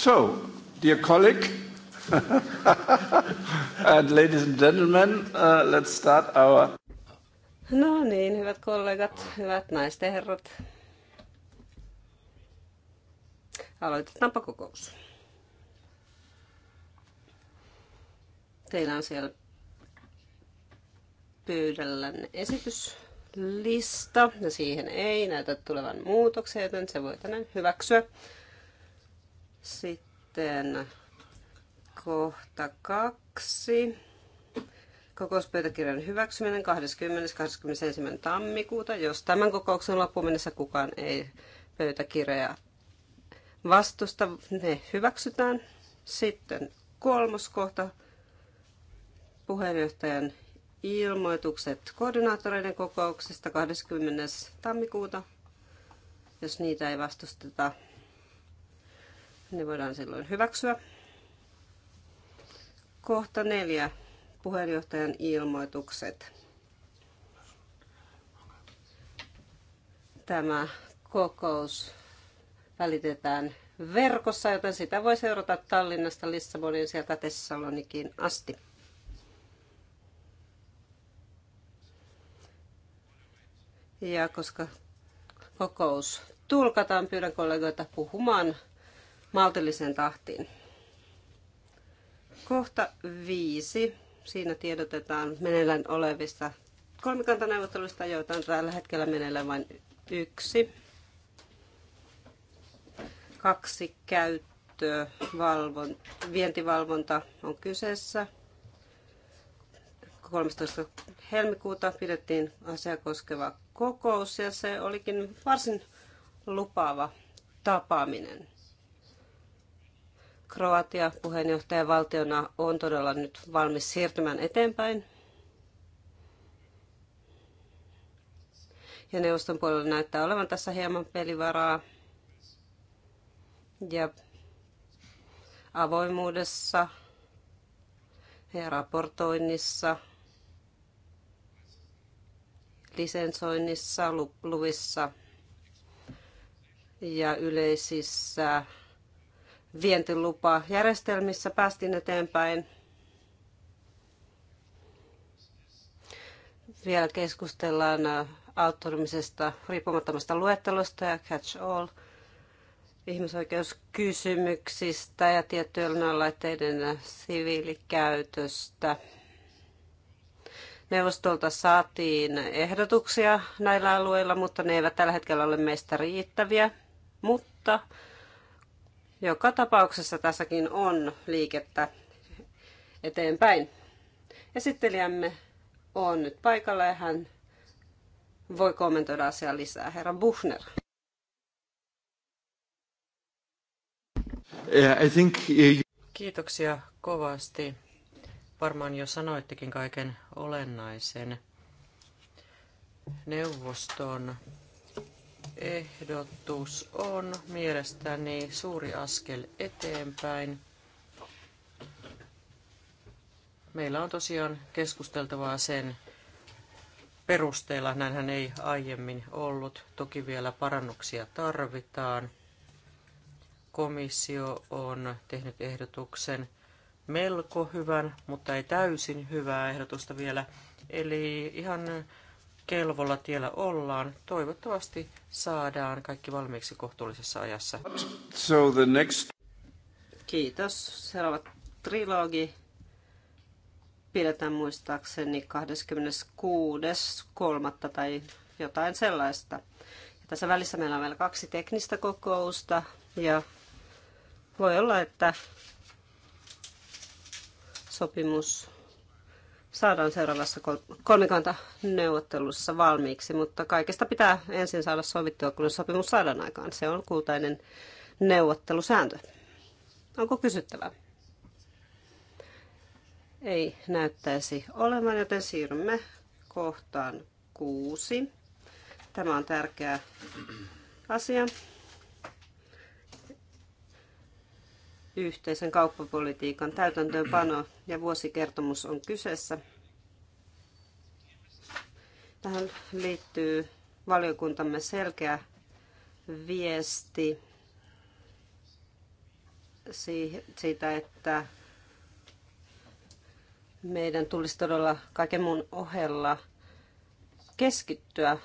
So, dear colleague, and ladies and gentlemen, uh, let's start our... No niin, hyvät kollegat, hyvät naiset herrat. Aloitetaanpa kokous. Teillä on siellä pöydällänne esityslista ja siihen ei näytä tulevan muutoksia, joten se voi tänään hyväksyä. Sitten kohta kaksi. Kokouspöytäkirjan hyväksyminen 20. 21. tammikuuta. Jos tämän kokouksen loppuun mennessä kukaan ei pöytäkirjaa vastusta, ne hyväksytään. Sitten kolmas kohta. Puheenjohtajan ilmoitukset koordinaattoreiden kokouksesta 20. tammikuuta, jos niitä ei vastusteta ne voidaan silloin hyväksyä. Kohta neljä. Puheenjohtajan ilmoitukset. Tämä kokous välitetään verkossa, joten sitä voi seurata Tallinnasta Lissabonin sieltä Tessalonikin asti. Ja koska kokous tulkataan, pyydän kollegoita puhumaan maltilliseen tahtiin. Kohta viisi. Siinä tiedotetaan meneillään olevista kolmikantaneuvotteluista, joita on tällä hetkellä meneillään vain yksi. Kaksi käyttöä, valvon, vientivalvonta on kyseessä. 13. helmikuuta pidettiin asia koskeva kokous ja se olikin varsin lupaava tapaaminen. Kroatia puheenjohtajavaltiona on todella nyt valmis siirtymään eteenpäin. Ja neuvoston puolella näyttää olevan tässä hieman pelivaraa. Ja avoimuudessa ja raportoinnissa, lisensoinnissa, luvissa ja yleisissä vientilupa järjestelmissä päästiin eteenpäin. Vielä keskustellaan äh, autonomisesta riippumattomasta luettelosta ja catch all ihmisoikeuskysymyksistä ja tiettyjen laitteiden äh, siviilikäytöstä. Neuvostolta saatiin ehdotuksia näillä alueilla, mutta ne eivät tällä hetkellä ole meistä riittäviä. Mutta joka tapauksessa tässäkin on liikettä eteenpäin. Esittelijämme on nyt paikalla ja hän voi kommentoida asiaa lisää. Herra Buchner. I think... Eh, Kiitoksia kovasti. Varmaan jo sanoittekin kaiken olennaisen neuvoston ehdotus on mielestäni suuri askel eteenpäin. Meillä on tosiaan keskusteltavaa sen perusteella, näinhän ei aiemmin ollut. Toki vielä parannuksia tarvitaan. Komissio on tehnyt ehdotuksen melko hyvän, mutta ei täysin hyvää ehdotusta vielä. Eli ihan kelvolla tiellä ollaan. Toivottavasti saadaan kaikki valmiiksi kohtuullisessa ajassa. So the next... Kiitos. Seuraava trilogi pidetään muistaakseni 26.3. tai jotain sellaista. Ja tässä välissä meillä on vielä kaksi teknistä kokousta ja voi olla, että sopimus saadaan seuraavassa kolmikantaneuvottelussa valmiiksi, mutta kaikesta pitää ensin saada sovittua, kun sopimus saadaan aikaan. Se on kultainen neuvottelusääntö. Onko kysyttävää? Ei näyttäisi olevan, joten siirrymme kohtaan kuusi. Tämä on tärkeä asia. yhteisen kauppapolitiikan täytäntöönpano ja vuosikertomus on kyseessä. Tähän liittyy valiokuntamme selkeä viesti siitä, että meidän tulisi todella kaiken muun ohella keskittyä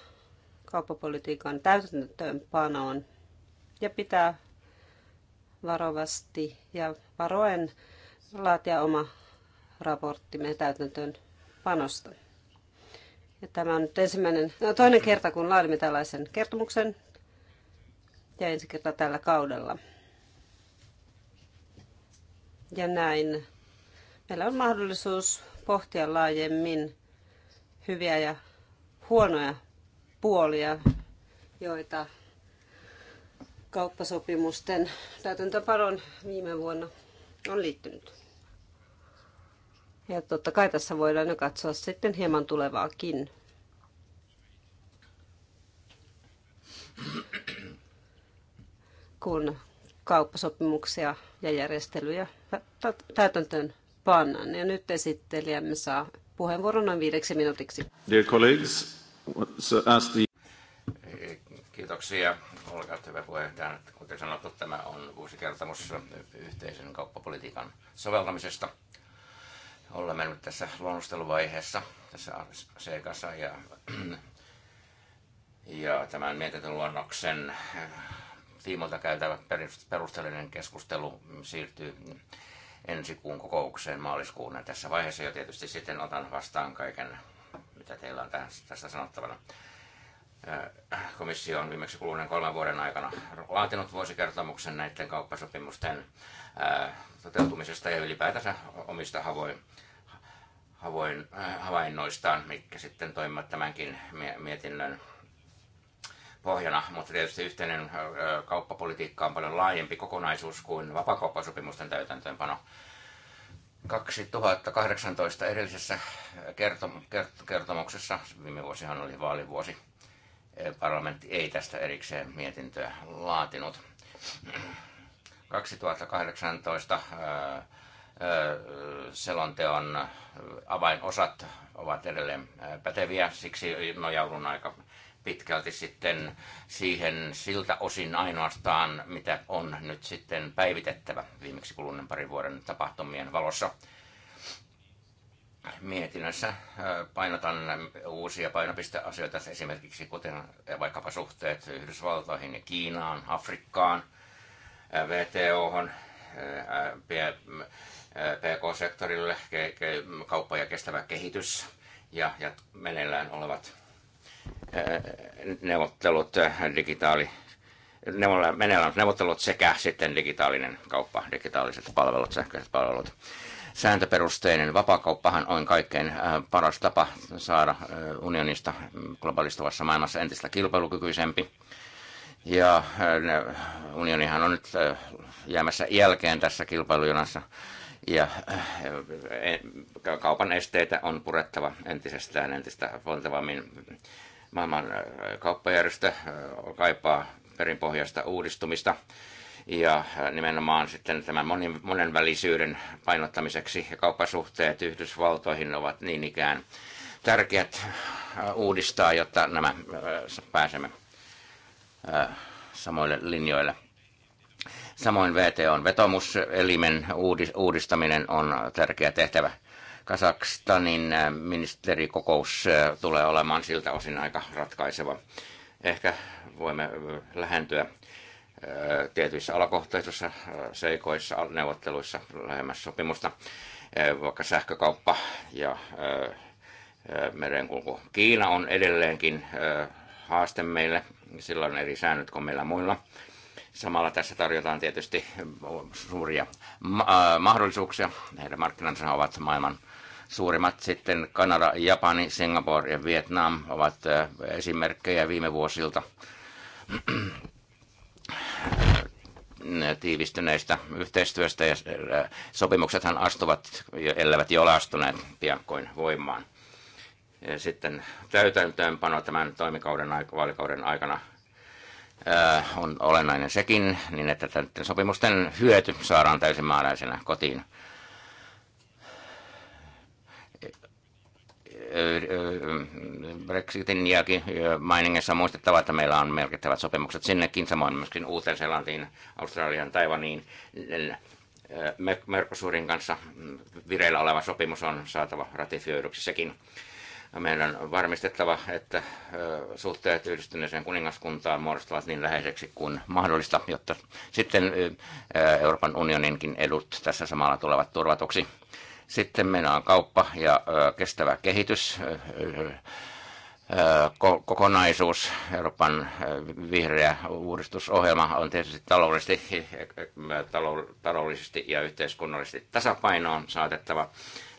kauppapolitiikan täytäntöönpanoon ja pitää varovasti ja varoen laatia oma raporttimme täytäntöön panosta. Ja tämä on nyt ensimmäinen, no toinen kerta, kun laadimme tällaisen kertomuksen ja ensi kerta tällä kaudella. Ja näin. Meillä on mahdollisuus pohtia laajemmin hyviä ja huonoja puolia, joita kauppasopimusten täytäntöparon viime vuonna on liittynyt. Ja totta kai tässä voidaan jo katsoa sitten hieman tulevaakin. Kun kauppasopimuksia ja järjestelyjä täytäntöön pannaan. Ja nyt esittelijämme saa puheenvuoron noin viideksi minuutiksi. Dear colleagues, so the... Kiitoksia Olkaa hyvä puheenjohtaja. Kuten sanottu, tämä on vuosikertomus yhteisen kauppapolitiikan soveltamisesta. Olemme nyt tässä luonnosteluvaiheessa tässä seikassa ja, ja tämän mietityn luonnoksen tiimolta käytävä perusteellinen keskustelu siirtyy ensi kuun kokoukseen maaliskuun. tässä vaiheessa jo tietysti sitten otan vastaan kaiken, mitä teillä on tässä sanottavana. Äh, komissio on viimeksi kuluneen kolmen vuoden aikana laatinut vuosikertomuksen näiden kauppasopimusten äh, toteutumisesta ja ylipäätänsä omista havoin, havoin, äh, havainnoistaan, mitkä sitten toimivat tämänkin mietinnön pohjana, mutta tietysti yhteinen kauppapolitiikka on paljon laajempi kokonaisuus kuin vapakauppasopimusten täytäntöönpano. 2018 edellisessä kertomuksessa, viime vuosihan oli vaalivuosi, Parlamentti ei tästä erikseen mietintöä laatinut. 2018 selonteon avainosat ovat edelleen päteviä, siksi nojaudun aika pitkälti sitten siihen siltä osin ainoastaan, mitä on nyt sitten päivitettävä viimeksi kuluneen parin vuoden tapahtumien valossa mietinnössä painotan uusia painopisteasioita, esimerkiksi kuten vaikkapa suhteet Yhdysvaltoihin ja Kiinaan, Afrikkaan, VTOhon, PK-sektorille, kauppa ja kestävä kehitys ja, ja meneillään olevat neuvottelut digitaali meneillään neuvottelut sekä sitten digitaalinen kauppa, digitaaliset palvelut, sähköiset palvelut. Sääntöperusteinen vapakauppahan on kaikkein äh, paras tapa saada äh, unionista mm, globalistuvassa maailmassa entistä kilpailukykyisempi. Ja äh, unionihan on nyt jäämässä jälkeen tässä kilpailujonassa. Ja kaupan esteitä on purettava entisestään entistä poltavammin. Maailman kauppajärjestö kaipaa perinpohjaista uudistumista ja äh, nimenomaan sitten tämän monen, monenvälisyyden painottamiseksi ja kauppasuhteet Yhdysvaltoihin ovat niin ikään tärkeät äh, uudistaa, jotta nämä äh, pääsemme samoille linjoille. Samoin VTOn vetomuselimen uudistaminen on tärkeä tehtävä. Kasakstanin ministerikokous tulee olemaan siltä osin aika ratkaiseva. Ehkä voimme lähentyä tietyissä alakohtaisissa seikoissa neuvotteluissa lähemmäs sopimusta, vaikka sähkökauppa ja merenkulku. Kiina on edelleenkin haaste meille, sillä on eri säännöt kuin meillä muilla. Samalla tässä tarjotaan tietysti suuria mahdollisuuksia. Heidän markkinansa ovat maailman suurimmat. Sitten Kanada, Japani, Singapore ja Vietnam ovat esimerkkejä viime vuosilta Äh, tiivistyneistä yhteistyöstä ja äh, sopimuksethan astuvat, elävät jo ole astuneet piankoin voimaan. Ja sitten täytäntöönpano tämän toimikauden vaalikauden aikana äh, on olennainen sekin, niin että sopimusten hyöty saadaan täysimääräisenä kotiin Brexitin jälkeen mainingissa on muistettava, että meillä on merkittävät sopimukset sinnekin, samoin myöskin Uuteen selantiin Australian, Taiwaniin. Mercosurin kanssa vireillä oleva sopimus on saatava ratifioiduksi sekin. Meidän on varmistettava, että suhteet yhdistyneeseen kuningaskuntaan muodostavat niin läheiseksi kuin mahdollista, jotta sitten Euroopan unioninkin edut tässä samalla tulevat turvatuksi sitten meillä on kauppa ja kestävä kehitys, kokonaisuus, Euroopan vihreä uudistusohjelma on tietysti taloudellisesti, e, e, e, taloudellisesti ja yhteiskunnallisesti tasapainoon saatettava.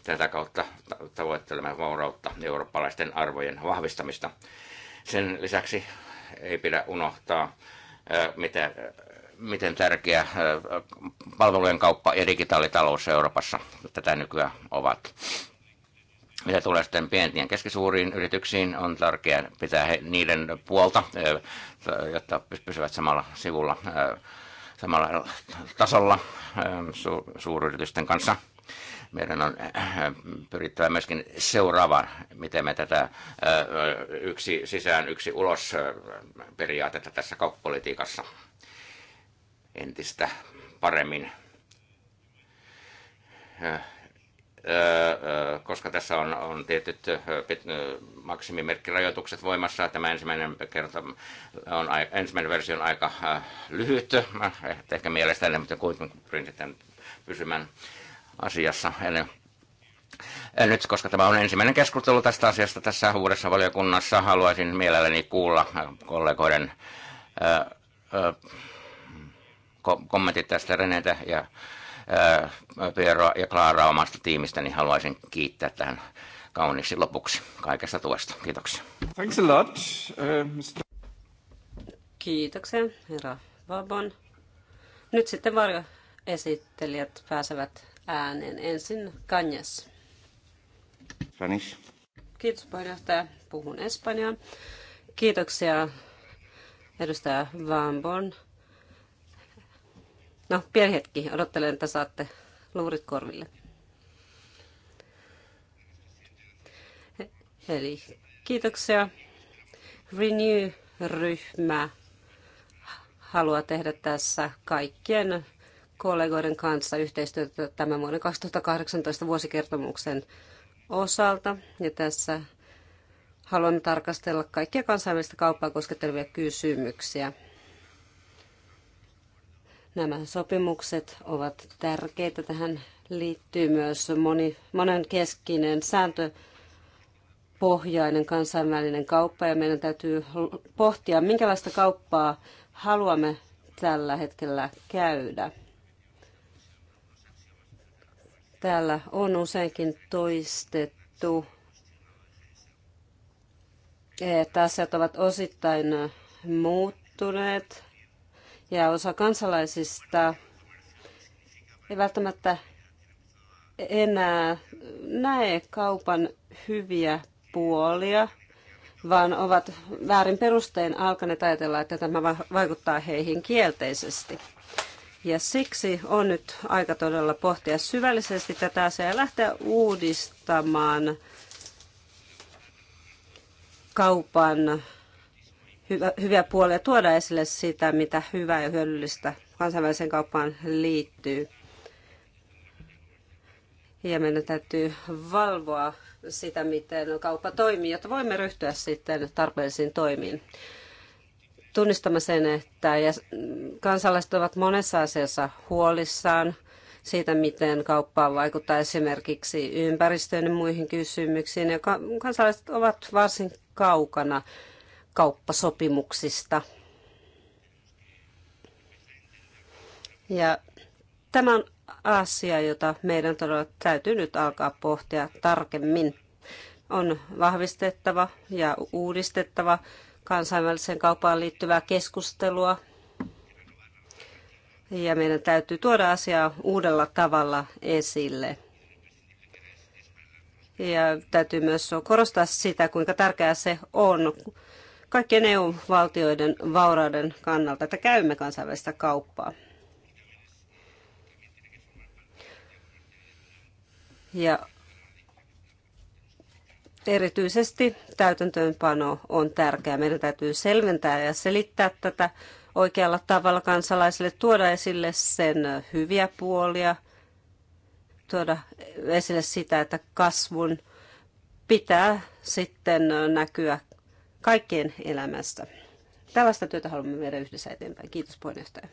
Tätä kautta tavoittelemme vaurautta eurooppalaisten arvojen vahvistamista. Sen lisäksi ei pidä unohtaa, mitä miten tärkeä palvelujen kauppa ja digitaalitalous Euroopassa tätä nykyään ovat. Mitä tulee sitten pieniin ja keskisuuriin yrityksiin, on tärkeää pitää he, niiden puolta, jotta pysyvät samalla sivulla, samalla tasolla su, suuryritysten kanssa. Meidän on pyrittävä myöskin seuraavaan, miten me tätä yksi sisään, yksi ulos periaatetta tässä kauppapolitiikassa entistä paremmin. Koska tässä on, on tietyt maksimimerkkirajoitukset voimassa, tämä ensimmäinen, kerta on, ensimmäinen versio on aika lyhyt, ehkä mielestäni, mutta kuitenkin pyrin sitten pysymään asiassa. Eli nyt, koska tämä on ensimmäinen keskustelu tästä asiasta tässä uudessa valiokunnassa, haluaisin mielelläni kuulla kollegoiden kommentit tästä Renetä ja Pieroa ja Klaara omasta tiimistä, niin haluaisin kiittää tähän kauniiksi lopuksi kaikesta tuesta. Kiitoksia. Thanks a lot, uh, Kiitoksia, herra Vabon. Nyt sitten varjoesittelijät pääsevät ääneen. Ensin Kanjas. Spanish. Kiitos puheenjohtaja. Puhun espanjaa. Kiitoksia edustaja Vambon No, pieni hetki. Odottelen, että saatte luurit korville. Eli kiitoksia. Renew-ryhmä haluaa tehdä tässä kaikkien kollegoiden kanssa yhteistyötä tämän vuoden 2018 vuosikertomuksen osalta. Ja tässä haluamme tarkastella kaikkia kansainvälistä kauppaa koskettavia kysymyksiä. Nämä sopimukset ovat tärkeitä. Tähän liittyy myös moni, monenkeskinen sääntö pohjainen kansainvälinen kauppa ja meidän täytyy pohtia, minkälaista kauppaa haluamme tällä hetkellä käydä. Täällä on useinkin toistettu, että asiat ovat osittain muuttuneet ja osa kansalaisista ei välttämättä enää näe kaupan hyviä puolia, vaan ovat väärin perustein alkaneet ajatella, että tämä vaikuttaa heihin kielteisesti. Ja siksi on nyt aika todella pohtia syvällisesti tätä asiaa ja lähteä uudistamaan kaupan hyvä, hyviä puolia tuoda esille sitä, mitä hyvää ja hyödyllistä kansainväliseen kauppaan liittyy. Ja meidän täytyy valvoa sitä, miten kauppa toimii, jotta voimme ryhtyä sitten tarpeellisiin toimiin. Tunnistamme sen, että kansalaiset ovat monessa asiassa huolissaan siitä, miten kauppaan vaikuttaa esimerkiksi ympäristöön ja muihin kysymyksiin. Ja kansalaiset ovat varsin kaukana kauppasopimuksista. Ja tämä on asia, jota meidän todella täytyy nyt alkaa pohtia tarkemmin. On vahvistettava ja uudistettava kansainväliseen kaupaan liittyvää keskustelua. Ja meidän täytyy tuoda asiaa uudella tavalla esille. Ja täytyy myös korostaa sitä, kuinka tärkeää se on kaikkien EU-valtioiden vaurauden kannalta, että käymme kansainvälistä kauppaa. Ja erityisesti täytäntöönpano on tärkeää. Meidän täytyy selventää ja selittää tätä oikealla tavalla kansalaisille, tuoda esille sen hyviä puolia, tuoda esille sitä, että kasvun pitää sitten näkyä kaikkien elämästä. Tällaista työtä haluamme viedä yhdessä eteenpäin. Kiitos puheenjohtaja.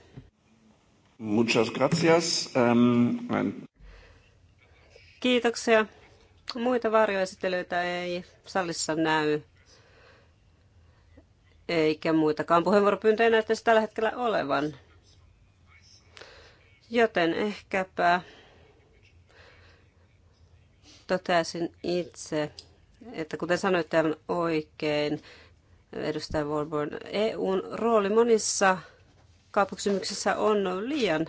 Muchas gracias. Um, Kiitoksia. Muita varjoesittelyitä ei salissa näy. Eikä muitakaan puheenvuoropyyntöjä näyttäisi tällä hetkellä olevan. Joten ehkäpä toteaisin itse, että kuten sanoit tämän oikein, edustaja Wallborn. EUn rooli monissa kauppakysymyksissä on liian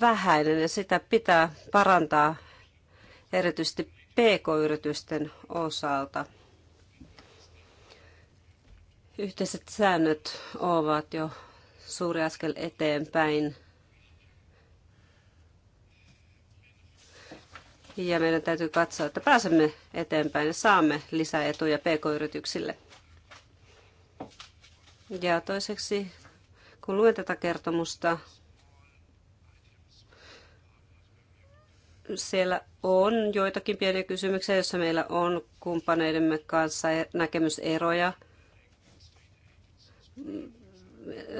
vähäinen ja sitä pitää parantaa erityisesti PK-yritysten osalta. Yhteiset säännöt ovat jo suuri askel eteenpäin Ja meidän täytyy katsoa, että pääsemme eteenpäin ja saamme lisäetuja pk-yrityksille. Ja toiseksi, kun luen tätä kertomusta, siellä on joitakin pieniä kysymyksiä, joissa meillä on kumppaneidemme kanssa e- näkemyseroja.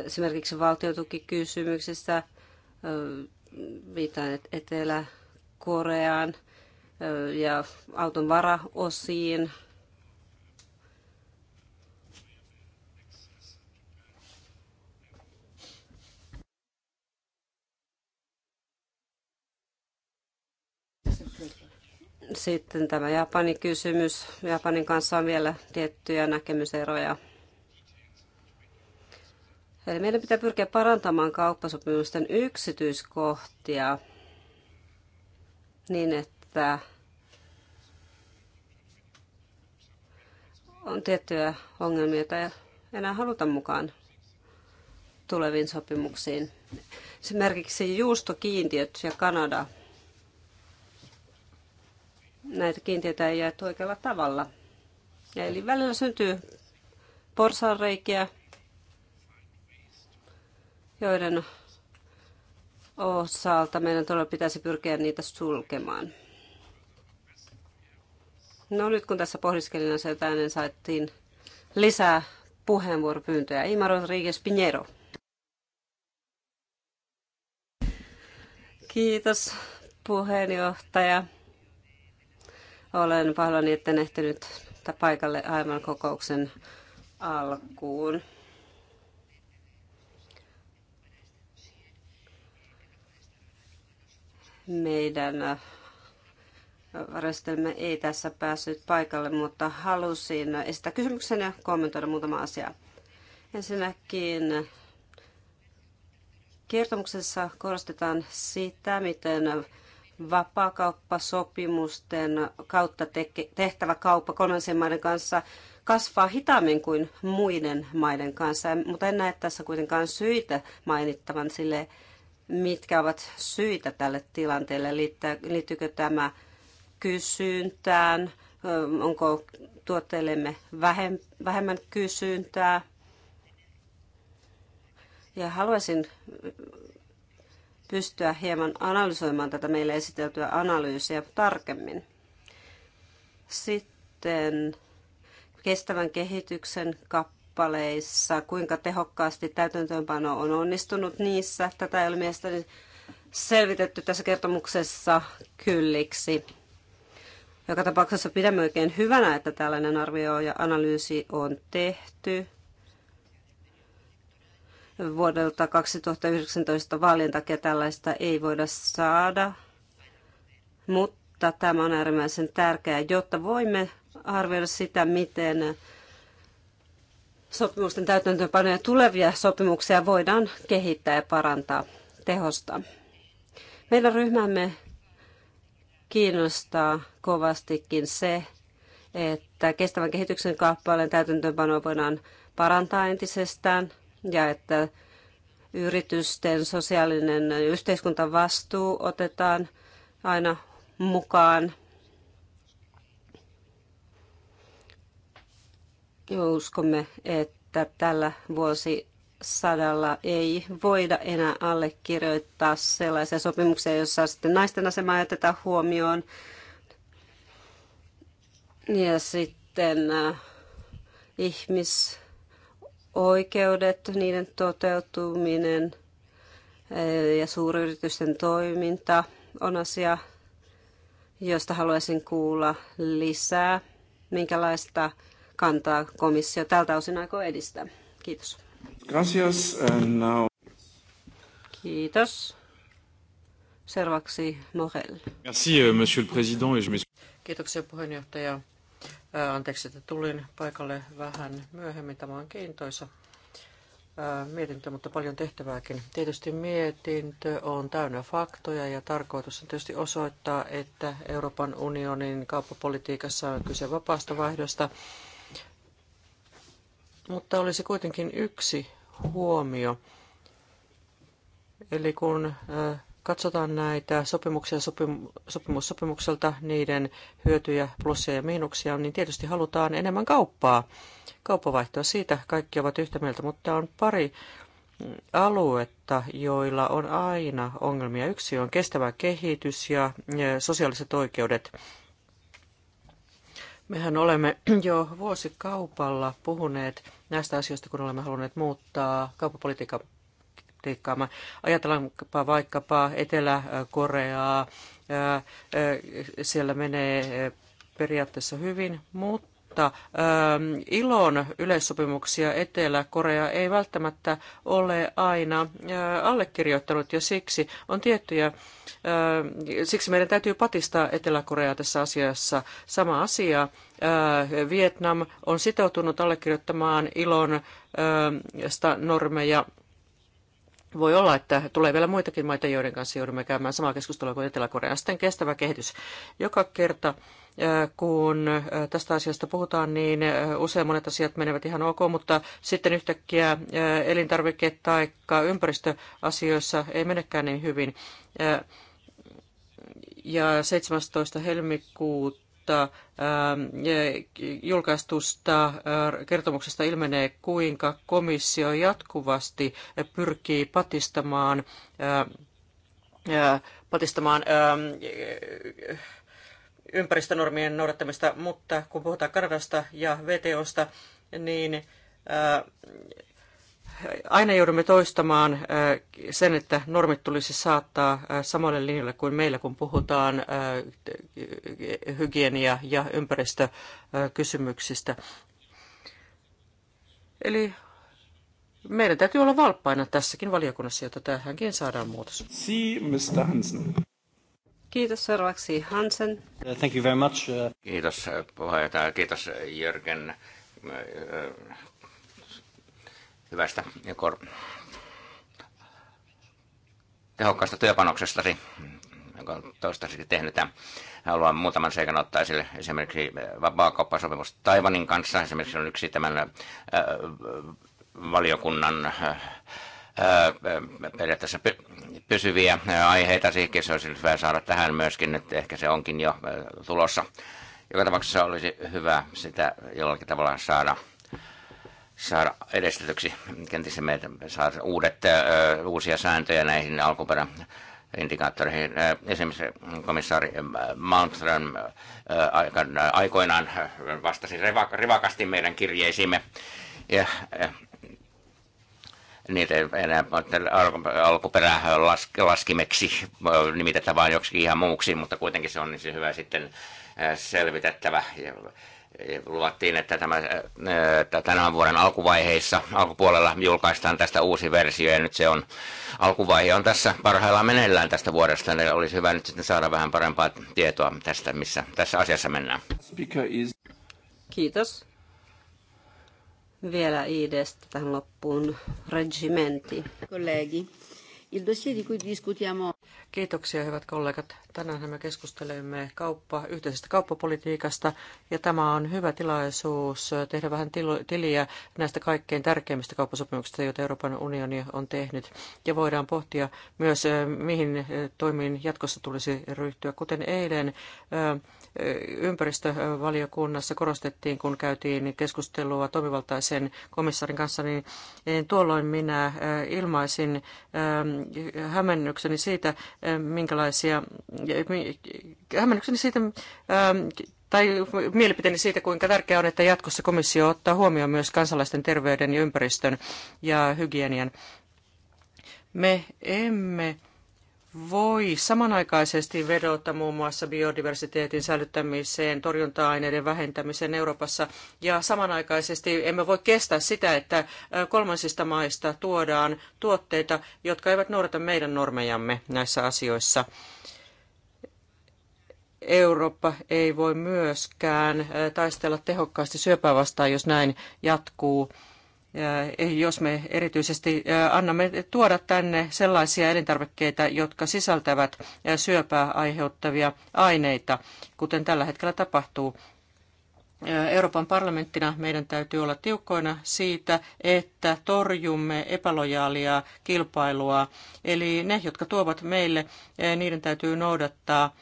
Esimerkiksi valtiotukikysymyksissä viitaan Etelä- Koreaan ja auton varaosiin. Sitten tämä Japanin kysymys. Japanin kanssa on vielä tiettyjä näkemyseroja. Eli meidän pitää pyrkiä parantamaan kauppasopimusten yksityiskohtia niin, että on tiettyjä ongelmia, joita ei enää haluta mukaan tuleviin sopimuksiin. Esimerkiksi juustokiintiöt ja Kanada. Näitä kiintiöitä ei jaettu oikealla tavalla. Eli välillä syntyy porsaanreikiä, joiden osalta meidän todella pitäisi pyrkiä niitä sulkemaan. No nyt kun tässä pohdiskelin asioita, ennen niin saatiin lisää puheenvuoropyyntöjä. Ima Rodriguez Pinheiro. Kiitos puheenjohtaja. Olen pahoillani, etten ehtinyt paikalle aivan kokouksen alkuun. Meidän äh, varastelemme ei tässä päässyt paikalle, mutta halusin esittää kysymyksen ja kommentoida muutama asia. Ensinnäkin äh, kertomuksessa korostetaan sitä, miten vapaakauppasopimusten kautta tehtävä kauppa kolmansien maiden kanssa kasvaa hitaammin kuin muiden maiden kanssa, mutta en näe tässä kuitenkaan syitä mainittavan sille, mitkä ovat syitä tälle tilanteelle. Liittyykö tämä kysyntään? Onko tuotteillemme vähemmän kysyntää? Ja haluaisin pystyä hieman analysoimaan tätä meille esiteltyä analyysiä tarkemmin. Sitten kestävän kehityksen kappale kappaleissa, kuinka tehokkaasti täytäntöönpano on onnistunut niissä. Tätä ei ole mielestäni selvitetty tässä kertomuksessa kylliksi. Joka tapauksessa pidämme oikein hyvänä, että tällainen arvio ja analyysi on tehty vuodelta 2019 vaalien takia tällaista ei voida saada, mutta tämä on äärimmäisen tärkeää, jotta voimme arvioida sitä, miten sopimusten täytäntöönpanoja tulevia sopimuksia voidaan kehittää ja parantaa, tehosta. Meidän ryhmämme kiinnostaa kovastikin se, että kestävän kehityksen kaappaleen täytäntöönpanoa voidaan parantaa entisestään ja että yritysten sosiaalinen yhteiskuntavastuu otetaan aina mukaan Ja uskomme, että tällä vuosisadalla ei voida enää allekirjoittaa sellaisia sopimuksia, joissa sitten naisten asemaa jätetään huomioon. Ja sitten äh, ihmisoikeudet, niiden toteutuminen äh, ja suuryritysten toiminta on asia, josta haluaisin kuulla lisää, minkälaista kantaa komissio tältä osin aikoo edistää. Kiitos. Gracias, now... Kiitos. Seuraavaksi Morel. Merci, euh, monsieur le président, et je Kiitoksia puheenjohtaja. Äh, anteeksi, että tulin paikalle vähän myöhemmin. Tämä on kiintoisa äh, mietintö, mutta paljon tehtävääkin. Tietysti mietintö on täynnä faktoja ja tarkoitus on tietysti osoittaa, että Euroopan unionin kauppapolitiikassa on kyse vapaasta vaihdosta mutta olisi kuitenkin yksi huomio. Eli kun katsotaan näitä sopimuksia sopim, sopimussopimukselta, niiden hyötyjä, plussia ja miinuksia, niin tietysti halutaan enemmän kauppaa, kauppavaihtoa. Siitä kaikki ovat yhtä mieltä, mutta on pari mm, aluetta, joilla on aina ongelmia. Yksi on kestävä kehitys ja sosiaaliset oikeudet. Mehän olemme jo vuosikaupalla puhuneet näistä asioista, kun olemme halunneet muuttaa kauppapolitiikkaamme. Ajatellaanpa vaikkapa Etelä-Koreaa. Siellä menee periaatteessa hyvin, mutta mutta ähm, ilon yleissopimuksia Etelä-Korea ei välttämättä ole aina äh, allekirjoittanut ja siksi on tiettyjä, äh, siksi meidän täytyy patistaa Etelä-Koreaa tässä asiassa. Sama asia, äh, Vietnam on sitoutunut allekirjoittamaan ilon normeja voi olla, että tulee vielä muitakin maita, joiden kanssa joudumme käymään samaa keskustelua kuin Etelä-Korea. Sitten kestävä kehitys. Joka kerta kun tästä asiasta puhutaan, niin usein monet asiat menevät ihan ok, mutta sitten yhtäkkiä elintarvike- tai ympäristöasioissa ei menekään niin hyvin. Ja 17. helmikuuta e, julkaistusta kertomuksesta ilmenee, kuinka komissio jatkuvasti pyrkii patistamaan patistamaan ympäristönormien noudattamista, mutta kun puhutaan Kanadasta ja VTOsta, niin äh, aina joudumme toistamaan äh, sen, että normit tulisi saattaa äh, samalle linjalle kuin meillä, kun puhutaan hygienia- ja ympäristökysymyksistä. Eli meidän täytyy olla valppaina tässäkin valiokunnassa, jotta tähänkin saadaan muutos. See, Mr. Hansen. Kiitos seuraavaksi Hansen. Thank you very much. Uh, kiitos puheenjohtaja, kiitos Jörgen äh, hyvästä ja kor- tehokkaasta työpanoksestasi, jonka toistaiseksi tehnyt. Haluan muutaman seikan ottaa esille. Esimerkiksi vapaakauppasopimus Taivanin kanssa. Esimerkiksi on yksi tämän äh, valiokunnan äh, periaatteessa pysyviä aiheita, Siihenkin se olisi hyvä saada tähän myöskin, nyt ehkä se onkin jo tulossa. Joka tapauksessa olisi hyvä sitä jollakin tavalla saada saada edistetyksi, kenties meitä saada uudet, uusia sääntöjä näihin indikaattoreihin. Esimerkiksi komissaari Malmström aikoinaan vastasi rivakasti meidän kirjeisiimme. Ja, niitä ei enää alkuperää laskimeksi nimitetään vain joksikin ihan muuksi, mutta kuitenkin se on niin hyvä sitten selvitettävä. Ja, luvattiin, että tämä, tämän vuoden alkuvaiheissa, alkupuolella julkaistaan tästä uusi versio, ja nyt se on, alkuvaihe on tässä parhaillaan meneillään tästä vuodesta, niin olisi hyvä nyt sitten saada vähän parempaa tietoa tästä, missä tässä asiassa mennään. Kiitos. Vielä IDstä tähän loppuun regimenti. Kollegi. Il dossier di cui discutiamo... Kiitoksia hyvät kollegat. Tänään me keskustelemme kauppa, yhteisestä kauppapolitiikasta ja tämä on hyvä tilaisuus tehdä vähän tiliä näistä kaikkein tärkeimmistä kauppasopimuksista, joita Euroopan unioni on tehnyt. Ja voidaan pohtia myös, mihin toimiin jatkossa tulisi ryhtyä. Kuten eilen ympäristövaliokunnassa korostettiin, kun käytiin keskustelua toimivaltaisen komissarin kanssa, niin, niin tuolloin minä ilmaisin hämmennykseni siitä, minkälaisia, hämmennykseni siitä, tai mielipiteeni siitä, kuinka tärkeää on, että jatkossa komissio ottaa huomioon myös kansalaisten terveyden ja ympäristön ja hygienian. Me emme voi samanaikaisesti vedota muun muassa biodiversiteetin säilyttämiseen, torjunta-aineiden vähentämiseen Euroopassa, ja samanaikaisesti emme voi kestää sitä, että kolmansista maista tuodaan tuotteita, jotka eivät noudata meidän normejamme näissä asioissa. Eurooppa ei voi myöskään taistella tehokkaasti syöpää vastaan, jos näin jatkuu. Eh, eh, jos me erityisesti eh, annamme tuoda tänne sellaisia elintarvikkeita, jotka sisältävät syöpää aiheuttavia aineita, kuten tällä hetkellä tapahtuu Euroopan parlamenttina meidän täytyy olla tiukkoina siitä, että torjumme epälojaalia kilpailua. Eli ne, jotka tuovat meille, niiden täytyy noudattaa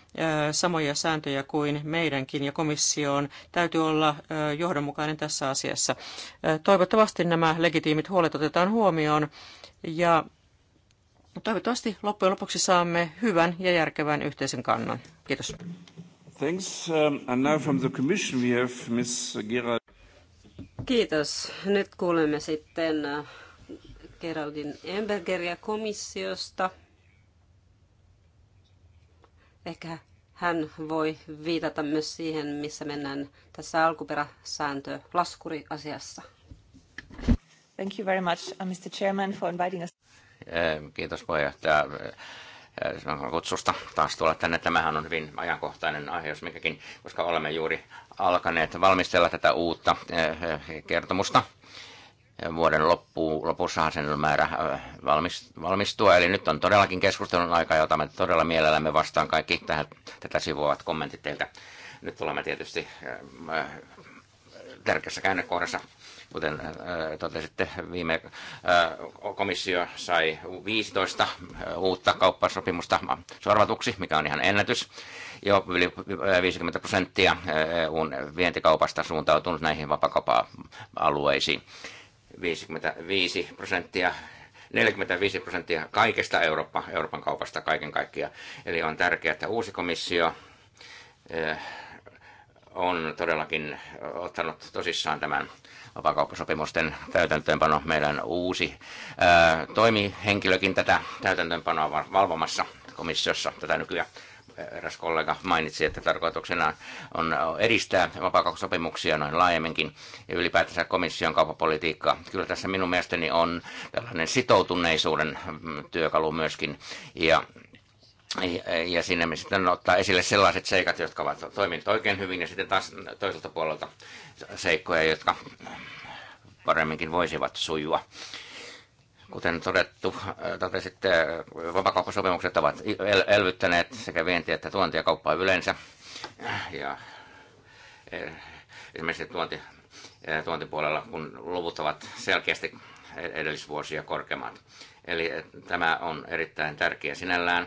samoja sääntöjä kuin meidänkin ja komission täytyy olla johdonmukainen tässä asiassa. Toivottavasti nämä legitiimit huolet otetaan huomioon ja toivottavasti loppujen lopuksi saamme hyvän ja järkevän yhteisen kannan. Kiitos. Thanks. Um, and now from the commission we have Ms. Gerald. Kiitos. Nyt kuulemme sitten uh, Geraldin Embergeria komissiosta. Ehkä hän voi viitata myös siihen, missä mennään tässä alkuperäsääntö laskuriasiassa. Thank you very much, uh, Mr. Chairman, for inviting us. Um, kiitos puheenjohtaja Äh, kutsusta taas tulla tänne. Tämähän on hyvin ajankohtainen aihe, jos mikäkin, koska olemme juuri alkaneet valmistella tätä uutta äh, äh, kertomusta. Vuoden loppuun, lopussahan sen on määrä valmistua, eli nyt on todellakin keskustelun aika, ja me todella mielellämme vastaan kaikki tähän, tätä sivuavat kommentit teiltä. Nyt olemme tietysti tärkeässä käännekohdassa Kuten äh, totesitte, viime äh, komissio sai 15 äh, uutta kauppasopimusta sorvatuksi, mikä on ihan ennätys. Jo yli 50 prosenttia EUn vientikaupasta suuntautunut näihin vapakauppa alueisiin 55 prosenttia 45 prosenttia kaikesta Eurooppa, Euroopan kaupasta kaiken kaikkiaan. Eli on tärkeää, että uusi komissio on todellakin ottanut tosissaan tämän vakauppasopimusten täytäntöönpano. Meillä on uusi ää, toimihenkilökin tätä täytäntöönpanoa valvomassa komissiossa tätä nykyään eräs kollega mainitsi, että tarkoituksena on edistää vapaakauppasopimuksia noin laajemminkin ja ylipäätänsä komission kauppapolitiikkaa. Kyllä tässä minun mielestäni on tällainen sitoutuneisuuden mm, työkalu myöskin ja ja siinä me sitten ottaa esille sellaiset seikat, jotka ovat toimineet oikein hyvin, ja sitten taas toiselta puolelta seikkoja, jotka paremminkin voisivat sujua. Kuten todettu, äh, totesitte, äh, vapakauppasopimukset ovat el- elvyttäneet sekä vientiä että tuontia kauppaa yleensä. Ja äh, esimerkiksi tuonti, tuontipuolella, kun luvut ovat selkeästi e- edellisvuosia korkeammat. Eli tämä on erittäin tärkeä sinällään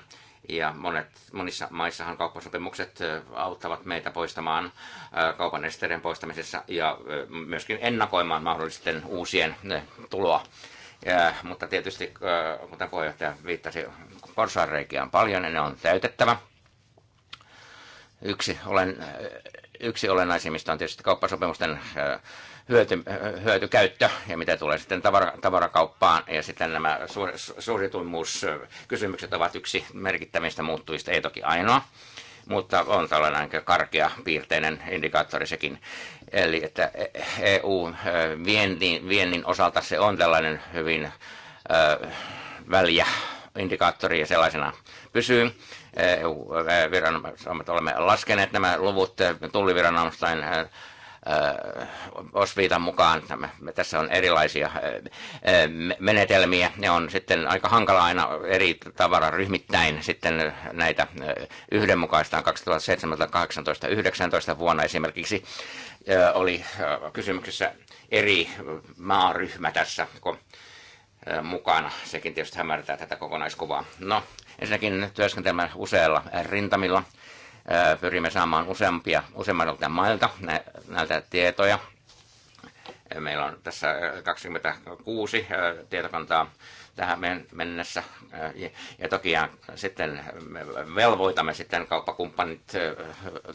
ja monet, monissa maissahan kauppasopimukset auttavat meitä poistamaan kaupan esteiden poistamisessa ja myöskin ennakoimaan mahdollisten uusien tuloa. Ja, mutta tietysti, kuten puheenjohtaja viittasi, porsaanreikiä on paljon ja ne on täytettävä. Yksi, olen, yksi olennaisimmista on tietysti kauppasopimusten hyöty, hyötykäyttö ja mitä tulee sitten tavara, tavarakauppaan. Ja sitten nämä suur, kysymykset ovat yksi merkittävistä muuttujista, ei toki ainoa, mutta on tällainen karkea piirteinen indikaattori sekin. Eli että EU-viennin viennin osalta se on tällainen hyvin ö, väliä indikaattori ja sellaisena pysyy. EU-viranomaiset olemme laskeneet nämä luvut tulliviranomaiset Osviitan mukaan. Tässä on erilaisia menetelmiä. Ne on sitten aika hankala aina eri tavara ryhmittäin sitten näitä yhdenmukaistaan 2017, 18, 19 vuonna esimerkiksi oli kysymyksessä eri maaryhmä tässä mukana. Sekin tietysti hämärtää tätä kokonaiskuvaa. No, ensinnäkin työskentelemään useilla rintamilla Pyrimme saamaan useampia, useammalta mailta näitä tietoja. Meillä on tässä 26 tietokantaa tähän mennessä. Ja toki sitten velvoitamme sitten kauppakumppanit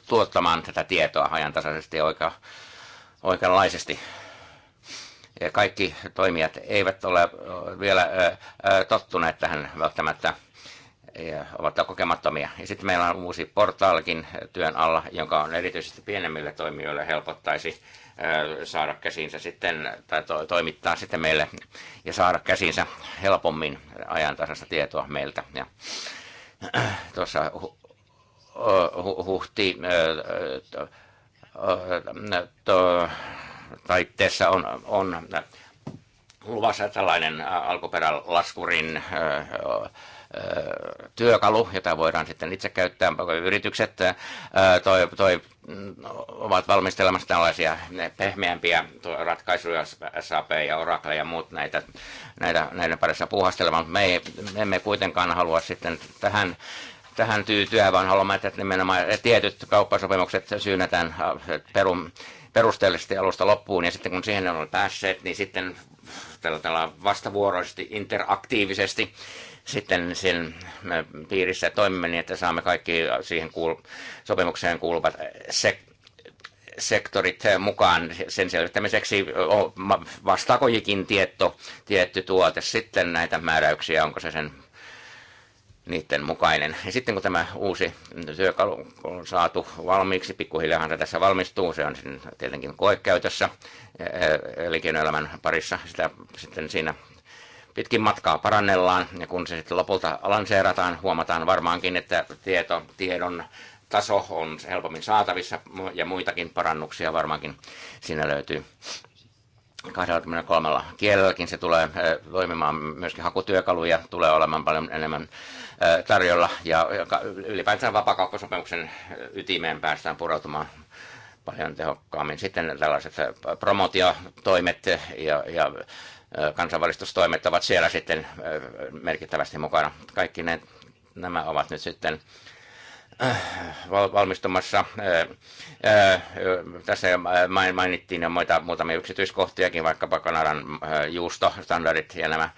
tuottamaan tätä tietoa ajantasaisesti ja oikea, oikeanlaisesti. Ja kaikki toimijat eivät ole vielä tottuneet tähän välttämättä ovat kokemattomia. Ja sitten meillä on uusi portaalikin työn alla, jonka on erityisesti pienemmille toimijoille helpottaisi saada käsinsä sitten, tai to, toimittaa sitten meille ja saada käsinsä helpommin ajantasasta tietoa meiltä. Ja tuossa hu, hu, huhti to, to, taitteessa on, on luvassa tällainen alkuperälaskurin työkalu, jota voidaan sitten itse käyttää. Yritykset toi, toi, mm, ovat valmistelemassa tällaisia pehmeämpiä ratkaisuja, SAP ja Oracle ja muut näitä, näitä, näiden parissa puuhastelemaan, mutta me, ei, me emme kuitenkaan halua sitten tähän tähän tyytyä, vaan haluamme, että nimenomaan tietyt kauppasopimukset syynätään perun, perusteellisesti alusta loppuun, ja sitten kun siihen on päässeet, niin sitten tällä, tällä vastavuoroisesti, interaktiivisesti sitten sen piirissä toimimme niin, että saamme kaikki siihen kuul- sopimukseen kuuluvat se- sektorit mukaan sen selvittämiseksi, vastaako jikin tietto, tietty tuote sitten näitä määräyksiä, onko se sen niiden mukainen. Ja sitten kun tämä uusi työkalu on saatu valmiiksi, pikkuhiljaa se tässä valmistuu, se on tietenkin koekäytössä e-, e-, elinkeinoelämän parissa, sitä sitten siinä pitkin matkaa parannellaan ja kun se sitten lopulta lanseerataan, huomataan varmaankin, että tieto, tiedon taso on helpommin saatavissa ja muitakin parannuksia varmaankin siinä löytyy. 23 kielelläkin se tulee toimimaan, myöskin hakutyökaluja tulee olemaan paljon enemmän tarjolla ja ylipäätään vapakauppasopimuksen ytimeen päästään pureutumaan paljon tehokkaammin. Sitten tällaiset promotiotoimet ja, ja kansanvalistustoimet ovat siellä sitten merkittävästi mukana. Kaikki ne, nämä ovat nyt sitten valmistumassa. Tässä mainittiin jo muita, muutamia yksityiskohtiakin, vaikkapa Kanadan juustostandardit ja nämä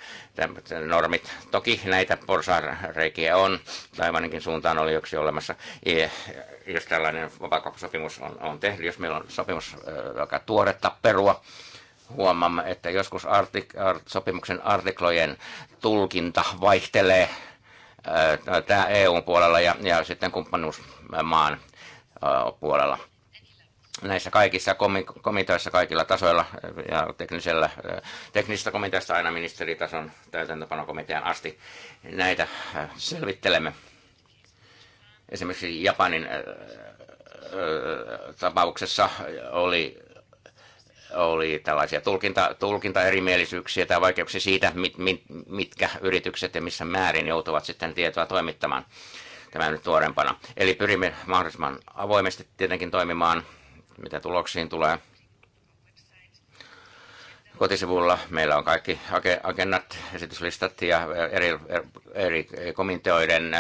normit. Toki näitä porsareikiä on, ainakin suuntaan oli yksi olemassa, jos tällainen vapaakauppasopimus on, on tehty, jos meillä on sopimus joka tuoretta perua, huomaamme, että joskus artik- art- sopimuksen artiklojen tulkinta vaihtelee tämä EU-puolella ja, ja sitten kumppanuusmaan puolella. Näissä kaikissa komiteoissa kaikilla tasoilla ja teknisellä, teknisestä komiteasta aina ministeritason täytäntöpanokomitean asti näitä selvittelemme. Esimerkiksi Japanin tapauksessa oli oli tällaisia tulkinta, tulkintaerimielisyyksiä tai vaikeuksia siitä, mit, mit, mitkä yritykset ja missä määrin joutuvat sitten tietoa toimittamaan tämä nyt tuorempana. Eli pyrimme mahdollisimman avoimesti tietenkin toimimaan, mitä tuloksiin tulee. Kotisivulla meillä on kaikki agendat, esityslistat ja eri, eri komiteoiden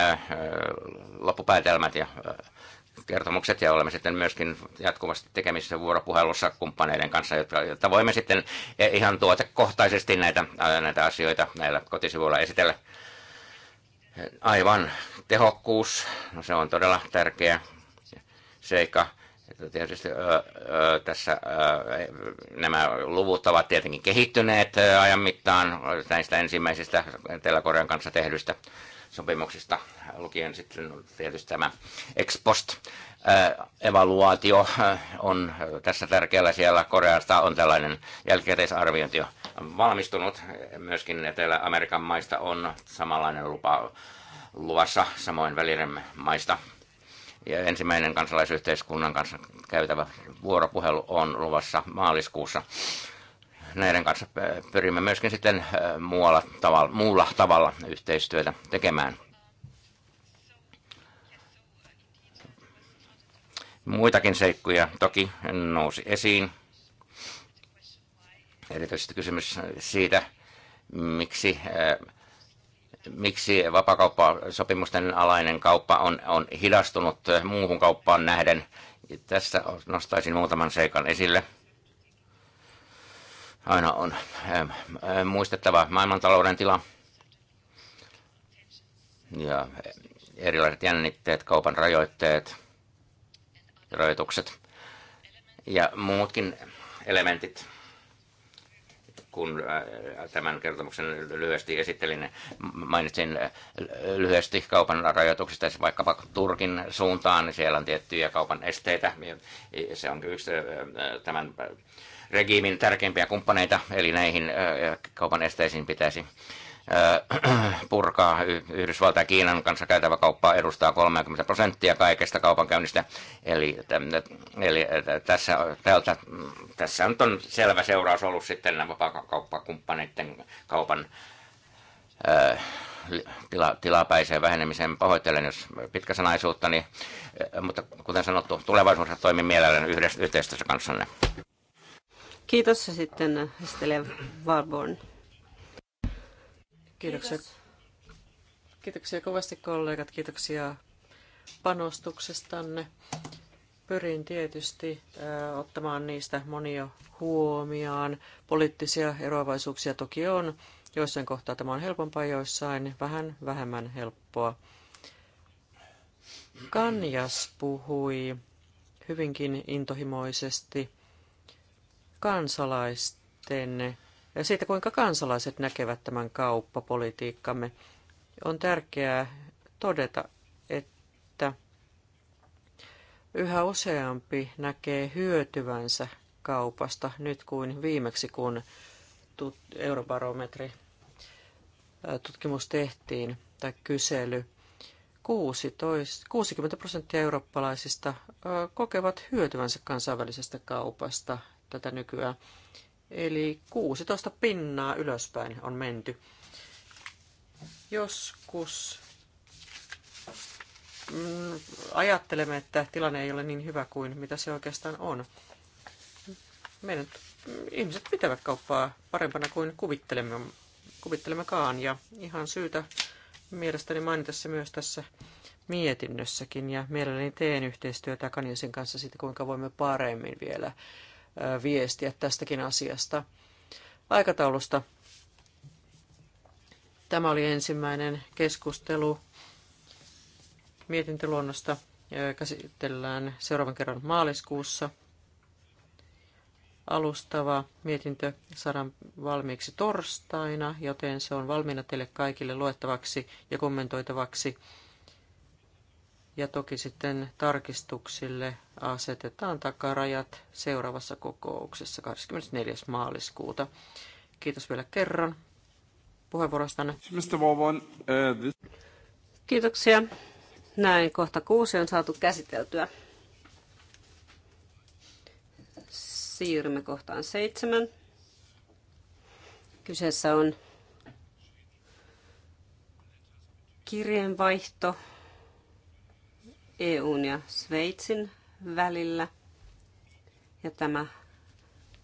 loppupäätelmät ja kertomukset ja olemme sitten myöskin jatkuvasti tekemisissä vuoropuhelussa kumppaneiden kanssa, jotka, jotta voimme sitten e- ihan tuotekohtaisesti näitä, näitä asioita näillä kotisivuilla esitellä. Aivan. Tehokkuus, no se on todella tärkeä seikka. Tietysti ö, ö, tässä ö, nämä luvut ovat tietenkin kehittyneet ajan mittaan näistä ensimmäisistä Etelä-Korean kanssa tehdyistä sopimuksista, lukien sitten tietysti tämä ex post äh, evaluaatio äh, on tässä tärkeällä siellä. Koreasta on tällainen jälkikäteisarviointi valmistunut. Myöskin Etelä-Amerikan maista on samanlainen lupa luvassa, samoin välinen maista. Ja ensimmäinen kansalaisyhteiskunnan kanssa käytävä vuoropuhelu on luvassa maaliskuussa näiden kanssa pyrimme myöskin sitten muualla tavalla, muulla tavalla yhteistyötä tekemään. Muitakin seikkoja toki nousi esiin. Erityisesti kysymys siitä, miksi, miksi vapakauppasopimusten alainen kauppa on, on hidastunut muuhun kauppaan nähden. Tässä nostaisin muutaman seikan esille – Aina on ähm, äh, muistettava maailmantalouden tila ja erilaiset jännitteet, kaupan rajoitteet, rajoitukset ja muutkin elementit kun äh, tämän kertomuksen lyhyesti esittelin, mainitsin äh, lyhyesti kaupan rajoituksista, siis vaikkapa Turkin suuntaan, niin siellä on tiettyjä kaupan esteitä. Se on yksi tämän regiimin tärkeimpiä kumppaneita, eli näihin kaupan esteisiin pitäisi purkaa. Yhdysvaltain ja Kiinan kanssa käytävä kauppa edustaa 30 prosenttia kaikesta kaupankäynnistä. Eli, eli tässä, tältä, tässä nyt on selvä seuraus ollut sitten nämä vapaakauppakumppaneiden kaupan tila, tilapäiseen vähenemiseen. Pahoittelen, jos pitkäsanaisuutta, niin, mutta kuten sanottu, tulevaisuudessa toimin mielellään yhdessä, yhteistyössä kanssanne. Kiitos ja sitten Estelle Warborn. Kiitoksia. Kiitos. Kiitoksia kovasti kollegat, kiitoksia panostuksestanne. Pyrin tietysti ottamaan niistä monia huomioon. Poliittisia eroavaisuuksia toki on. Joissain kohtaa tämä on helpompaa, joissain vähän vähemmän helppoa. Kanjas puhui hyvinkin intohimoisesti kansalaisten, siitä kuinka kansalaiset näkevät tämän kauppapolitiikkamme. On tärkeää todeta, että yhä useampi näkee hyötyvänsä kaupasta nyt kuin viimeksi, kun eurobarometri tutkimus tehtiin tai kysely. 16, 60 prosenttia eurooppalaisista kokevat hyötyvänsä kansainvälisestä kaupasta tätä nykyään. Eli 16 pinnaa ylöspäin on menty. Joskus mm, ajattelemme, että tilanne ei ole niin hyvä kuin mitä se oikeastaan on. Meidän ihmiset pitävät kauppaa parempana kuin kuvittelemme, kuvittelemmekaan ja ihan syytä mielestäni mainita se myös tässä mietinnössäkin ja mielelläni teen yhteistyötä Kanilsin kanssa siitä, kuinka voimme paremmin vielä viestiä tästäkin asiasta. Aikataulusta. Tämä oli ensimmäinen keskustelu mietintöluonnosta. Käsitellään seuraavan kerran maaliskuussa. Alustava mietintö saadaan valmiiksi torstaina, joten se on valmiina teille kaikille luettavaksi ja kommentoitavaksi ja toki sitten tarkistuksille asetetaan takarajat seuraavassa kokouksessa 24. maaliskuuta. Kiitos vielä kerran puheenvuorostanne. Uh, Kiitoksia. Näin kohta kuusi on saatu käsiteltyä. Siirrymme kohtaan seitsemän. Kyseessä on kirjeenvaihto EUn ja Sveitsin välillä. Ja tämä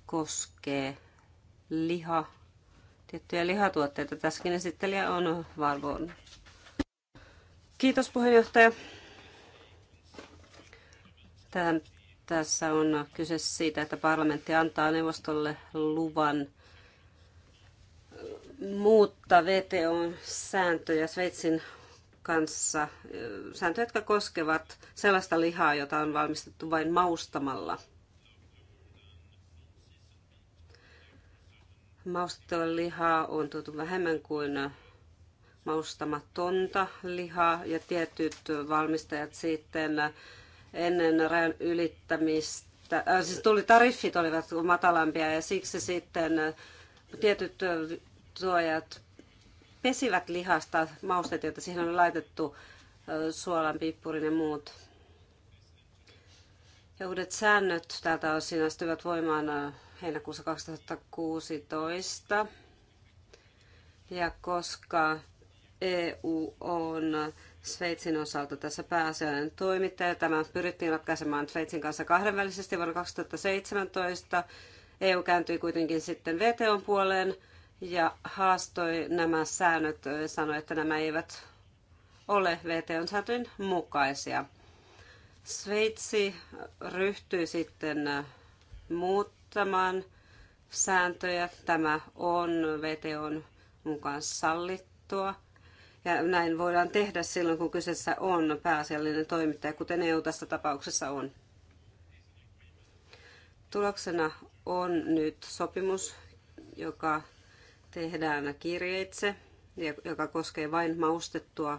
koskee liha, tiettyjä lihatuotteita. Tässäkin esittelijä on valvon. Kiitos puheenjohtaja. Tämän, tässä on kyse siitä, että parlamentti antaa neuvostolle luvan muuttaa VTOn sääntöjä Sveitsin kanssa sääntöjä, jotka koskevat sellaista lihaa, jota on valmistettu vain maustamalla. Maustettava lihaa on tuotu vähemmän kuin maustamatonta lihaa ja tietyt valmistajat sitten ennen rajan ylittämistä, äh, siis tuli tariffit olivat matalampia ja siksi sitten tietyt tuojat pesivät lihasta mausteet, joita siihen on laitettu, suolan, pippurin ja muut. Ja uudet säännöt tältä osin astuivat voimaan heinäkuussa 2016. Ja koska EU on Sveitsin osalta tässä pääasiallinen toimittaja, tämä pyrittiin ratkaisemaan Sveitsin kanssa kahdenvälisesti vuonna 2017. EU kääntyi kuitenkin sitten VTOn puoleen ja haastoi nämä säännöt ja sanoi, että nämä eivät ole VTOn säätöjen mukaisia. Sveitsi ryhtyi sitten muuttamaan sääntöjä. Tämä on VTOn mukaan sallittua. Ja näin voidaan tehdä silloin, kun kyseessä on pääasiallinen toimittaja, kuten EU tässä tapauksessa on. Tuloksena on nyt sopimus, joka tehdään kirjeitse, joka koskee vain maustettua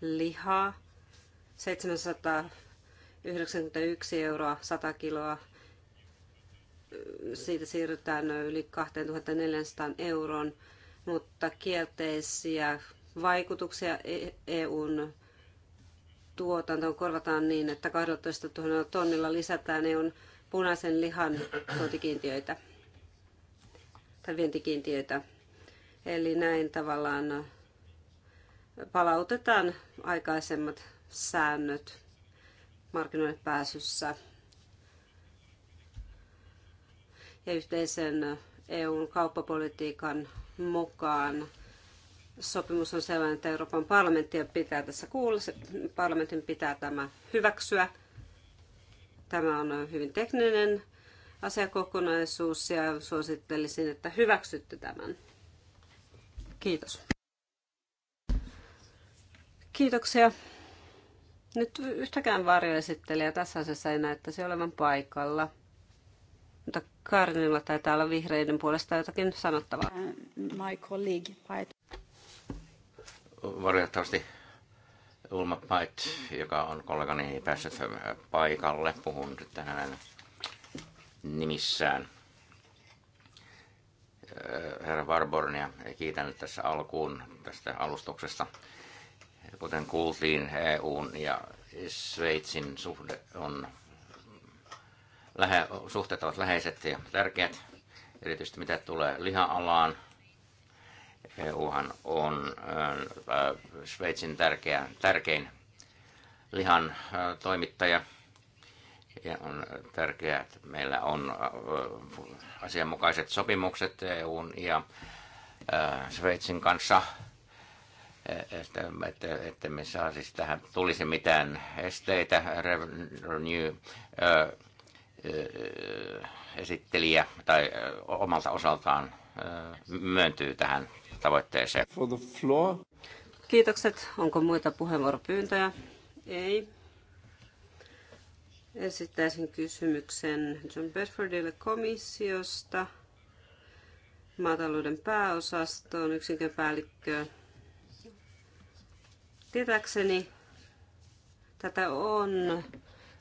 lihaa. 791 euroa 100 kiloa. Siitä siirrytään yli 2400 euroon, mutta kielteisiä vaikutuksia e- EUn tuotantoon korvataan niin, että 12 000 tonnilla lisätään EUn punaisen lihan tuotikiintiöitä tai vientikiintiöitä. Eli näin tavallaan palautetaan aikaisemmat säännöt markkinoille pääsyssä. Ja yhteisen EUn kauppapolitiikan mukaan sopimus on sellainen, että Euroopan parlamentti pitää tässä kuulla, parlamentin pitää tämä hyväksyä. Tämä on hyvin tekninen asiakokonaisuus ja suosittelisin, että hyväksytte tämän. Kiitos. Kiitoksia. Nyt yhtäkään varjoesittelijä tässä asiassa ei näyttäisi olevan paikalla. Mutta Karinilla taitaa olla vihreiden puolesta jotakin sanottavaa. Uh, my colleague, Valitettavasti Ulma Pait, joka on kollegani, ei päässyt äh, paikalle. Puhun nyt tänään nimissään öö, herra Warbornia kiitän tässä alkuun tästä alustuksesta. Kuten kuultiin, EUn ja Sveitsin suhde on, lähe, suhteet ovat läheiset ja tärkeät, erityisesti mitä tulee liha-alaan. EUhan on öö, Sveitsin tärkeä, tärkein lihan öö, toimittaja – ja on tärkeää, että meillä on äh, asianmukaiset sopimukset EUn ja äh, Sveitsin kanssa, äh, että, että, että me saa siis tähän tulisi mitään esteitä. Revenue esittelijä tai omalta osaltaan myöntyy tähän tavoitteeseen. For the floor. Kiitokset. Onko muita puheenvuoropyyntöjä? Ei. Esittäisin kysymyksen John Bedfordille komissiosta, maatalouden pääosastoon, yksikön päällikköön. Tietääkseni tätä on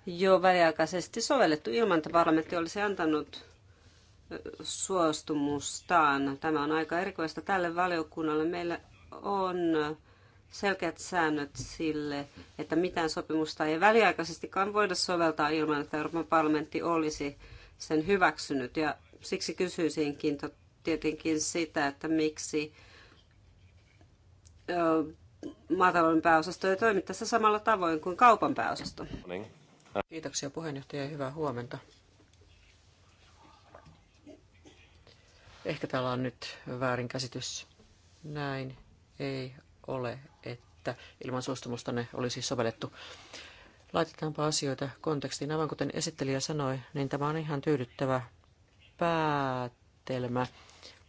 jo väliaikaisesti sovellettu ilman, että parlamentti olisi antanut suostumustaan. Tämä on aika erikoista tälle valiokunnalle. Meillä on selkeät säännöt sille, että mitään sopimusta ei väliaikaisestikaan voida soveltaa ilman, että Euroopan parlamentti olisi sen hyväksynyt. Ja siksi kysyisinkin tietenkin sitä, että miksi maatalouden pääosasto ei toimi tässä samalla tavoin kuin kaupan pääosasto. Kiitoksia puheenjohtaja ja hyvää huomenta. Ehkä täällä on nyt väärinkäsitys. Näin ei ole, että ilman suostumusta ne olisi sovellettu. Laitetaanpa asioita kontekstiin. Aivan kuten esittelijä sanoi, niin tämä on ihan tyydyttävä päätelmä.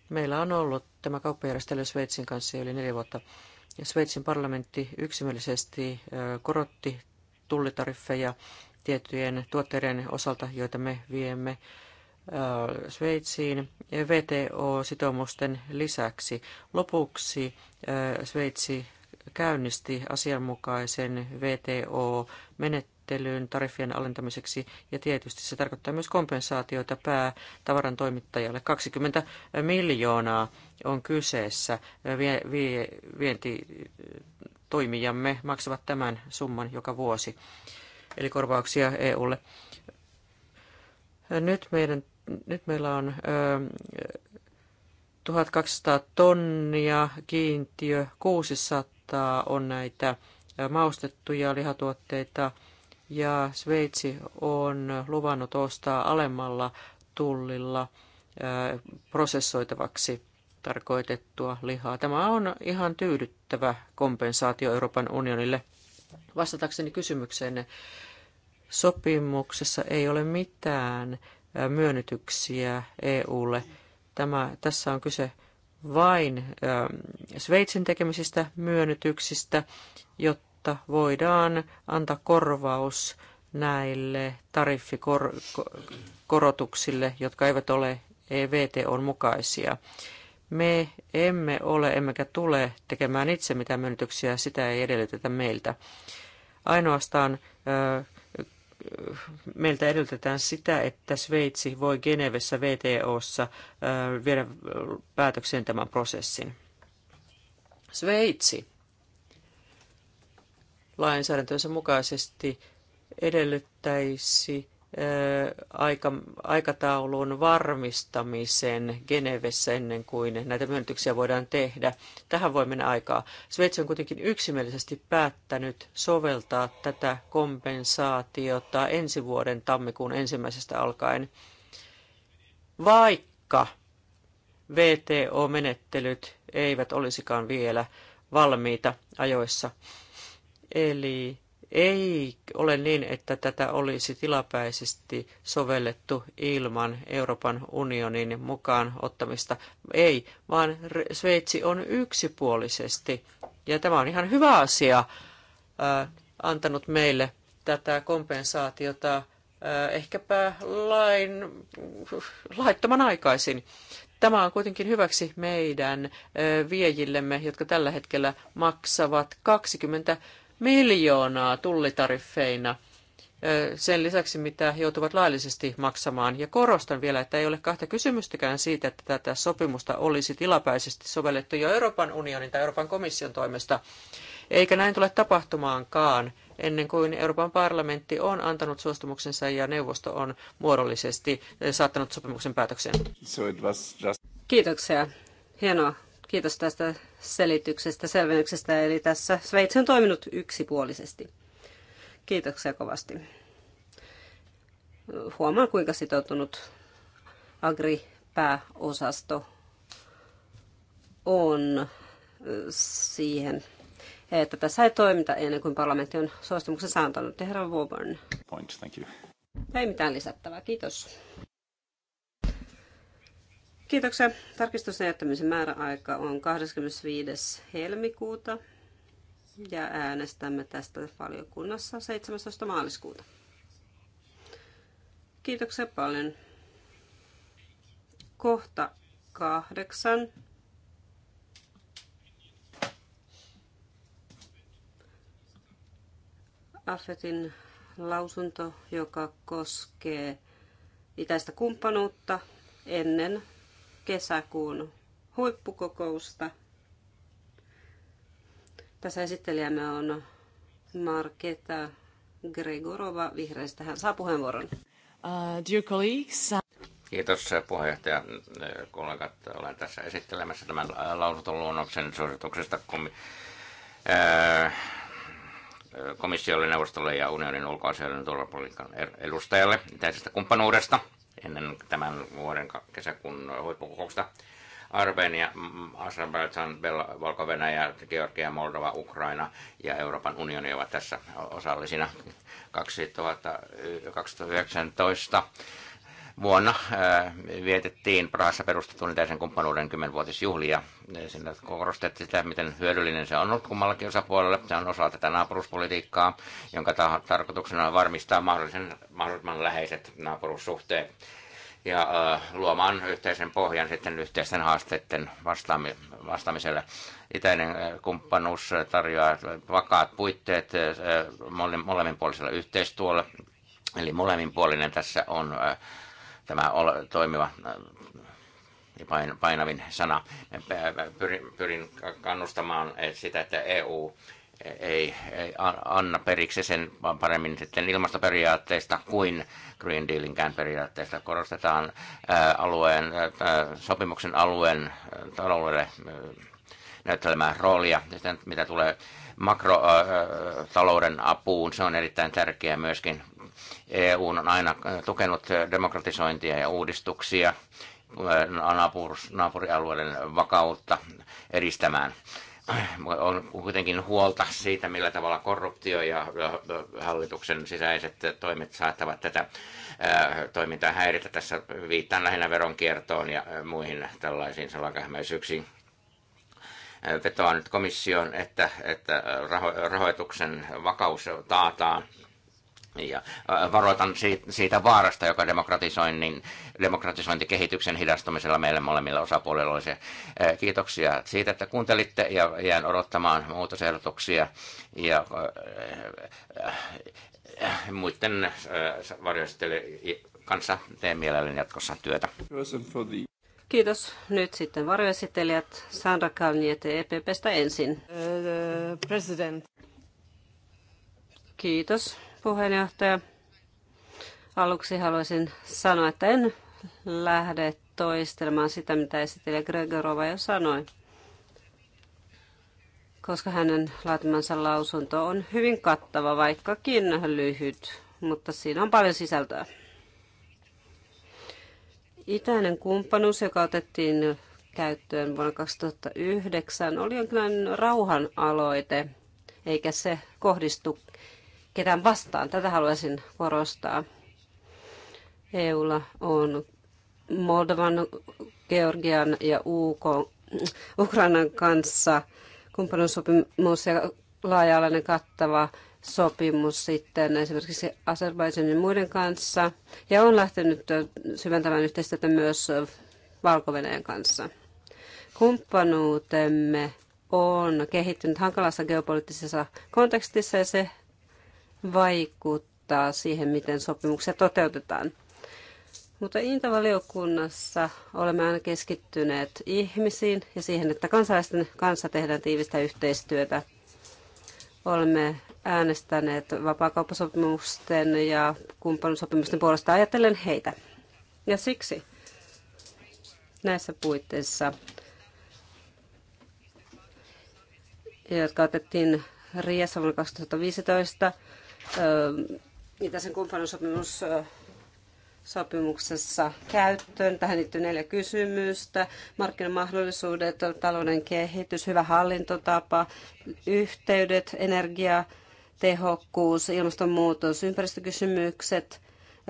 Meillä on ollut tämä kauppajärjestely Sveitsin kanssa yli neljä vuotta. Sveitsin parlamentti yksimielisesti korotti tullitariffeja tiettyjen tuotteiden osalta, joita me viemme Äh, Sveitsiin VTO-sitoumusten lisäksi. Lopuksi äh, Sveitsi käynnisti asianmukaisen VTO-menettelyn tariffien alentamiseksi ja tietysti se tarkoittaa myös kompensaatioita päätavaran toimittajalle. 20 miljoonaa on kyseessä. vientitoimijamme maksavat tämän summan joka vuosi, eli korvauksia EUlle. Nyt meidän nyt meillä on 1200 tonnia kiintiö, 600 on näitä maustettuja lihatuotteita ja Sveitsi on luvannut ostaa alemmalla tullilla prosessoitavaksi tarkoitettua lihaa. Tämä on ihan tyydyttävä kompensaatio Euroopan unionille. Vastatakseni kysymykseen, sopimuksessa ei ole mitään myönnytyksiä EUlle. Tämä, tässä on kyse vain Sveitsin tekemisistä myönnytyksistä, jotta voidaan antaa korvaus näille tariffikorotuksille, jotka eivät ole e VTOn mukaisia. Me emme ole emmekä tule tekemään itse mitään myönnytyksiä, sitä ei edellytetä meiltä. Ainoastaan ö, meiltä edellytetään sitä, että Sveitsi voi Genevessä VTOssa viedä päätökseen tämän prosessin. Sveitsi lainsäädäntönsä mukaisesti edellyttäisi aika, aikataulun varmistamisen Genevessä ennen kuin näitä myönnytyksiä voidaan tehdä. Tähän voi mennä aikaa. Sveitsi on kuitenkin yksimielisesti päättänyt soveltaa tätä kompensaatiota ensi vuoden tammikuun ensimmäisestä alkaen, vaikka VTO-menettelyt eivät olisikaan vielä valmiita ajoissa. Eli ei ole niin, että tätä olisi tilapäisesti sovellettu ilman Euroopan unionin mukaan ottamista. Ei, vaan Sveitsi on yksipuolisesti, ja tämä on ihan hyvä asia, antanut meille tätä kompensaatiota ehkäpä lain, laittoman aikaisin. Tämä on kuitenkin hyväksi meidän viejillemme, jotka tällä hetkellä maksavat 20 miljoonaa tullitariffeina sen lisäksi, mitä joutuvat laillisesti maksamaan. Ja korostan vielä, että ei ole kahta kysymystäkään siitä, että tätä sopimusta olisi tilapäisesti sovellettu jo Euroopan unionin tai Euroopan komission toimesta. Eikä näin tule tapahtumaankaan ennen kuin Euroopan parlamentti on antanut suostumuksensa ja neuvosto on muodollisesti saattanut sopimuksen päätökseen. Kiitoksia. Hienoa Kiitos tästä selityksestä, selvennyksestä. Eli tässä Sveitsi on toiminut yksipuolisesti. Kiitoksia kovasti. Huomaan, kuinka sitoutunut Agri-pääosasto on äh, siihen, että tässä ei toimita ennen kuin parlamentti on suostumuksen saantanut. Herra Woburn. Point, thank you. Ei mitään lisättävää, kiitos. Kiitoksia. Tarkistusten jättämisen määräaika on 25. helmikuuta ja äänestämme tästä valiokunnassa 17. maaliskuuta. Kiitoksia paljon. Kohta kahdeksan. Affetin lausunto, joka koskee itäistä kumppanuutta ennen kesäkuun huippukokousta. Tässä esittelijämme on Marketa Gregorova vihreistä. Hän saa puheenvuoron. Uh, dear colleagues. Uh, Kiitos eh, puheenjohtaja. Eh, kollegat, olen tässä esittelemässä tämän eh, lausuntoluonnoksen suosituksesta komi- komissiolle, neuvostolle ja unionin ulkoasioiden turvapolitiikan edustajalle tästä kumppanuudesta – ennen tämän vuoden kesäkuun huippukokousta. Armenia, Azerbaijan, Valko-Venäjä, Georgia, Moldova, Ukraina ja Euroopan unioni ovat tässä osallisina 2019 vuonna äh, vietettiin Praassa perustetun itäisen kumppanuuden kymmenvuotisjuhlia. vuotisjuhlia äh, korostettiin sitä, miten hyödyllinen se on ollut kummallakin osapuolelle. Se on osa tätä naapuruspolitiikkaa, jonka ta- tarkoituksena on varmistaa mahdollisen, mahdollisimman läheiset naapurussuhteet ja äh, luomaan yhteisen pohjan sitten yhteisten haasteiden vastaami- vastaamiselle. Itäinen äh, kumppanuus tarjoaa vakaat puitteet äh, molemminpuoliselle yhteistyölle, eli molemminpuolinen tässä on äh, tämä ole toimiva äh, painavin sana. Pyrin, pyrin kannustamaan eh, sitä, että EU ei, ei anna periksi sen paremmin sitten ilmastoperiaatteista kuin Green Dealinkään periaatteista. Korostetaan äh, alueen, äh, sopimuksen alueen taloudelle näyttelemää roolia. Sitten, mitä tulee makrotalouden apuun, se on erittäin tärkeää myöskin EU on aina äh, tukenut äh, demokratisointia ja uudistuksia äh, naapurialueiden vakautta edistämään. On kuitenkin huolta siitä, millä tavalla korruptio ja hallituksen sisäiset toimet saattavat tätä toimintaa häiritä. Tässä viittaan lähinnä veronkiertoon ja muihin tällaisiin salakähmäisyyksiin vetoan nyt komission, että, että rahoituksen vakaus taataan ja varoitan siitä vaarasta, joka demokratisoinnin, demokratisointikehityksen hidastumisella meille molemmilla osapuolilla olisi. Kiitoksia siitä, että kuuntelitte ja jään odottamaan muutosehdotuksia ja muiden varjoistelijoiden kanssa teen mielelläni jatkossa työtä. Kiitos. Nyt sitten varjoesittelijät Sandra Kalniete EPPstä ensin. President. Kiitos puheenjohtaja. Aluksi haluaisin sanoa, että en lähde toistelemaan sitä, mitä esitteli Gregorova jo sanoi, koska hänen laatimansa lausunto on hyvin kattava, vaikkakin lyhyt, mutta siinä on paljon sisältöä. Itäinen kumppanuus, joka otettiin käyttöön vuonna 2009, oli jonkinlainen rauhan aloite, eikä se kohdistu ketään vastaan. Tätä haluaisin korostaa. EUlla on Moldovan, Georgian ja UK, Ukrainan kanssa kumppanuussopimus ja laaja-alainen kattava sopimus sitten esimerkiksi Azerbaidžanin muiden kanssa ja on lähtenyt syventämään yhteistyötä myös valko kanssa. Kumppanuutemme on kehittynyt hankalassa geopoliittisessa kontekstissa ja se vaikuttaa siihen, miten sopimuksia toteutetaan. Mutta Intavaliokunnassa olemme aina keskittyneet ihmisiin ja siihen, että kansalaisten kanssa tehdään tiivistä yhteistyötä. Olemme äänestäneet vapaakauppasopimusten ja kumppanusopimusten puolesta ajatellen heitä. Ja siksi näissä puitteissa, jotka otettiin Riassa vuonna 2015, Ähm, itäisen kumppanuussopimus sopimuksessa käyttöön. Tähän liittyy neljä kysymystä. Markkinamahdollisuudet, talouden kehitys, hyvä hallintotapa, yhteydet, energia, tehokkuus, ilmastonmuutos, ympäristökysymykset,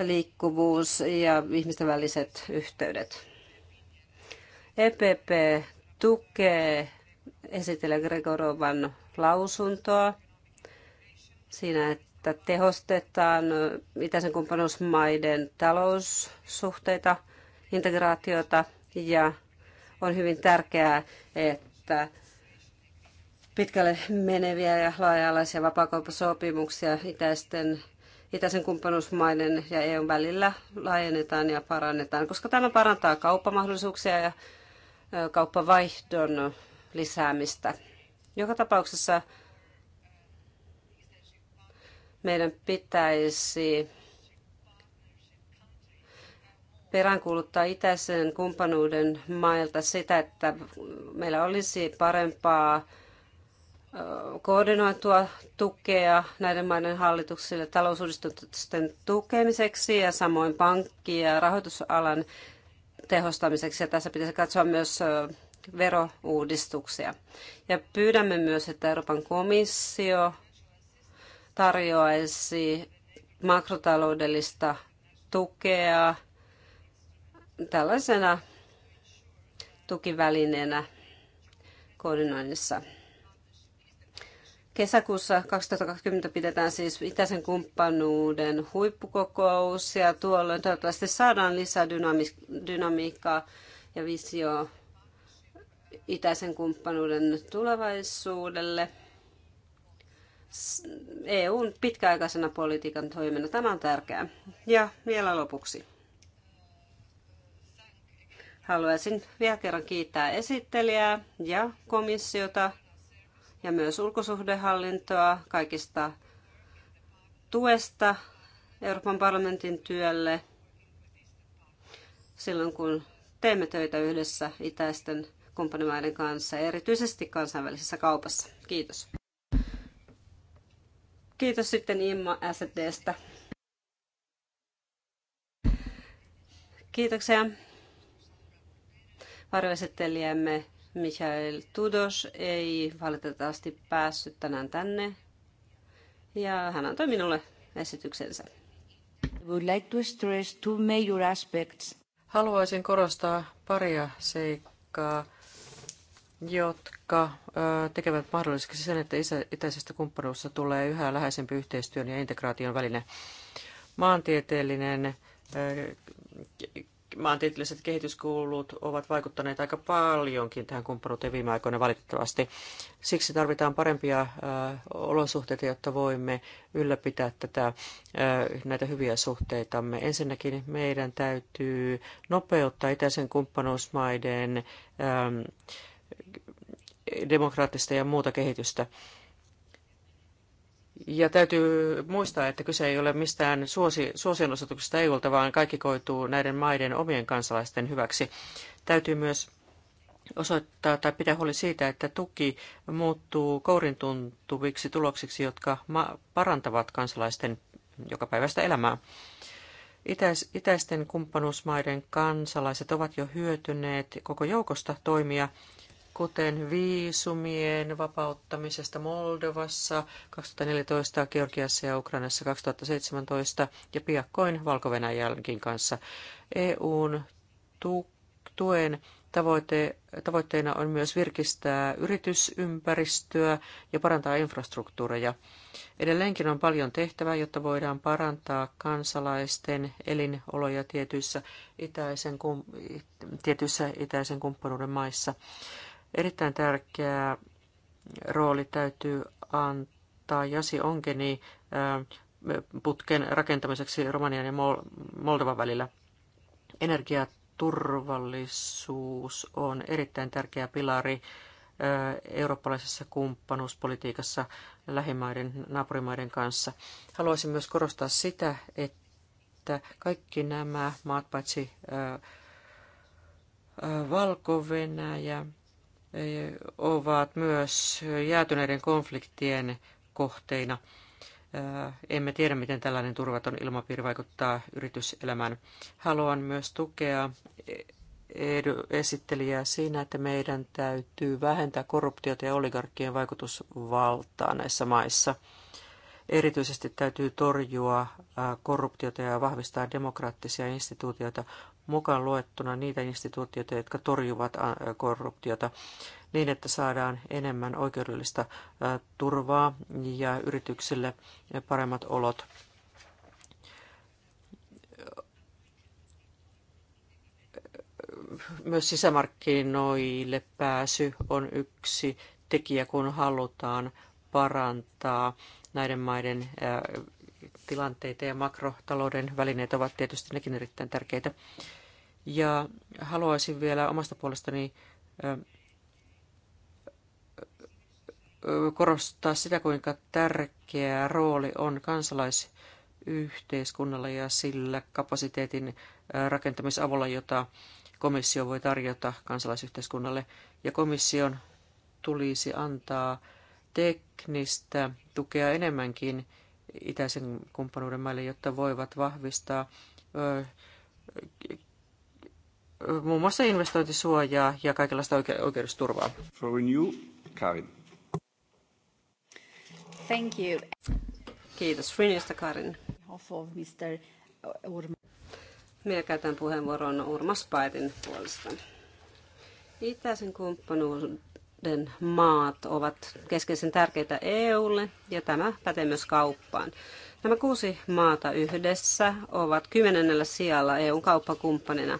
liikkuvuus ja ihmisten väliset yhteydet. EPP tukee esitellä Gregorovan lausuntoa siinä, että että tehostetaan itäisen kumppanuusmaiden taloussuhteita, integraatiota ja on hyvin tärkeää, että pitkälle meneviä ja laaja-alaisia vapaakauppasopimuksia itäisten, itäisen kumppanuusmaiden ja EUn välillä laajennetaan ja parannetaan, koska tämä parantaa kauppamahdollisuuksia ja kauppavaihdon lisäämistä. Joka tapauksessa meidän pitäisi peräänkuuluttaa itäisen kumppanuuden mailta sitä, että meillä olisi parempaa koordinoitua tukea näiden maiden hallituksille talousuudistusten tukemiseksi ja samoin pankki- ja rahoitusalan tehostamiseksi. Ja tässä pitäisi katsoa myös verouudistuksia. Ja pyydämme myös, että Euroopan komissio tarjoaisi makrotaloudellista tukea tällaisena tukivälineenä koordinoinnissa. Kesäkuussa 2020 pidetään siis itäisen kumppanuuden huippukokous ja tuolloin toivottavasti saadaan lisää dynamiikkaa ja visio itäisen kumppanuuden tulevaisuudelle – EUn pitkäaikaisena politiikan toimena. Tämä on tärkeää. Ja vielä lopuksi. Haluaisin vielä kerran kiittää esittelijää ja komissiota ja myös ulkosuhdehallintoa kaikista tuesta Euroopan parlamentin työlle silloin, kun teemme töitä yhdessä itäisten kumppanimaiden kanssa, erityisesti kansainvälisessä kaupassa. Kiitos. Kiitos sitten Imma STstä. Kiitoksia. Varoesittelijämme Michael Tudos ei valitettavasti päässyt tänään tänne. Ja hän antoi minulle esityksensä. Would like to stress two major aspects. Haluaisin korostaa paria seikkaa jotka tekevät mahdolliseksi sen, että itäisestä kumppanuussa tulee yhä läheisempi yhteistyön ja integraation väline. Maantieteellinen, maantieteelliset kehityskulut ovat vaikuttaneet aika paljonkin tähän kumppanuuteen viime aikoina valitettavasti. Siksi tarvitaan parempia olosuhteita, jotta voimme ylläpitää tätä, näitä hyviä suhteitamme. Ensinnäkin meidän täytyy nopeuttaa itäisen kumppanuusmaiden demokraattista ja muuta kehitystä. Ja täytyy muistaa, että kyse ei ole mistään suosi, suosionosoituksesta EUlta, vaan kaikki koituu näiden maiden omien kansalaisten hyväksi. Täytyy myös osoittaa tai pitää huoli siitä, että tuki muuttuu kourin tuntuviksi tuloksiksi, jotka parantavat kansalaisten jokapäiväistä elämää. Itäis- itäisten kumppanuusmaiden kansalaiset ovat jo hyötyneet koko joukosta toimia, kuten viisumien vapauttamisesta Moldovassa 2014, Georgiassa ja Ukrainassa 2017 ja piakkoin valko kanssa. EUn tuen tavoite, tavoitteena on myös virkistää yritysympäristöä ja parantaa infrastruktuureja. Edelleenkin on paljon tehtävää, jotta voidaan parantaa kansalaisten elinoloja tietyissä itäisen, tietyissä itäisen kumppanuuden maissa. Erittäin tärkeä rooli täytyy antaa Jasi Onkeni äh, putken rakentamiseksi Romanian ja Moldovan välillä. Energiaturvallisuus on erittäin tärkeä pilari äh, eurooppalaisessa kumppanuuspolitiikassa lähimaiden, naapurimaiden kanssa. Haluaisin myös korostaa sitä, että kaikki nämä maat, paitsi äh, Valko-Venäjä, ovat myös jäätyneiden konfliktien kohteina. Emme tiedä, miten tällainen turvaton ilmapiiri vaikuttaa yrityselämään. Haluan myös tukea esittelijää siinä, että meidän täytyy vähentää korruptiota ja oligarkkien vaikutusvaltaa näissä maissa. Erityisesti täytyy torjua korruptiota ja vahvistaa demokraattisia instituutioita mukaan luettuna niitä instituutioita, jotka torjuvat äh, korruptiota, niin että saadaan enemmän oikeudellista äh, turvaa ja yrityksille paremmat olot. Myös sisämarkkinoille pääsy on yksi tekijä, kun halutaan parantaa näiden maiden äh, tilanteita ja makrotalouden välineet ovat tietysti nekin erittäin tärkeitä. Ja haluaisin vielä omasta puolestani korostaa sitä, kuinka tärkeä rooli on kansalaisyhteiskunnalla ja sillä kapasiteetin rakentamisavulla, jota komissio voi tarjota kansalaisyhteiskunnalle. Ja komission tulisi antaa teknistä tukea enemmänkin itäisen kumppanuuden maille, jotta voivat vahvistaa muun muassa investointisuojaa ja kaikenlaista oike- oikeudusturvaa. For Karin. Thank you. Kiitos Freenista, Karin. Mr. Uh, Urma. Minä käytän puheenvuoron Urmas Paitin puolesta. Itäisen kumppanuuden talouden maat ovat keskeisen tärkeitä EUlle ja tämä pätee myös kauppaan. Nämä kuusi maata yhdessä ovat kymmenennellä sijalla EUn kauppakumppanina,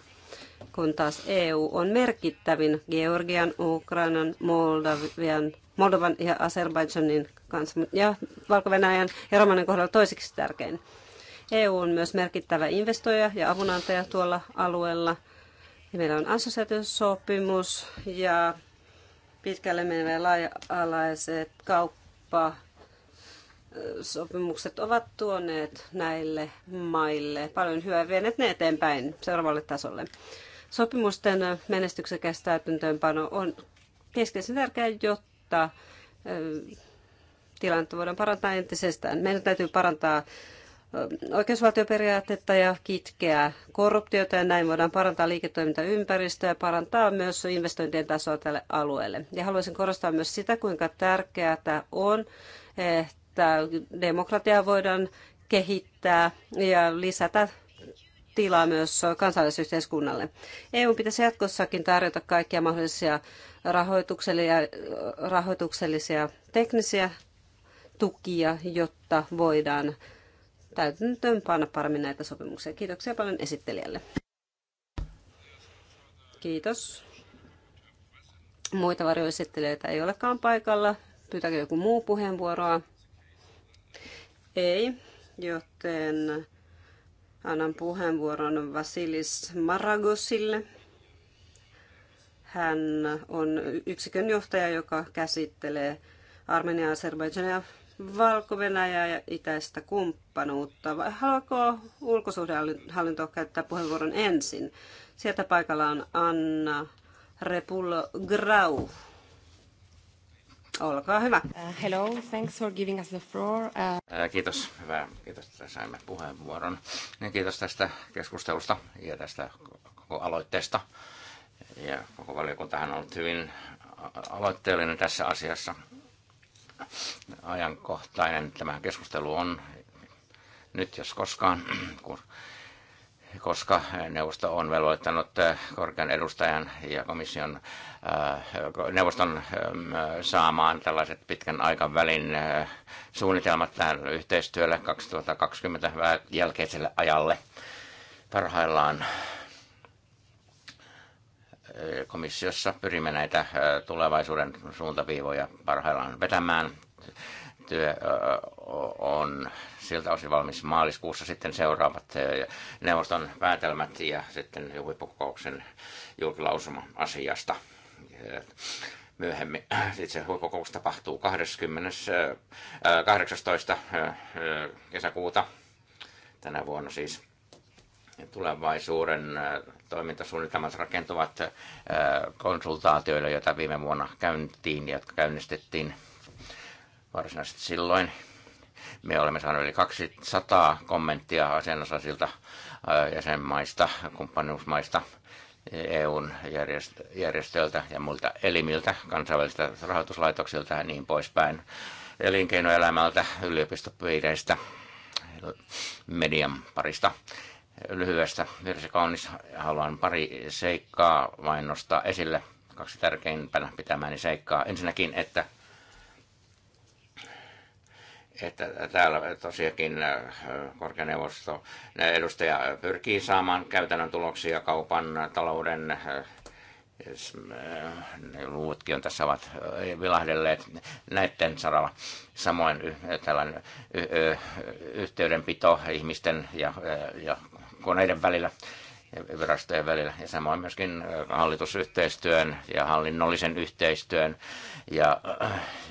kun taas EU on merkittävin Georgian, Ukrainan, Moldavian, Moldovan ja Azerbaidžanin kanssa ja valko ja Romanin kohdalla toiseksi tärkein. EU on myös merkittävä investoija ja avunantaja tuolla alueella. Ja meillä on assosiaatiosopimus ja pitkälle menevät laaja-alaiset kauppa sopimukset ovat tuoneet näille maille paljon hyvää vieneet ne eteenpäin seuraavalle tasolle. Sopimusten menestyksekäs täytäntöönpano on keskeisen tärkeää, jotta tilannetta voidaan parantaa entisestään. Meidän täytyy parantaa oikeusvaltioperiaatetta ja kitkeä korruptiota ja näin voidaan parantaa liiketoimintaympäristöä ja parantaa myös investointien tasoa tälle alueelle. Ja haluaisin korostaa myös sitä, kuinka tärkeää tämä on, että demokratiaa voidaan kehittää ja lisätä tilaa myös kansalaisyhteiskunnalle. EU pitäisi jatkossakin tarjota kaikkia mahdollisia rahoituksellisia, rahoituksellisia teknisiä tukia, jotta voidaan täytäntöön panna paremmin näitä sopimuksia. Kiitoksia paljon esittelijälle. Kiitos. Muita varjoesittelijöitä ei olekaan paikalla. Pyytääkö joku muu puheenvuoroa? Ei, joten annan puheenvuoron Vasilis Maragosille. Hän on yksikön johtaja, joka käsittelee Armenia, Azerbaijan ja valko ja itäistä kumppanuutta. Vai haluaako ulkosuhdehallinto käyttää puheenvuoron ensin? Sieltä paikalla on Anna Repullo Grau. Olkaa hyvä. Uh, hello, thanks for giving us the floor. Uh, uh... Kiitos, hyvä. Kiitos, että saimme puheenvuoron. Ja kiitos tästä keskustelusta ja tästä koko aloitteesta. Ja koko valiokuntahan on ollut hyvin aloitteellinen tässä asiassa ajankohtainen tämä keskustelu on nyt jos koskaan, koska neuvosto on velvoittanut korkean edustajan ja komission äh, neuvoston äh, saamaan tällaiset pitkän aikavälin äh, suunnitelmat tähän yhteistyölle 2020 jälkeiselle ajalle. Parhaillaan komissiossa pyrimme näitä tulevaisuuden suuntaviivoja parhaillaan vetämään. Työ on siltä osin valmis maaliskuussa sitten seuraavat neuvoston päätelmät ja sitten huippukokouksen julkilausuma asiasta. Myöhemmin itse huippukokous tapahtuu 20, 18. kesäkuuta tänä vuonna siis tulevaisuuden toimintasuunnitelmat rakentuvat äh, konsultaatioille, joita viime vuonna käyntiin, jotka käynnistettiin varsinaisesti silloin. Me olemme saaneet yli 200 kommenttia asianosaisilta äh, jäsenmaista, kumppanuusmaista, EUn järjestöiltä ja muilta elimiltä, kansainvälisiltä rahoituslaitoksilta ja niin poispäin, elinkeinoelämältä, yliopistopiireistä, median parista lyhyestä virsi kaunis. Haluan pari seikkaa vain nostaa esille, kaksi tärkeimpänä pitämääni seikkaa. Ensinnäkin, että että täällä tosiaankin äh, korkeaneuvosto äh, edustaja pyrkii saamaan käytännön tuloksia kaupan, äh, talouden, luvutkin on tässä ovat vilahdelleet näiden saralla. Samoin tällainen yhteydenpito ihmisten ja, ja koneiden välillä virastojen välillä ja samoin myöskin hallitusyhteistyön ja hallinnollisen yhteistyön ja,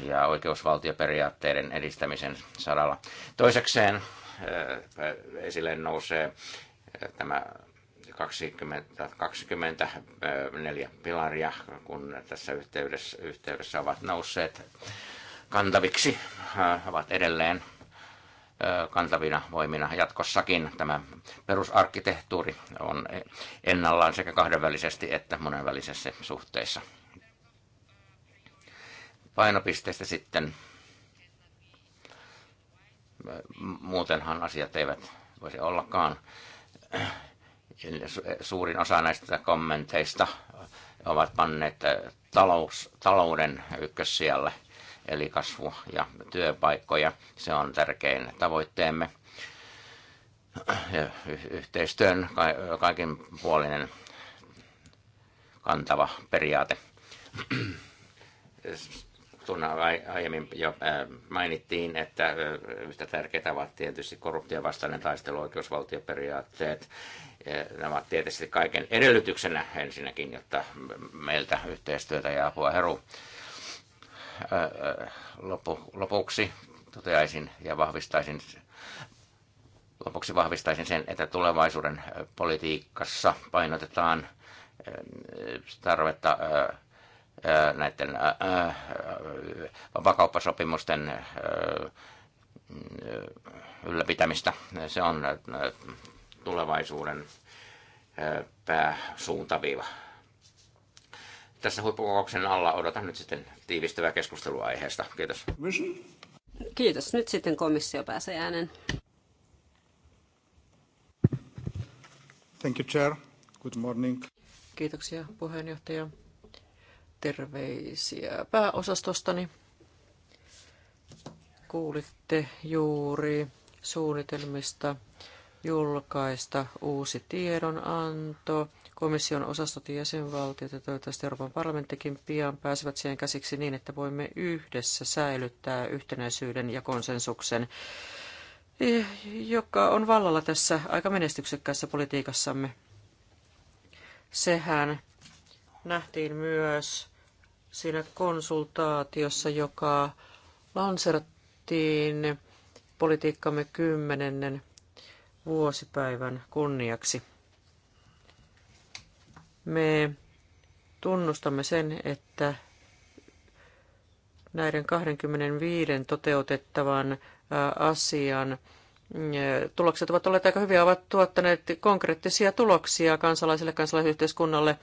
ja oikeusvaltioperiaatteiden edistämisen saralla. Toisekseen esille nousee tämä 20, 24 pilaria, kun tässä yhteydessä, yhteydessä ovat nousseet kantaviksi, ovat edelleen kantavina voimina jatkossakin. Tämä perusarkkitehtuuri on ennallaan sekä kahdenvälisesti että monenvälisessä suhteessa. Painopisteestä sitten. Muutenhan asiat eivät voisi ollakaan. Suurin osa näistä kommenteista ovat panneet talous, talouden ykkössijalle eli kasvu ja työpaikkoja. Se on tärkein tavoitteemme. Ja yhteistyön kaikinpuolinen kantava periaate. Tuna aiemmin jo mainittiin, että yhtä tärkeitä ovat tietysti korruption vastainen taistelu, oikeusvaltioperiaatteet. Nämä ovat tietysti kaiken edellytyksenä ensinnäkin, jotta meiltä yhteistyötä ja apua heruu lopu, lopuksi toteaisin ja vahvistaisin lopuksi vahvistaisin sen, että tulevaisuuden politiikassa painotetaan tarvetta näiden vapakauppasopimusten ylläpitämistä. Se on tulevaisuuden pääsuuntaviiva tässä huippukokouksen alla odotan nyt sitten tiivistävää keskustelua aiheesta. Kiitos. Kiitos. Nyt sitten komissio pääsee äänen. Thank you, Chair. Good morning. Kiitoksia puheenjohtaja. Terveisiä pääosastostani. Kuulitte juuri suunnitelmista julkaista uusi tiedonanto komission osastot ja jäsenvaltiot ja toivottavasti Euroopan parlamenttikin pian pääsevät siihen käsiksi niin, että voimme yhdessä säilyttää yhtenäisyyden ja konsensuksen, joka on vallalla tässä aika menestyksekkäässä politiikassamme. Sehän nähtiin myös siinä konsultaatiossa, joka lanserattiin politiikkamme kymmenennen vuosipäivän kunniaksi. Me tunnustamme sen, että näiden 25 toteutettavan asian tulokset ovat olleet aika hyviä, ovat tuottaneet konkreettisia tuloksia kansalaisille, kansalaisyhteiskunnalle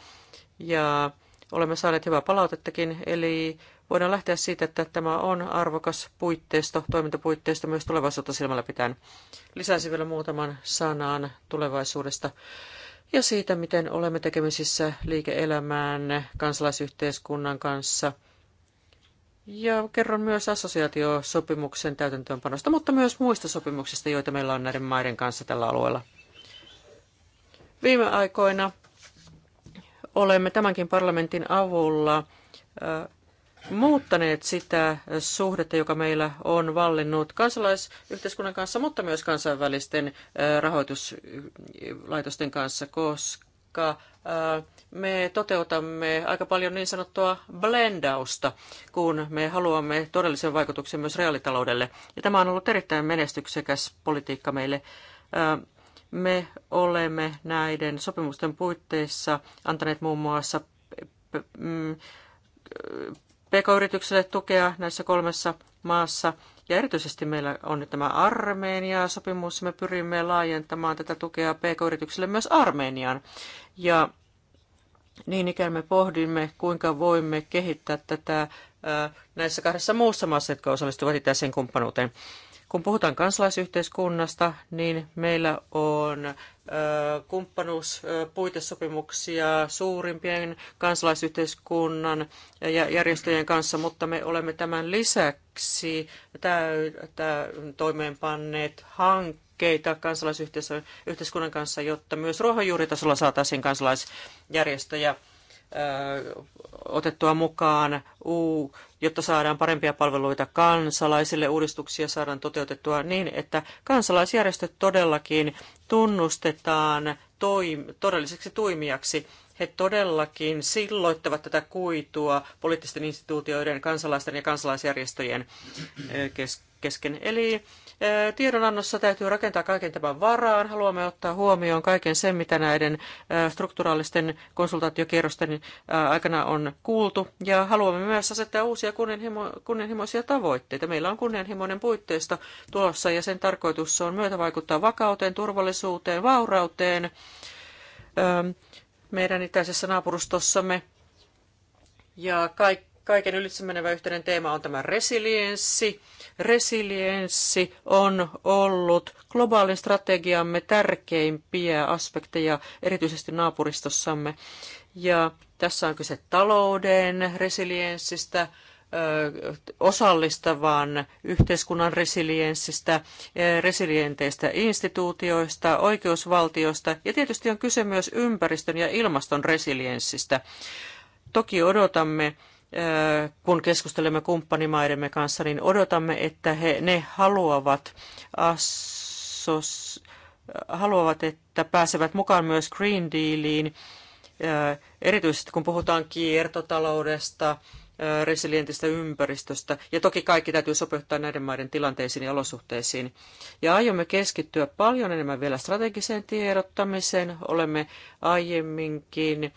ja olemme saaneet hyvää palautettakin, eli voidaan lähteä siitä, että tämä on arvokas puitteisto, toimintapuitteisto myös tulevaisuutta silmällä pitäen. Lisäisin vielä muutaman sanan tulevaisuudesta ja siitä, miten olemme tekemisissä liike-elämään, kansalaisyhteiskunnan kanssa. Ja kerron myös assosiaatiosopimuksen täytäntöönpanosta, mutta myös muista sopimuksista, joita meillä on näiden maiden kanssa tällä alueella. Viime aikoina olemme tämänkin parlamentin avulla muuttaneet sitä suhdetta, joka meillä on vallinnut kansalaisyhteiskunnan kanssa, mutta myös kansainvälisten rahoituslaitosten kanssa, koska me toteutamme aika paljon niin sanottua blendausta, kun me haluamme todellisen vaikutuksen myös reaalitaloudelle. Ja tämä on ollut erittäin menestyksekäs politiikka meille. Me olemme näiden sopimusten puitteissa antaneet muun muassa mm, PK-yrityksille tukea näissä kolmessa maassa. Ja erityisesti meillä on nyt tämä Armenia-sopimus. Me pyrimme laajentamaan tätä tukea PK-yrityksille myös Armeniaan. Ja niin ikään me pohdimme, kuinka voimme kehittää tätä näissä kahdessa muussa maassa, jotka osallistuvat itäiseen kumppanuuteen. Kun puhutaan kansalaisyhteiskunnasta, niin meillä on kumppanuuspuitesopimuksia suurimpien kansalaisyhteiskunnan ja järjestöjen kanssa, mutta me olemme tämän lisäksi toimeenpanneet hankkeita kansalaisyhteiskunnan kanssa, jotta myös ruohonjuuritasolla saataisiin kansalaisjärjestöjä otettua mukaan, jotta saadaan parempia palveluita kansalaisille, uudistuksia saadaan toteutettua niin, että kansalaisjärjestöt todellakin tunnustetaan toim- todelliseksi toimijaksi. He todellakin silloittavat tätä kuitua poliittisten instituutioiden, kansalaisten ja kansalaisjärjestöjen kesken. Eli Tiedonannossa täytyy rakentaa kaiken tämän varaan. Haluamme ottaa huomioon kaiken sen, mitä näiden strukturaalisten konsultaatiokierrosten aikana on kuultu. Ja haluamme myös asettaa uusia kunnianhimo, kunnianhimoisia tavoitteita. Meillä on kunnianhimoinen puitteisto tulossa ja sen tarkoitus on myötävaikuttaa vakauteen, turvallisuuteen, vaurauteen meidän itäisessä naapurustossamme ja kaikki kaiken menevä yhteinen teema on tämä resilienssi. Resilienssi on ollut globaalin strategiamme tärkeimpiä aspekteja, erityisesti naapuristossamme. Ja tässä on kyse talouden resilienssistä, osallistavan yhteiskunnan resilienssistä, resilienteistä instituutioista, oikeusvaltiosta ja tietysti on kyse myös ympäristön ja ilmaston resilienssistä. Toki odotamme kun keskustelemme kumppanimaidemme kanssa, niin odotamme, että he, ne haluavat, assos, haluavat, että pääsevät mukaan myös Green Dealiin, erityisesti kun puhutaan kiertotaloudesta, resilientistä ympäristöstä. Ja toki kaikki täytyy sopeuttaa näiden maiden tilanteisiin ja olosuhteisiin. Ja aiomme keskittyä paljon enemmän vielä strategiseen tiedottamiseen. Olemme aiemminkin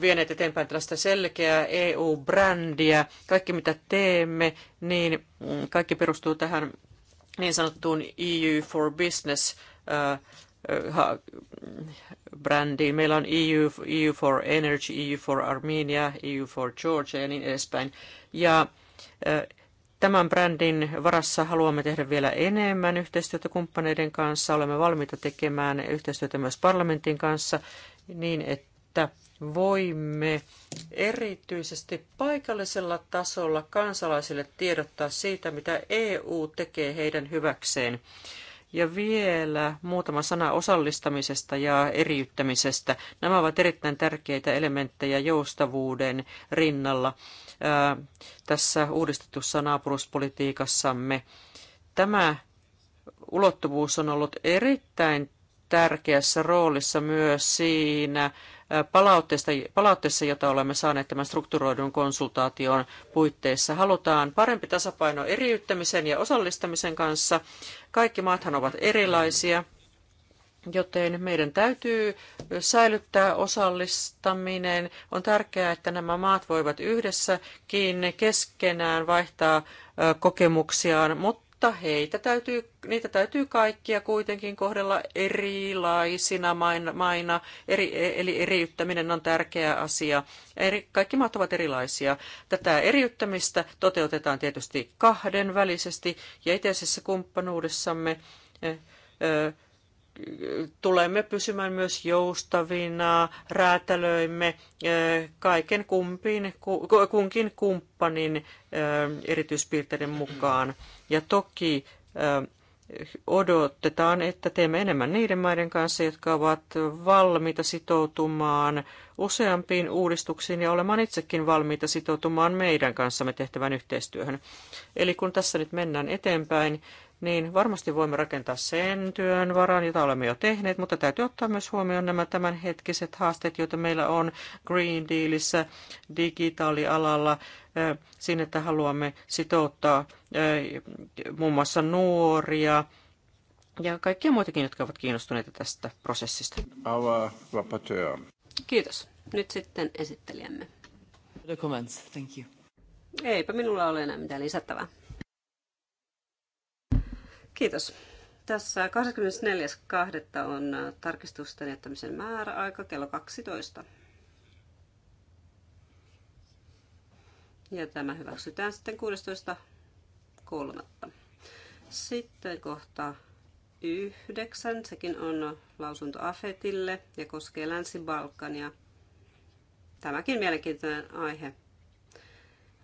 vieneet eteenpäin tällaista selkeää EU-brändiä. Kaikki mitä teemme, niin kaikki perustuu tähän niin sanottuun EU for Business brändiin. Meillä on EU, EU for Energy, EU for Armenia, EU for Georgia ja niin edespäin. Ja Tämän brändin varassa haluamme tehdä vielä enemmän yhteistyötä kumppaneiden kanssa. Olemme valmiita tekemään yhteistyötä myös parlamentin kanssa niin, että voimme erityisesti paikallisella tasolla kansalaisille tiedottaa siitä, mitä EU tekee heidän hyväkseen. Ja vielä muutama sana osallistamisesta ja eriyttämisestä. Nämä ovat erittäin tärkeitä elementtejä joustavuuden rinnalla ää, tässä uudistetussa naapuruspolitiikassamme. Tämä ulottuvuus on ollut erittäin tärkeässä roolissa myös siinä palautteessa, jota olemme saaneet tämän strukturoidun konsultaation puitteissa. Halutaan parempi tasapaino eriyttämisen ja osallistamisen kanssa. Kaikki maathan ovat erilaisia, joten meidän täytyy säilyttää osallistaminen. On tärkeää, että nämä maat voivat yhdessäkin keskenään vaihtaa kokemuksiaan, mutta mutta heitä täytyy, niitä täytyy kaikkia kuitenkin kohdella erilaisina maina, eri, e, eli eriyttäminen on tärkeä asia. Eri, kaikki maat ovat erilaisia. Tätä eriyttämistä toteutetaan tietysti kahdenvälisesti ja itäisessä kumppanuudessamme e, e, tulemme pysymään myös joustavina, räätälöimme kaiken kumpiin, kunkin kumppanin erityispiirteiden mukaan. Ja toki odotetaan, että teemme enemmän niiden maiden kanssa, jotka ovat valmiita sitoutumaan useampiin uudistuksiin ja olemaan itsekin valmiita sitoutumaan meidän kanssamme tehtävän yhteistyöhön. Eli kun tässä nyt mennään eteenpäin, niin varmasti voimme rakentaa sen työn varaan, jota olemme jo tehneet, mutta täytyy ottaa myös huomioon nämä tämänhetkiset haasteet, joita meillä on Green Dealissa, digitaalialalla, siinä, että haluamme sitouttaa muun mm. muassa nuoria ja kaikkia muitakin, jotka ovat kiinnostuneita tästä prosessista. Kiitos. Nyt sitten esittelijämme. Thank you. Eipä minulla ole enää mitään lisättävää. Kiitos. Tässä 24.2. on äh, tarkistusten jättämisen määräaika kello 12. Ja tämä hyväksytään sitten 16.3. Sitten kohta 9. Sekin on lausunto AFETille ja koskee Länsi-Balkania. Tämäkin mielenkiintoinen aihe.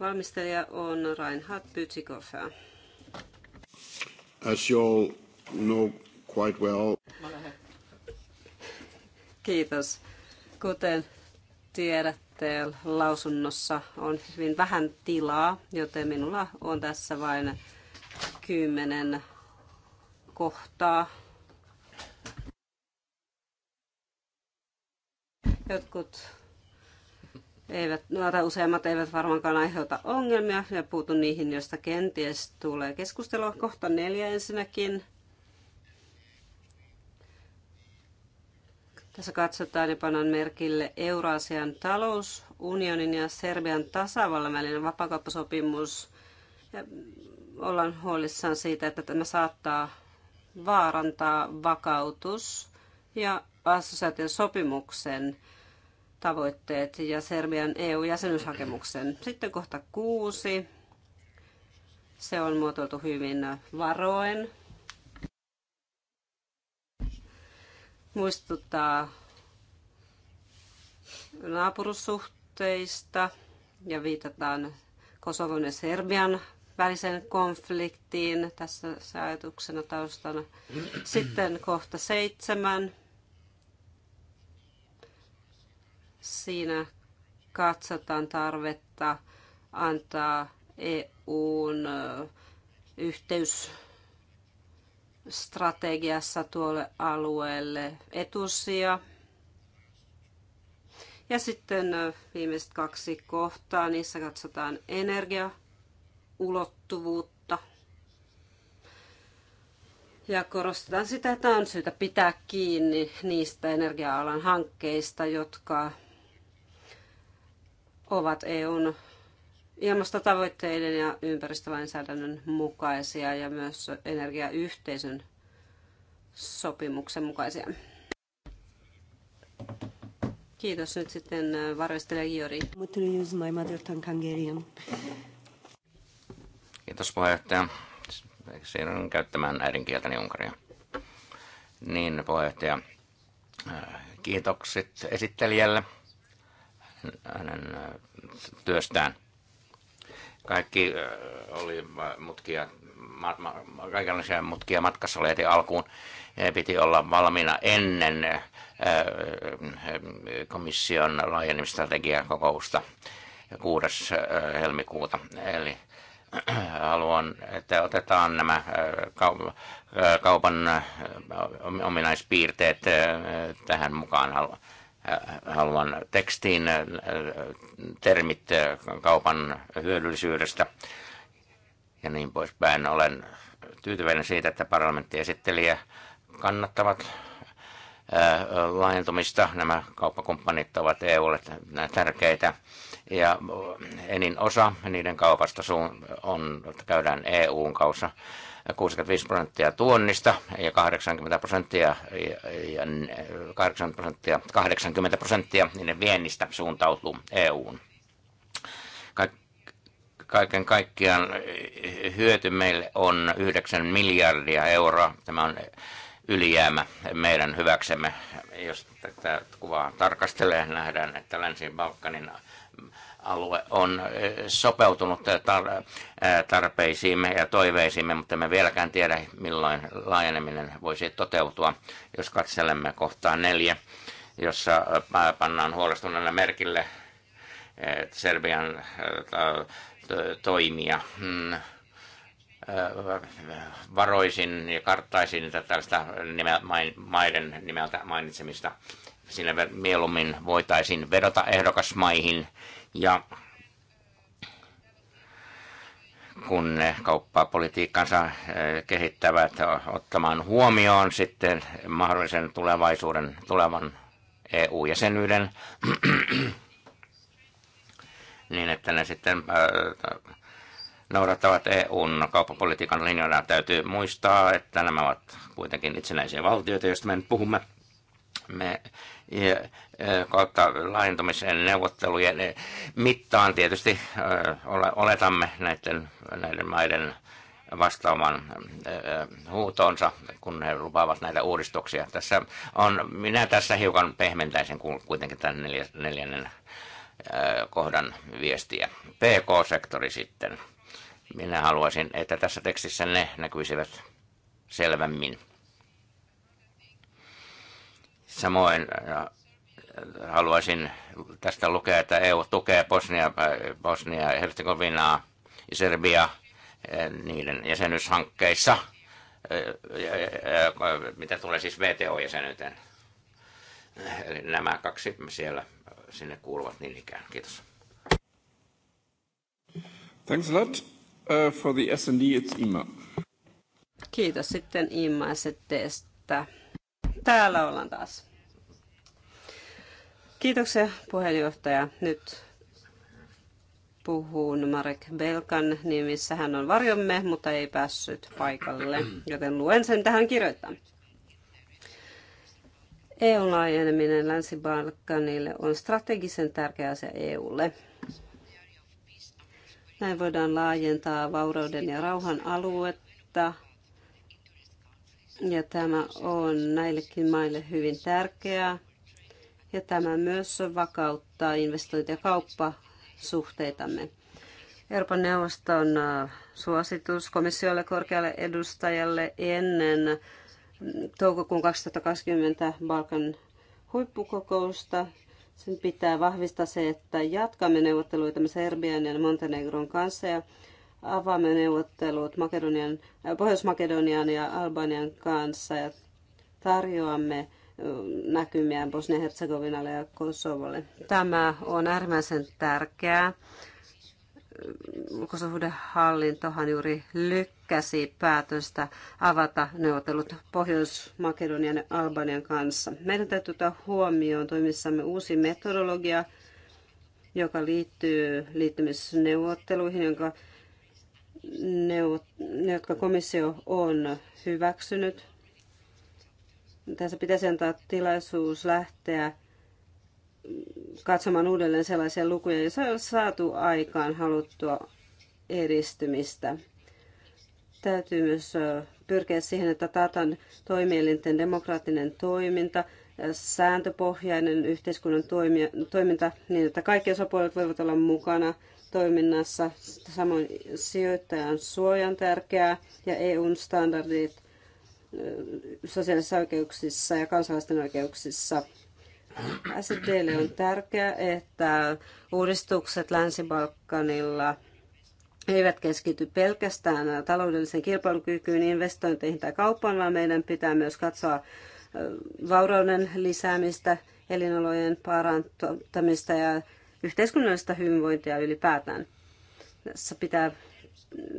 Valmistelija on Reinhard Pytsikoffer. As you all know quite well. Kiitos. Kuten tiedätte, lausunnossa on hyvin vähän tilaa, joten minulla on tässä vain kymmenen kohtaa. Jotkut eivät, tai useimmat eivät varmaankaan aiheuta ongelmia ja puutu niihin, joista kenties tulee keskustelua. Kohta neljä ensinnäkin. Tässä katsotaan ja pannaan merkille Euraasian talousunionin ja Serbian tasavallan välinen vapakauppasopimus. Ja ollaan huolissaan siitä, että tämä saattaa vaarantaa vakautus- ja assosiaation sopimuksen tavoitteet ja Serbian EU-jäsenyyshakemuksen. Sitten kohta kuusi. Se on muotoiltu hyvin varoen. Muistuttaa naapurussuhteista ja viitataan Kosovon ja Serbian välisen konfliktiin tässä ajatuksena taustana. Sitten kohta seitsemän. Siinä katsotaan tarvetta antaa EUn yhteysstrategiassa tuolle alueelle etusia. Ja sitten viimeiset kaksi kohtaa, niissä katsotaan energiaulottuvuutta. Ja korostetaan sitä, että on syytä pitää kiinni niistä energia-alan hankkeista, jotka ovat EUn ilmastotavoitteiden ja ympäristölainsäädännön mukaisia ja myös energiayhteisön sopimuksen mukaisia. Kiitos nyt sitten äh, varoistele Giori. Kiitos puheenjohtaja. Siinä on käyttämään äidinkieltäni Unkaria. Niin puheenjohtaja, äh, kiitokset esittelijälle hänen äh, työstään. Kaikki äh, oli mutkia, ma, ma, kaikenlaisia mutkia matkassa oli heti alkuun. Piti olla valmiina ennen äh, komission kokousta 6. helmikuuta. Eli haluan, että otetaan nämä kaupan ominaispiirteet tähän mukaan haluan tekstiin äh, termit äh, kaupan hyödyllisyydestä ja niin poispäin. Olen tyytyväinen siitä, että parlamentti-esittelijä kannattavat äh, laajentumista. Nämä kauppakumppanit ovat EUlle tärkeitä ja enin osa niiden kaupasta on, käydään EUn kanssa. 65 prosenttia tuonnista ja 80 prosenttia, ja 80 prosenttia, 80 prosenttia niin viennistä suuntautuu EUun. Kaiken kaikkiaan hyöty meille on 9 miljardia euroa. Tämä on ylijäämä meidän hyväksemme. Jos tätä kuvaa tarkastelee, nähdään, että Länsi-Balkanin alue on eh, sopeutunut eh, tarpeisiimme ja toiveisiimme, mutta me vieläkään tiedä, milloin laajeneminen voisi toteutua, jos katselemme kohtaa neljä, jossa eh, pannaan huolestuneena merkille Serbian toimia hmm, varoisin ja karttaisin tällaista maiden nimeltä mainitsemista. Sillä mieluummin voitaisiin vedota ehdokasmaihin ja kun ne kauppapolitiikkansa eh, kehittävät ottamaan huomioon sitten mahdollisen tulevaisuuden, tulevan EU-jäsenyyden, niin että ne sitten eh, noudattavat EUn kauppapolitiikan linjoja. Täytyy muistaa, että nämä ovat kuitenkin itsenäisiä valtioita, joista me nyt puhumme. Me kautta laajentumisen neuvottelujen mittaan tietysti oletamme näiden, näiden maiden vastaamaan huutoonsa, kun he lupaavat näitä uudistuksia. Tässä on, minä tässä hiukan pehmentäisin kuitenkin tämän neljännen kohdan viestiä. PK-sektori sitten. Minä haluaisin, että tässä tekstissä ne näkyisivät selvemmin. Samoin haluaisin tästä lukea, että EU tukee Bosnia, Bosnia Herzegovinaa ja Serbia eh, niiden jäsenyyshankkeissa, eh, eh, mitä tulee siis VTO-jäsenyyteen. Eli nämä kaksi siellä sinne kuuluvat niin ikään. Kiitos. Thanks a lot. Uh, for the S&D, it's Imma. Kiitos sitten Imma STstä. Täällä ollaan taas. Kiitoksia puheenjohtaja. Nyt puhun Marek Belkan nimissä. Hän on varjomme, mutta ei päässyt paikalle, joten luen sen tähän kirjoittaa. EUn laajeneminen Länsi-Balkanille on strategisen tärkeä asia EUlle. Näin voidaan laajentaa vaurauden ja rauhan aluetta. Ja tämä on näillekin maille hyvin tärkeää ja tämä myös vakauttaa investointi- ja kauppasuhteitamme. Euroopan neuvoston äh, suositus komissiolle korkealle edustajalle ennen toukokuun 2020 Balkan huippukokousta. Sen pitää vahvistaa se, että jatkamme neuvotteluita Serbian ja Montenegron kanssa ja avaamme neuvottelut Makedonian, äh, Pohjois-Makedonian ja Albanian kanssa ja tarjoamme näkymiä Bosnia-Herzegovinalle ja Kosovolle. Tämä on äärimmäisen tärkeää. Kosovuuden hallintohan juuri lykkäsi päätöstä avata neuvottelut Pohjois-Makedonian ja Albanian kanssa. Meidän täytyy ottaa huomioon toimissamme uusi metodologia, joka liittyy liittymisneuvotteluihin, jonka neuvot, jotka komissio on hyväksynyt tässä pitäisi antaa tilaisuus lähteä katsomaan uudelleen sellaisia lukuja, joissa on saatu aikaan haluttua edistymistä. Täytyy myös pyrkiä siihen, että taataan toimielinten demokraattinen toiminta, sääntöpohjainen yhteiskunnan toiminta niin, että kaikki osapuolet voivat olla mukana toiminnassa. Samoin sijoittajan suojan tärkeää ja EUn standardit – sosiaalisissa oikeuksissa ja kansalaisten oikeuksissa. SDL on tärkeää, että uudistukset Länsi-Balkanilla eivät keskity pelkästään taloudellisen kilpailukykyyn, investointeihin tai kauppaan, vaan meidän pitää myös katsoa vaurauden lisäämistä, elinolojen parantamista ja yhteiskunnallista hyvinvointia ylipäätään. Tässä pitää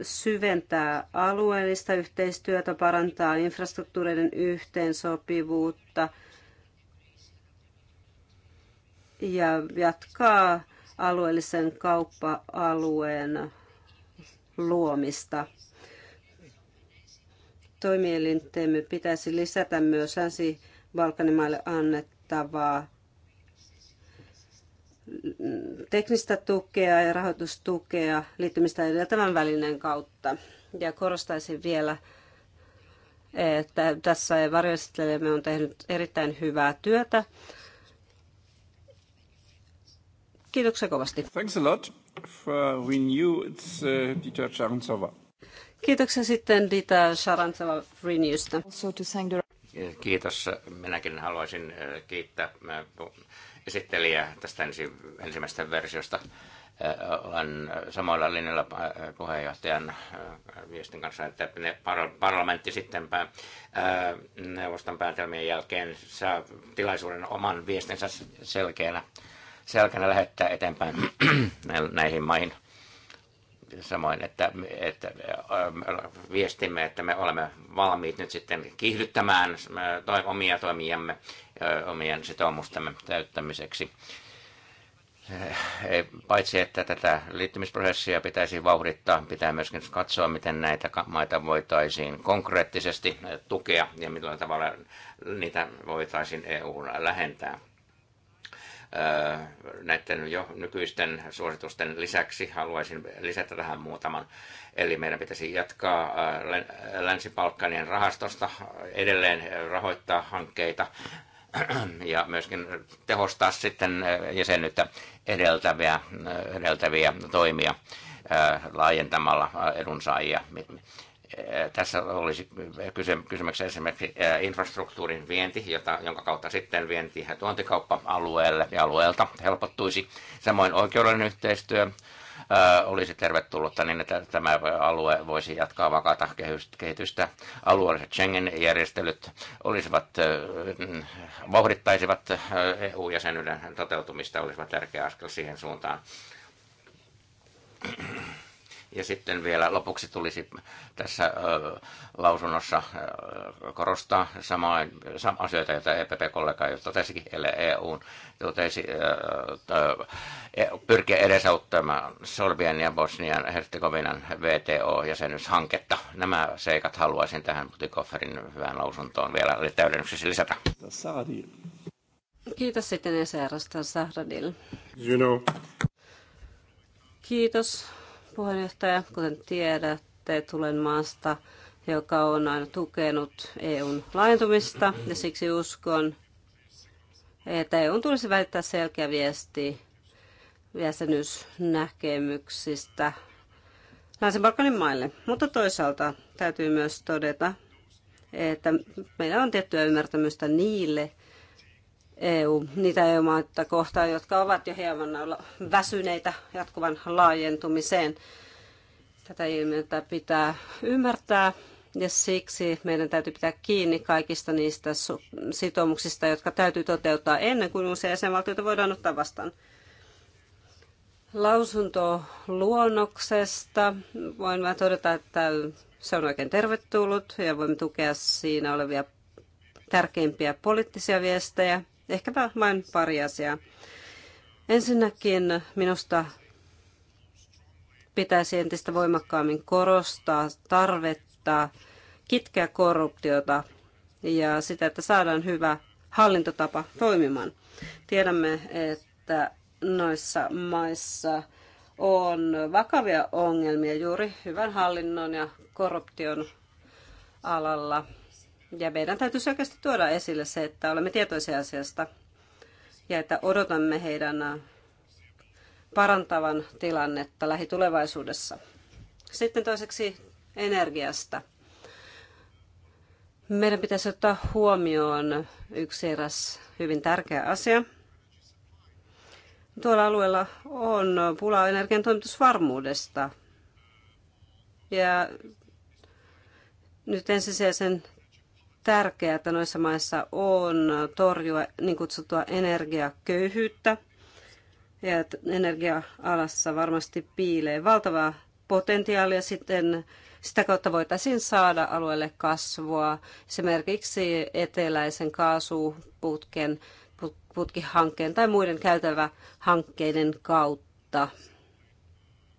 syventää alueellista yhteistyötä, parantaa infrastruktuureiden yhteensopivuutta ja jatkaa alueellisen kauppa-alueen luomista. Toimielintemme pitäisi lisätä myös länsi-Balkanimaille annettavaa teknistä tukea ja rahoitustukea liittymistä edeltävän välineen kautta. Ja korostaisin vielä, että tässä varjoesittelemme on tehnyt erittäin hyvää työtä. Kiitoksia kovasti. Thanks a lot for Renew. It's uh, Dieter Charantsova. Kiitoksia sitten Dita Sharantsova Renewsta. Kiitos. Minäkin haluaisin uh, kiittää uh, esittelijä tästä ensi, ensimmäisestä versiosta. Olen samoilla linjalla puheenjohtajan viestin kanssa, että ne parlamentti sitten neuvoston päätelmien jälkeen saa tilaisuuden oman viestinsä selkeänä, selkeänä lähettää eteenpäin näihin maihin – samoin, että, että äh, viestimme, että me olemme valmiit nyt sitten kiihdyttämään äh, omia toimijamme, äh, omien sitoumustamme täyttämiseksi. Paitsi, että tätä liittymisprosessia pitäisi vauhdittaa, pitää myöskin katsoa, miten näitä maita voitaisiin konkreettisesti tukea ja millä tavalla niitä voitaisiin EU lähentää näiden jo nykyisten suositusten lisäksi haluaisin lisätä tähän muutaman. Eli meidän pitäisi jatkaa Länsi-Balkanien rahastosta, edelleen rahoittaa hankkeita ja myöskin tehostaa sitten jäsenyyttä edeltäviä, edeltäviä toimia laajentamalla edunsaajia tässä olisi kysymyksessä esimerkiksi infrastruktuurin vienti, jota, jonka kautta sitten vienti ja tuontikauppa alueelle ja alueelta helpottuisi. Samoin oikeudellinen yhteistyö olisi tervetullutta niin, että tämä alue voisi jatkaa vakaata kehitystä. Alueelliset Schengen-järjestelyt olisivat, vauhdittaisivat EU-jäsenyyden e toteutumista, olisivat tärkeä askel siihen suuntaan. Ja sitten vielä lopuksi tulisi tässä lausunnossa korostaa samaa, samaa asioita, joita EPP-kollega jo totesikin, eli EU totesi pyrkiä edesauttamaan Sorbian ja Bosnian Herzegovinan VTO-jäsenyyshanketta. Nämä seikat haluaisin tähän putikofferin hyvään lausuntoon vielä täydennyksessä lisätä. Kiitos sitten eserosta Sahradille. You know. Kiitos puheenjohtaja. Kuten tiedätte, tulen maasta, joka on aina tukenut EUn laajentumista ja siksi uskon, että EUn tulisi välittää selkeä viesti jäsenyysnäkemyksistä Länsi-Balkanin maille. Mutta toisaalta täytyy myös todeta, että meillä on tiettyä ymmärtämystä niille, EU, niitä EU-maita kohtaan, jotka ovat jo hieman väsyneitä jatkuvan laajentumiseen. Tätä ilmiötä pitää ymmärtää ja siksi meidän täytyy pitää kiinni kaikista niistä sitoumuksista, jotka täytyy toteuttaa ennen kuin uusia jäsenvaltioita voidaan ottaa vastaan. luonnoksesta. voin vain todeta, että se on oikein tervetullut ja voimme tukea siinä olevia tärkeimpiä poliittisia viestejä. Ehkäpä vain pari asiaa. Ensinnäkin minusta pitäisi entistä voimakkaammin korostaa tarvetta kitkeä korruptiota ja sitä, että saadaan hyvä hallintotapa toimimaan. Tiedämme, että noissa maissa on vakavia ongelmia juuri hyvän hallinnon ja korruption alalla. Ja meidän täytyy selkeästi tuoda esille se, että olemme tietoisia asiasta ja että odotamme heidän parantavan tilannetta lähitulevaisuudessa. Sitten toiseksi energiasta. Meidän pitäisi ottaa huomioon yksi eräs hyvin tärkeä asia. Tuolla alueella on pulaa energian toimitusvarmuudesta. Ja nyt ensisijaisen tärkeää, että noissa maissa on torjua niin kutsuttua energiaköyhyyttä. Ja energia-alassa varmasti piilee valtavaa potentiaalia sitten sitä kautta voitaisiin saada alueelle kasvua. Esimerkiksi eteläisen kaasuputken, putkihankkeen tai muiden hankkeiden kautta.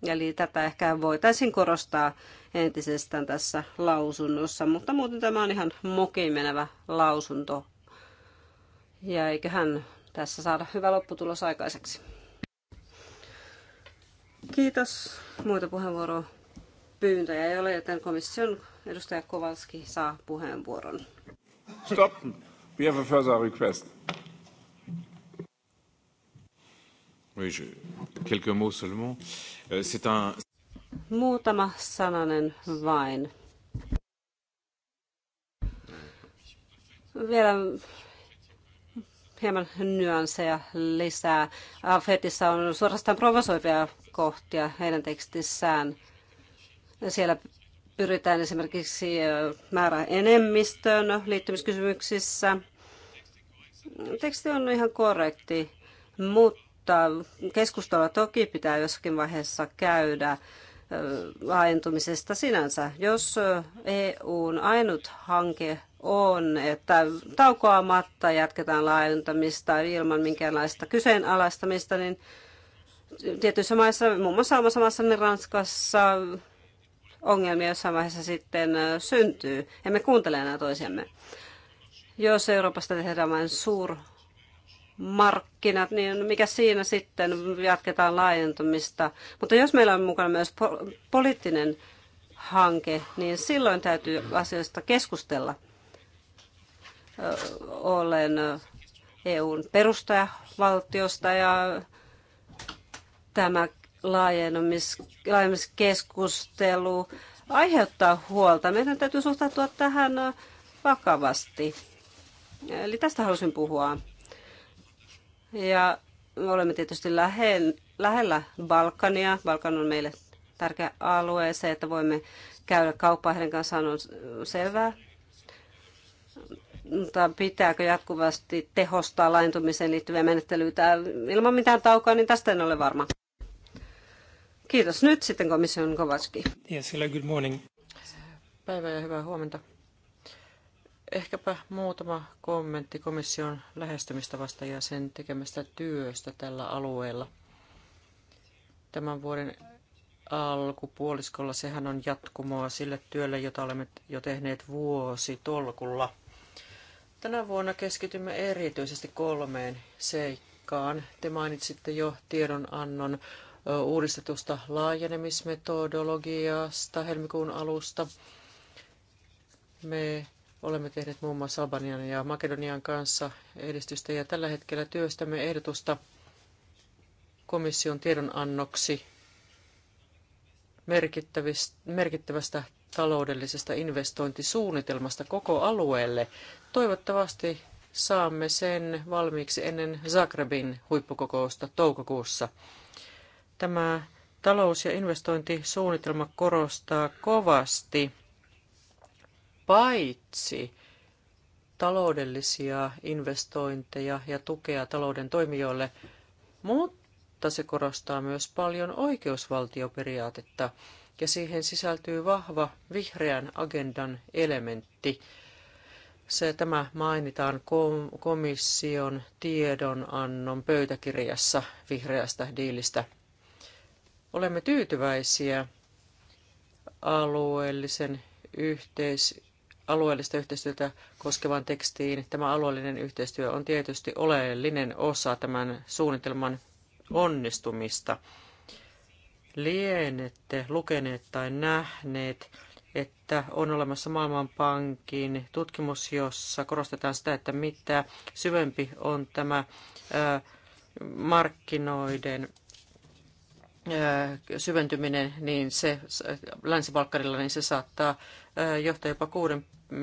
Eli tätä ehkä voitaisiin korostaa entisestään tässä lausunnossa, mutta muuten tämä on ihan mokiin menevä lausunto. Ja eiköhän tässä saada hyvä lopputulos aikaiseksi. Kiitos. Muita puheenvuoroa pyyntöjä ei ole, joten komission edustaja Kovalski saa puheenvuoron. Stop. We have a further request. Oui, je... quelques mots seulement. Euh, c'est un... Muutama sananen vain. Vielä hieman nyansseja lisää. Fetissä on suorastaan provosoivia kohtia heidän tekstissään. Siellä pyritään esimerkiksi määräenemmistöön liittymiskysymyksissä. Teksti on ihan korrekti, mutta keskustelua toki pitää jossakin vaiheessa käydä laajentumisesta sinänsä. Jos EUn ainut hanke on, että taukoamatta jatketaan laajentamista ilman minkäänlaista kyseenalaistamista, niin tietyissä maissa, muun muassa omassa niin Ranskassa, ongelmia jossain vaiheessa sitten syntyy. Emme kuuntele enää toisiamme. Jos Euroopasta tehdään vain suur markkinat, niin mikä siinä sitten jatketaan laajentumista. Mutta jos meillä on mukana myös poliittinen hanke, niin silloin täytyy asioista keskustella. Olen EUn perustajavaltiosta ja tämä laajenumis, laajenumiskeskustelu aiheuttaa huolta. Meidän täytyy suhtautua tähän vakavasti. Eli tästä halusin puhua. Ja me olemme tietysti lähe, lähellä Balkania. Balkan on meille tärkeä alue. Se, että voimme käydä kauppaa heidän kanssaan on selvää. Mutta pitääkö jatkuvasti tehostaa laajentumiseen liittyviä menettelyitä ilman mitään taukoa, niin tästä en ole varma. Kiitos. Nyt sitten komission Kovatski. Yes, hello, good morning. Päivää ja hyvää huomenta. Ehkäpä muutama kommentti komission lähestymistavasta ja sen tekemästä työstä tällä alueella. Tämän vuoden alkupuoliskolla sehän on jatkumoa sille työlle, jota olemme jo tehneet vuosi tolkulla. Tänä vuonna keskitymme erityisesti kolmeen seikkaan. Te mainitsitte jo tiedonannon uudistetusta laajenemismetodologiasta helmikuun alusta. Me Olemme tehneet muun muassa Albanian ja Makedonian kanssa edistystä ja tällä hetkellä työstämme ehdotusta komission tiedonannoksi merkittävästä taloudellisesta investointisuunnitelmasta koko alueelle. Toivottavasti saamme sen valmiiksi ennen Zagrebin huippukokousta toukokuussa. Tämä talous- ja investointisuunnitelma korostaa kovasti paitsi taloudellisia investointeja ja tukea talouden toimijoille, mutta se korostaa myös paljon oikeusvaltioperiaatetta ja siihen sisältyy vahva vihreän agendan elementti. Se, tämä mainitaan komission tiedonannon pöytäkirjassa vihreästä diilistä. Olemme tyytyväisiä alueellisen yhteis- alueellista yhteistyötä koskevaan tekstiin. Tämä alueellinen yhteistyö on tietysti oleellinen osa tämän suunnitelman onnistumista. Lienette lukeneet tai nähneet, että on olemassa Maailmanpankin tutkimus, jossa korostetaan sitä, että mitä syvempi on tämä markkinoiden syventyminen, niin se länsi niin se saattaa johtaa jopa kuuden 0,7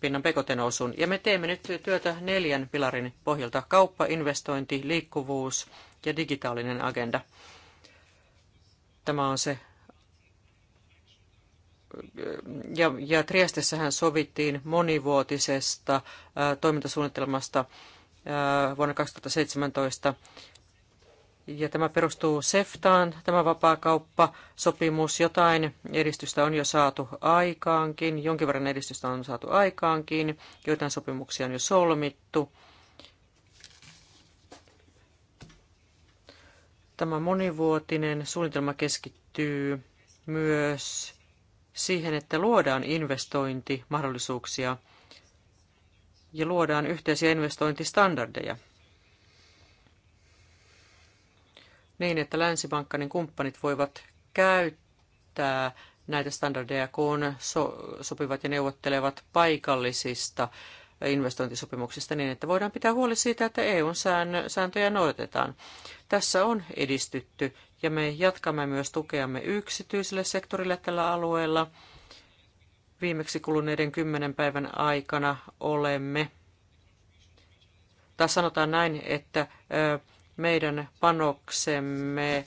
pinnan pekotenousun. Ja me teemme nyt työtä neljän pilarin pohjalta. Kauppa, investointi, liikkuvuus ja digitaalinen agenda. Tämä on se. Ja, ja Triestessähän sovittiin monivuotisesta ää, toimintasuunnitelmasta ää, vuonna 2017 ja tämä perustuu SEFTAan, tämä vapaakauppasopimus. Jotain edistystä on jo saatu aikaankin, jonkin verran edistystä on saatu aikaankin, joitain sopimuksia on jo solmittu. Tämä monivuotinen suunnitelma keskittyy myös siihen, että luodaan investointimahdollisuuksia ja luodaan yhteisiä investointistandardeja – niin, että länsimankkanin kumppanit voivat käyttää näitä standardeja, kun so- sopivat ja neuvottelevat paikallisista investointisopimuksista niin, että voidaan pitää huoli siitä, että EUn sääntöjä noudatetaan. Tässä on edistytty ja me jatkamme myös tukeamme yksityiselle sektorille tällä alueella. Viimeksi kuluneiden kymmenen päivän aikana olemme, tai sanotaan näin, että ö, meidän panoksemme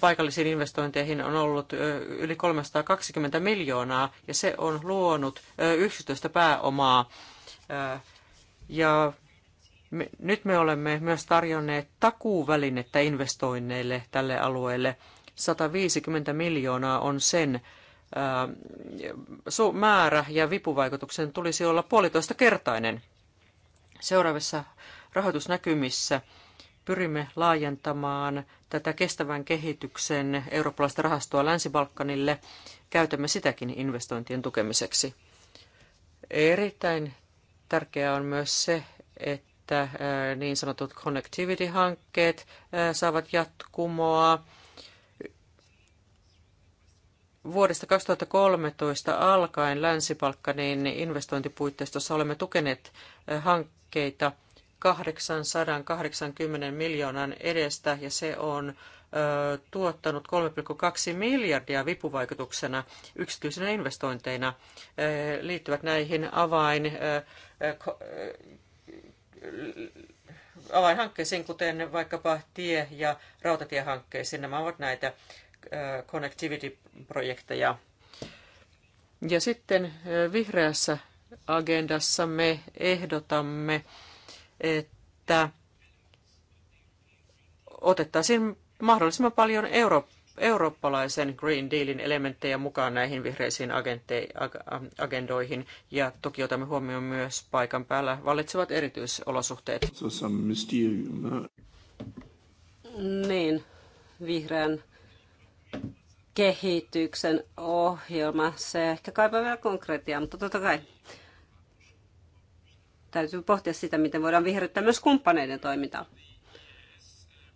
paikallisiin investointeihin on ollut yli 320 miljoonaa ja se on luonut yksityistä pääomaa. Ja me, nyt me olemme myös tarjonneet takuuvälinettä investoinneille tälle alueelle. 150 miljoonaa on sen su- määrä ja vipuvaikutuksen tulisi olla puolitoista kertainen. Seuraavissa rahoitusnäkymissä pyrimme laajentamaan tätä kestävän kehityksen eurooppalaista rahastoa Länsi-Balkanille. Käytämme sitäkin investointien tukemiseksi. Erittäin tärkeää on myös se, että äh, niin sanotut connectivity-hankkeet äh, saavat jatkumoa. Vuodesta 2013 alkaen Länsi-Balkanin investointipuitteistossa olemme tukeneet äh, hankkeita – 880 miljoonan edestä ja se on ö, tuottanut 3,2 miljardia vipuvaikutuksena yksityisenä investointeina ö, liittyvät näihin avain, ö, ö, avainhankkeisiin, kuten vaikkapa tie- ja rautatiehankkeisiin. Nämä ovat näitä ö, connectivity-projekteja. Ja sitten vihreässä agendassa me ehdotamme että otettaisiin mahdollisimman paljon euro, eurooppalaisen Green Dealin elementtejä mukaan näihin vihreisiin agente, ag, agendoihin. Ja toki otamme huomioon myös paikan päällä vallitsevat erityisolosuhteet. Niin, vihreän kehityksen ohjelma, se ehkä kaipaa vielä konkreettia? mutta totta kai täytyy pohtia sitä, miten voidaan viherryttää myös kumppaneiden toimintaa.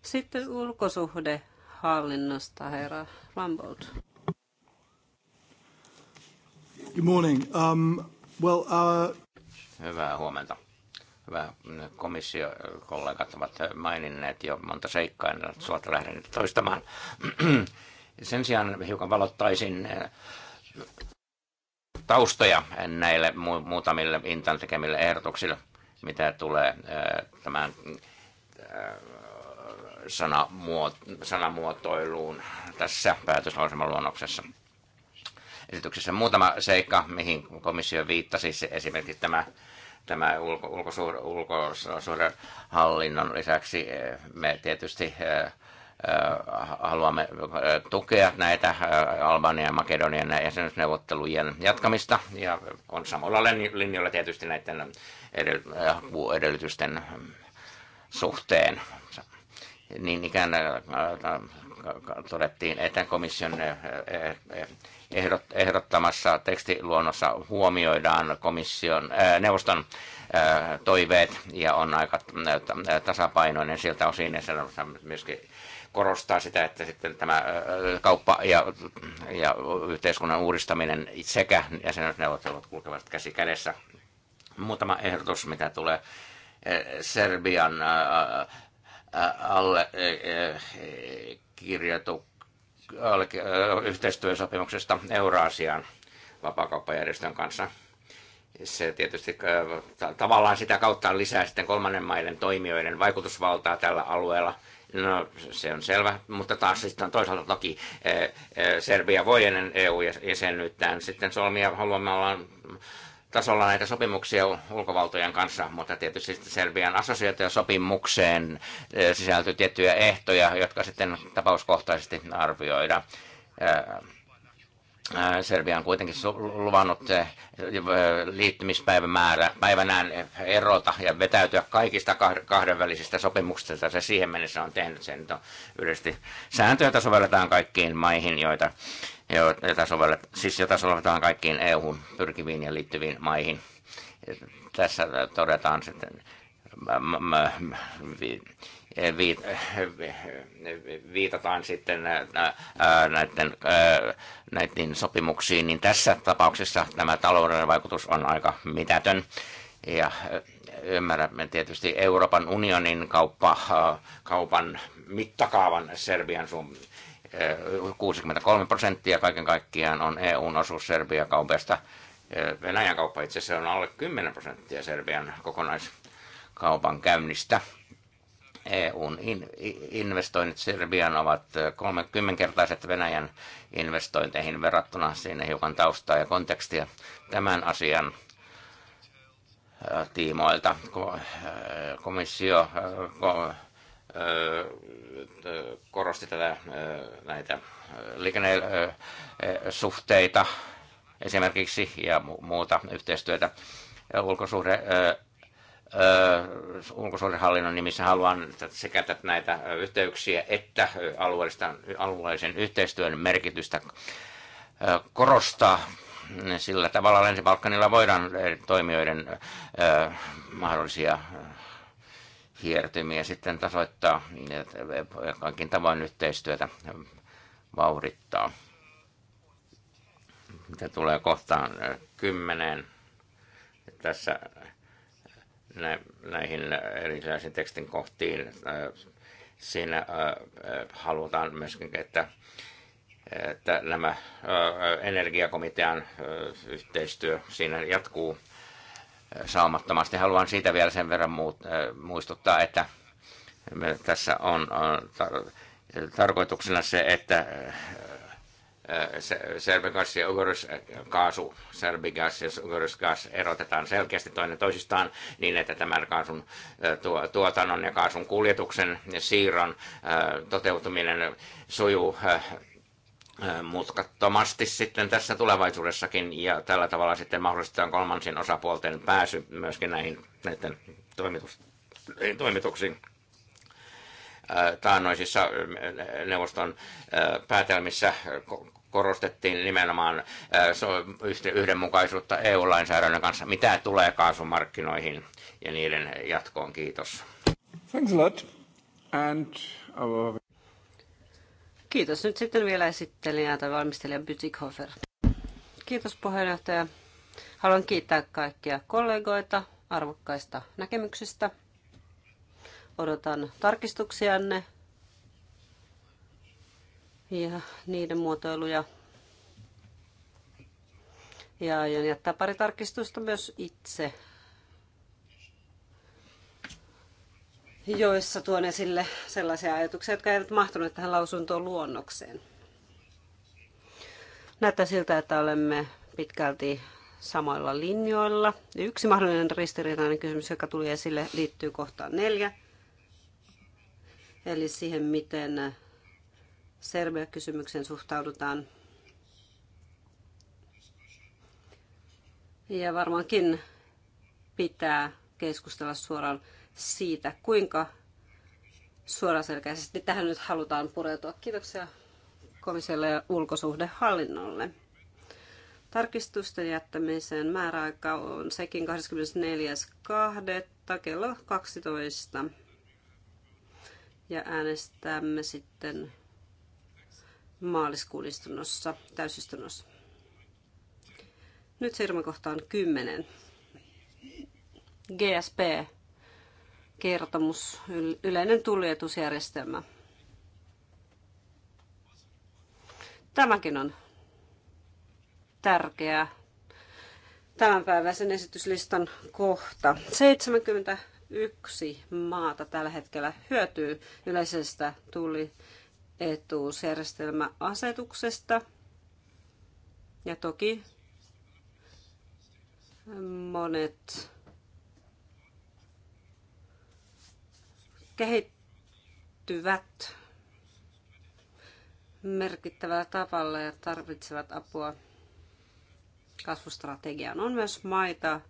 Sitten ulkosuhdehallinnosta, herra Rambold. Good morning. Um, well, uh... Hyvää huomenta. Hyvä mm, komissiokollegat äh, ovat maininneet jo monta seikkaa, en suolta lähden toistamaan. Sen sijaan hiukan valottaisin äh, taustoja näille muutamille Intan tekemille ehdotuksille, mitä tulee tämän sanamuotoiluun tässä luonnoksessa. esityksessä. Muutama seikka, mihin komissio viittasi, esimerkiksi tämä, tämä ulko, ulkosuhdehallinnon lisäksi me tietysti Äh, haluamme äh, tukea näitä äh, Albanian ja Makedonian jäsenyysneuvottelujen jatkamista ja on samalla linjalla tietysti näiden edellytysten suhteen. Niin ikään todettiin, että komission ehdottamassa tekstiluonnossa huomioidaan komission, neuvoston toiveet ja on aika tasapainoinen siltä osin, ja myöskin korostaa sitä, että sitten tämä kauppa ja, ja yhteiskunnan uudistaminen sekä jäsenyysneuvottelut kulkevat käsi kädessä. Muutama ehdotus, mitä tulee Serbian alle kirjoitu yhteistyösopimuksesta Euraasian vapaakauppajärjestön kanssa. Se tietysti tavallaan sitä kautta lisää sitten kolmannen maiden toimijoiden vaikutusvaltaa tällä alueella – No se on selvä, mutta taas sitten toisaalta toki eh, eh, Serbia voi ennen EU-jäsenyyttään sitten solmia haluamallaan tasolla näitä sopimuksia ulkovaltojen kanssa, mutta tietysti Serbian sopimukseen eh, sisältyy tiettyjä ehtoja, jotka sitten tapauskohtaisesti arvioidaan Äh, Serbia on kuitenkin luvannut äh, äh, liittymispäivämäärä päivänään erota ja vetäytyä kaikista kahdenvälisistä sopimuksista, joita se siihen mennessä on tehnyt. Sen on yleisesti sääntöjä, sovelletaan kaikkiin maihin, joita, joita sovellet, siis joita sovelletaan kaikkiin EU-hun pyrkiviin ja liittyviin maihin. Tässä todetaan sitten Eh, eh, viitataan sitten näiden, eh, näiden sopimuksiin, niin tässä tapauksessa tämä talouden vaikutus on aika mitätön. Ja ymmärrämme tietysti Euroopan unionin kauppa, kaupan mittakaavan Serbian sun 63 prosenttia kaiken kaikkiaan on EUn osuus Serbian kaupasta. Venäjän kauppa itse asiassa on alle 10 prosenttia Serbian kokonaiskaupan käynnistä EUn investoinnit Serbian ovat 30-kertaiset Venäjän investointeihin verrattuna. Siinä hiukan taustaa ja kontekstia tämän asian tiimoilta. Komissio korosti tätä, näitä liikennesuhteita esimerkiksi ja muuta yhteistyötä ulkosuhde ulkosuudenhallinnon nimissä haluan sekä näitä yhteyksiä että alueellisen yhteistyön merkitystä korostaa. Sillä tavalla Länsi-Balkanilla voidaan toimijoiden mahdollisia hiertymiä sitten tasoittaa ja kaikin tavoin yhteistyötä vauhdittaa. Mitä tulee kohtaan kymmeneen tässä näihin erilaisiin tekstin kohtiin. Äh, siinä äh, äh, halutaan myöskin, että, että nämä energiakomitean yhteistyö siinä jatkuu saamattomasti. Haluan siitä vielä sen verran muistuttaa, että tässä on tarkoituksena se, että Serbigas ja kaasu, Serbigas ja gas erotetaan selkeästi toinen toisistaan niin, että tämän kaasun tuotannon ja kaasun kuljetuksen ja siirron toteutuminen sujuu mutkattomasti sitten tässä tulevaisuudessakin ja tällä tavalla sitten mahdollistetaan kolmansien osapuolten pääsy myöskin näihin näiden toimitus, toimituksiin taannoisissa neuvoston päätelmissä korostettiin nimenomaan yhdenmukaisuutta EU-lainsäädännön kanssa, mitä tulee kaasumarkkinoihin ja niiden jatkoon. Kiitos. Thanks a lot. And our... Kiitos. Nyt sitten vielä esittelijä tai valmistelija Bytikhofer. Kiitos puheenjohtaja. Haluan kiittää kaikkia kollegoita arvokkaista näkemyksistä. Odotan tarkistuksianne ja niiden muotoiluja. Ja aion jättää pari tarkistusta myös itse, joissa tuon esille sellaisia ajatuksia, jotka eivät mahtuneet tähän lausuntoon luonnokseen. Näyttää siltä, että olemme pitkälti samoilla linjoilla. Yksi mahdollinen ristiriitainen kysymys, joka tuli esille, liittyy kohtaan neljä. Eli siihen, miten Serbia-kysymykseen suhtaudutaan. Ja varmaankin pitää keskustella suoraan siitä, kuinka suoraselkäisesti tähän nyt halutaan pureutua. Kiitoksia komissiolle ja ulkosuhdehallinnolle. Tarkistusten jättämisen määräaika on sekin 24.2. kello 12. Ja äänestämme sitten maaliskuun istunnossa, täysistunnossa. Nyt siirrymme kohtaan 10. GSP, kertomus, yleinen tuljetusjärjestelmä. Tämäkin on tärkeä tämänpäiväisen esityslistan kohta. 71 maata tällä hetkellä hyötyy yleisestä tuli etuusjärjestelmäasetuksesta. Ja toki monet kehittyvät merkittävällä tavalla ja tarvitsevat apua kasvustrategiaan. On myös maita,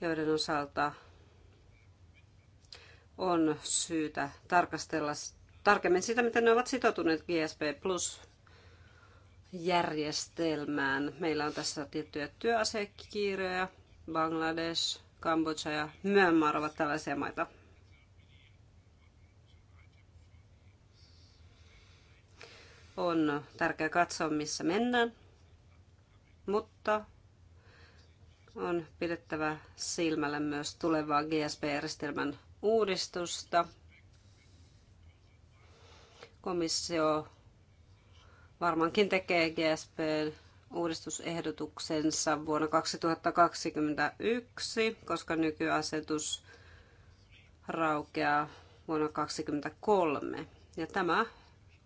joiden osalta on syytä tarkastella tarkemmin sitä, miten ne ovat sitoutuneet GSP Plus järjestelmään. Meillä on tässä tiettyjä työasekirjoja, Bangladesh, Kambodža ja Myanmar ovat tällaisia maita. On tärkeää katsoa, missä mennään, mutta on pidettävä silmällä myös tulevaa GSP-järjestelmän uudistusta – komissio varmaankin tekee GSP uudistusehdotuksensa vuonna 2021, koska nykyasetus raukeaa vuonna 2023. Ja tämä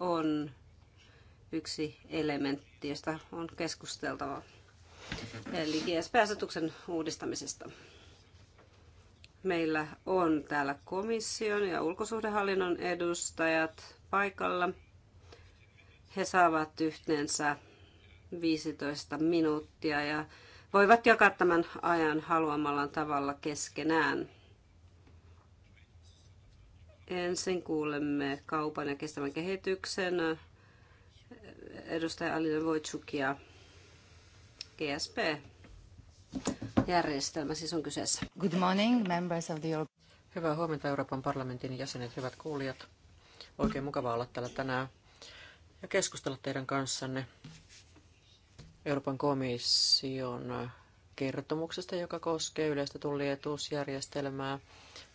on yksi elementti, josta on keskusteltava. Eli GSP-asetuksen uudistamisesta. Meillä on täällä komission ja ulkosuhdehallinnon edustajat paikalla. He saavat yhteensä 15 minuuttia ja voivat jakaa tämän ajan haluamallaan tavalla keskenään. Ensin kuulemme kaupan ja kestävän kehityksen edustaja Alina Voitsukia, GSP. Järjestelmä siis on kyseessä. Good morning, members of the Hyvää huomenta Euroopan parlamentin jäsenet, hyvät kuulijat. Oikein mukava olla täällä tänään ja keskustella teidän kanssanne Euroopan komission kertomuksesta, joka koskee yleistä tullietuusjärjestelmää.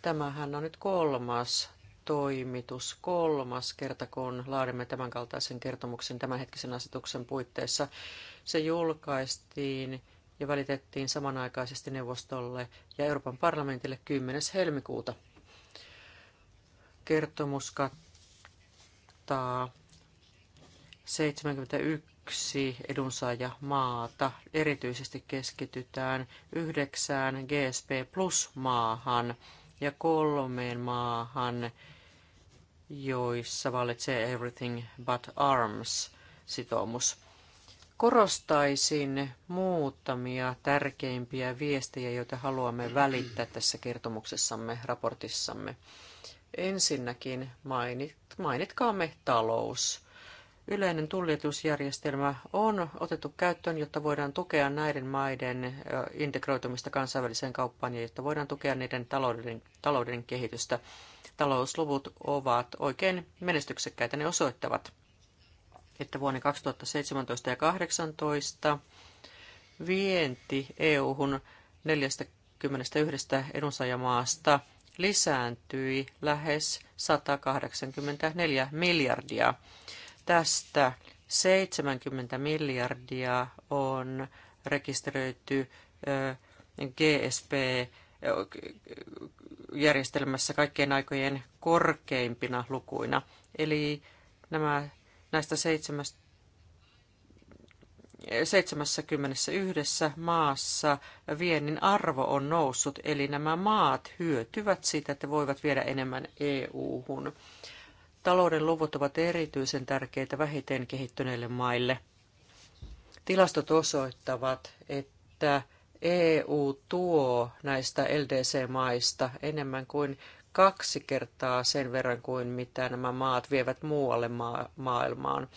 Tämähän on nyt kolmas toimitus, kolmas kerta, kun laadimme tämänkaltaisen kertomuksen tämänhetkisen asetuksen puitteissa. Se julkaistiin ja välitettiin samanaikaisesti neuvostolle ja Euroopan parlamentille 10. helmikuuta. Kertomus kattaa 171 edunsaaja maata. Erityisesti keskitytään yhdeksään GSP plus maahan ja kolmeen maahan, joissa valitsee Everything But Arms sitoumus. Korostaisin muutamia tärkeimpiä viestejä, joita haluamme välittää tässä kertomuksessamme, raportissamme. Ensinnäkin mainit, mainitkaamme talous. Yleinen tuljetusjärjestelmä on otettu käyttöön, jotta voidaan tukea näiden maiden integroitumista kansainväliseen kauppaan ja jotta voidaan tukea niiden talouden, talouden kehitystä. Talousluvut ovat oikein menestyksekkäitä. Ne osoittavat, että vuonna 2017 ja 2018 vienti EU-hun 41 edunsaajamaasta lisääntyi lähes 184 miljardia. Tästä 70 miljardia on rekisteröity GSP-järjestelmässä kaikkien aikojen korkeimpina lukuina. Eli nämä, näistä 70 71 maassa viennin arvo on noussut, eli nämä maat hyötyvät siitä, että voivat viedä enemmän EU-hun. Talouden luvut ovat erityisen tärkeitä vähiten kehittyneille maille. Tilastot osoittavat, että EU tuo näistä LDC-maista enemmän kuin kaksi kertaa sen verran kuin mitä nämä maat vievät muualle ma- maailmaan.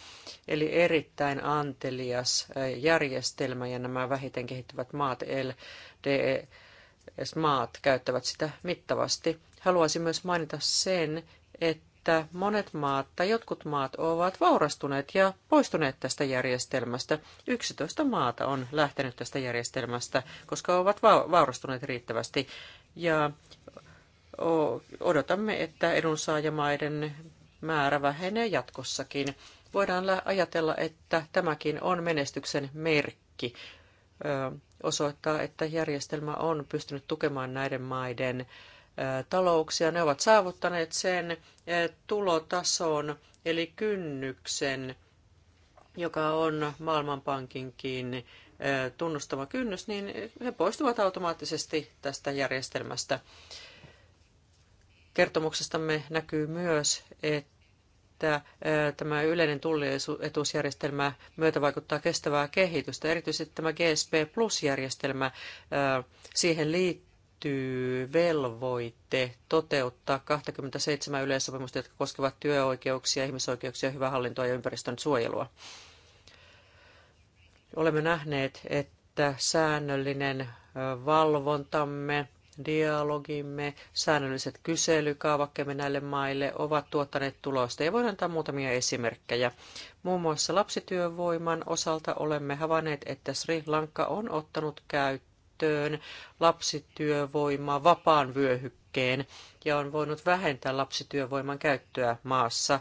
Eli erittäin antelias järjestelmä ja nämä vähiten kehittyvät maat, LDS-maat, e, käyttävät sitä mittavasti. Haluaisin myös mainita sen, että monet maat tai jotkut maat ovat vaurastuneet ja poistuneet tästä järjestelmästä. 11 maata on lähtenyt tästä järjestelmästä, koska ovat va- vaurastuneet riittävästi. Ja odotamme, että edunsaajamaiden määrä vähenee jatkossakin. Voidaan ajatella, että tämäkin on menestyksen merkki osoittaa, että järjestelmä on pystynyt tukemaan näiden maiden talouksia. Ne ovat saavuttaneet sen tulotason eli kynnyksen, joka on Maailmanpankinkin tunnustama kynnys, niin he poistuvat automaattisesti tästä järjestelmästä kertomuksestamme näkyy myös, että tämä yleinen tullietuusjärjestelmä myötä vaikuttaa kestävää kehitystä. Erityisesti tämä GSP Plus-järjestelmä, siihen liittyy velvoite toteuttaa 27 yleissopimusta, jotka koskevat työoikeuksia, ihmisoikeuksia, hyvää hallintoa ja ympäristön suojelua. Olemme nähneet, että säännöllinen valvontamme dialogimme, säännölliset kyselykaavakkeemme näille maille ovat tuottaneet tulosta. Ja voin antaa muutamia esimerkkejä. Muun muassa lapsityövoiman osalta olemme havainneet, että Sri Lanka on ottanut käyttöön lapsityövoimaa vapaan vyöhykkeen eläkkeen ja on voinut vähentää lapsityövoiman käyttöä maassa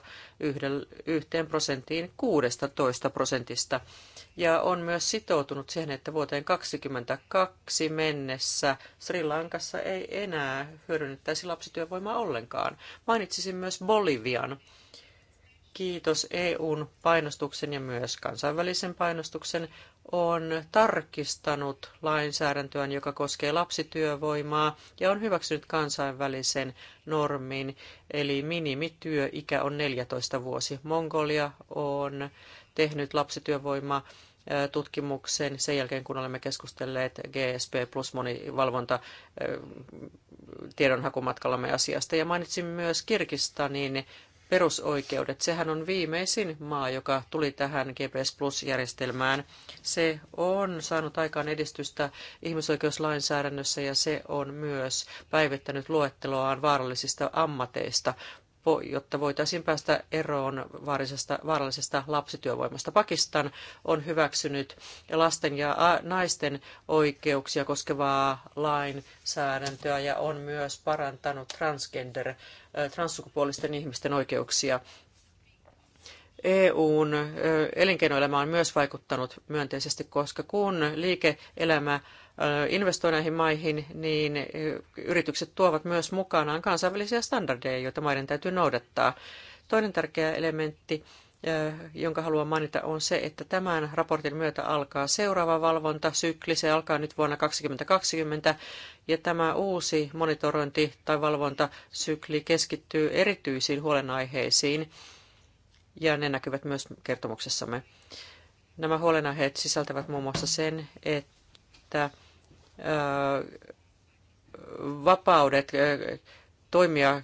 yhteen prosenttiin 16 prosentista. Ja on myös sitoutunut siihen, että vuoteen 2022 mennessä Sri Lankassa ei enää hyödynnettäisi lapsityövoimaa ollenkaan. Mainitsisin myös Bolivian. Kiitos EUn painostuksen ja myös kansainvälisen painostuksen on tarkistanut lainsäädäntöään, joka koskee lapsityövoimaa ja on hyväksynyt kansainvälisen normin, eli minimityöikä on 14 vuosi. Mongolia on tehnyt lapsityövoimaa tutkimuksen sen jälkeen, kun olemme keskustelleet GSP plus monivalvonta eh, tiedonhakumatkallamme asiasta. Ja mainitsin myös Kirkistanin perusoikeudet. Sehän on viimeisin maa, joka tuli tähän GPS Plus-järjestelmään. Se on saanut aikaan edistystä ihmisoikeuslainsäädännössä ja se on myös päivittänyt luetteloaan vaarallisista ammateista jotta voitaisiin päästä eroon vaarallisesta lapsityövoimasta. Pakistan on hyväksynyt lasten ja naisten oikeuksia koskevaa lainsäädäntöä ja on myös parantanut transgender, transsukupuolisten ihmisten oikeuksia. EUn elinkeinoelämä on myös vaikuttanut myönteisesti, koska kun liike-elämä investoi näihin maihin, niin yritykset tuovat myös mukanaan kansainvälisiä standardeja, joita maiden täytyy noudattaa. Toinen tärkeä elementti, jonka haluan mainita, on se, että tämän raportin myötä alkaa seuraava valvontasykli. Se alkaa nyt vuonna 2020 ja tämä uusi monitorointi- tai valvontasykli keskittyy erityisiin huolenaiheisiin ja ne näkyvät myös kertomuksessamme. Nämä huolenaiheet sisältävät muun muassa sen, että että vapaudet toimia,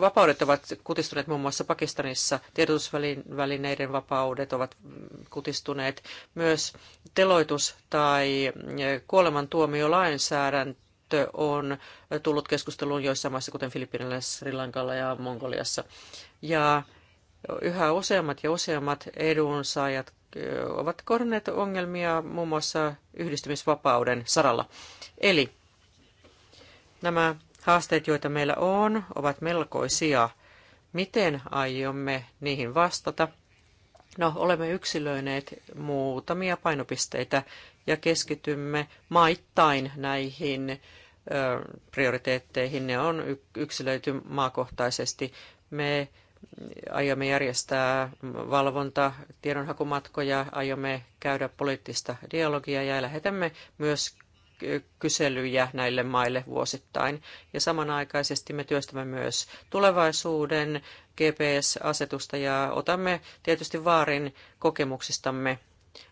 vapaudet ovat kutistuneet muun muassa Pakistanissa, tiedotusvälineiden vapaudet ovat kutistuneet, myös teloitus- tai kuolemantuomiolainsäädäntö on tullut keskusteluun joissain maissa, kuten Filippiinillä, Sri Lankalla ja Mongoliassa. Ja yhä useammat ja useammat edunsaajat ovat kohdanneet ongelmia muun muassa yhdistymisvapauden saralla. Eli nämä haasteet, joita meillä on, ovat melkoisia. Miten aiomme niihin vastata? No, olemme yksilöineet muutamia painopisteitä ja keskitymme maittain näihin prioriteetteihin. Ne on yksilöity maakohtaisesti. Me Aiomme järjestää valvonta, tiedonhakumatkoja, aiomme käydä poliittista dialogia ja lähetämme myös kyselyjä näille maille vuosittain. Ja samanaikaisesti me työstämme myös tulevaisuuden GPS-asetusta ja otamme tietysti vaarin kokemuksistamme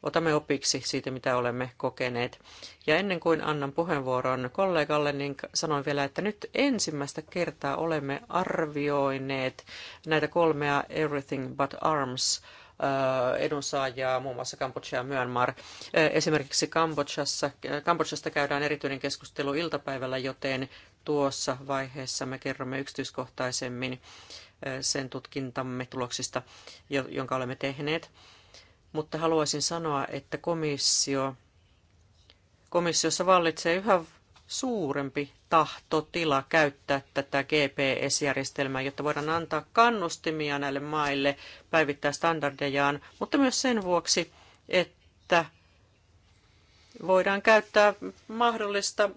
Otamme opiksi siitä, mitä olemme kokeneet. Ja ennen kuin annan puheenvuoron kollegalle, niin sanon vielä, että nyt ensimmäistä kertaa olemme arvioineet näitä kolmea Everything But Arms äh, edunsaajaa, muun muassa Kambodža ja Myanmar. Äh, esimerkiksi Kambodžassa, äh, Kambodžasta käydään erityinen keskustelu iltapäivällä, joten tuossa vaiheessa me kerromme yksityiskohtaisemmin sen tutkintamme tuloksista, jonka olemme tehneet mutta haluaisin sanoa, että komissio, komissiossa vallitsee yhä suurempi tahtotila käyttää tätä GPS-järjestelmää, jotta voidaan antaa kannustimia näille maille päivittää standardejaan, mutta myös sen vuoksi, että voidaan käyttää mahdollista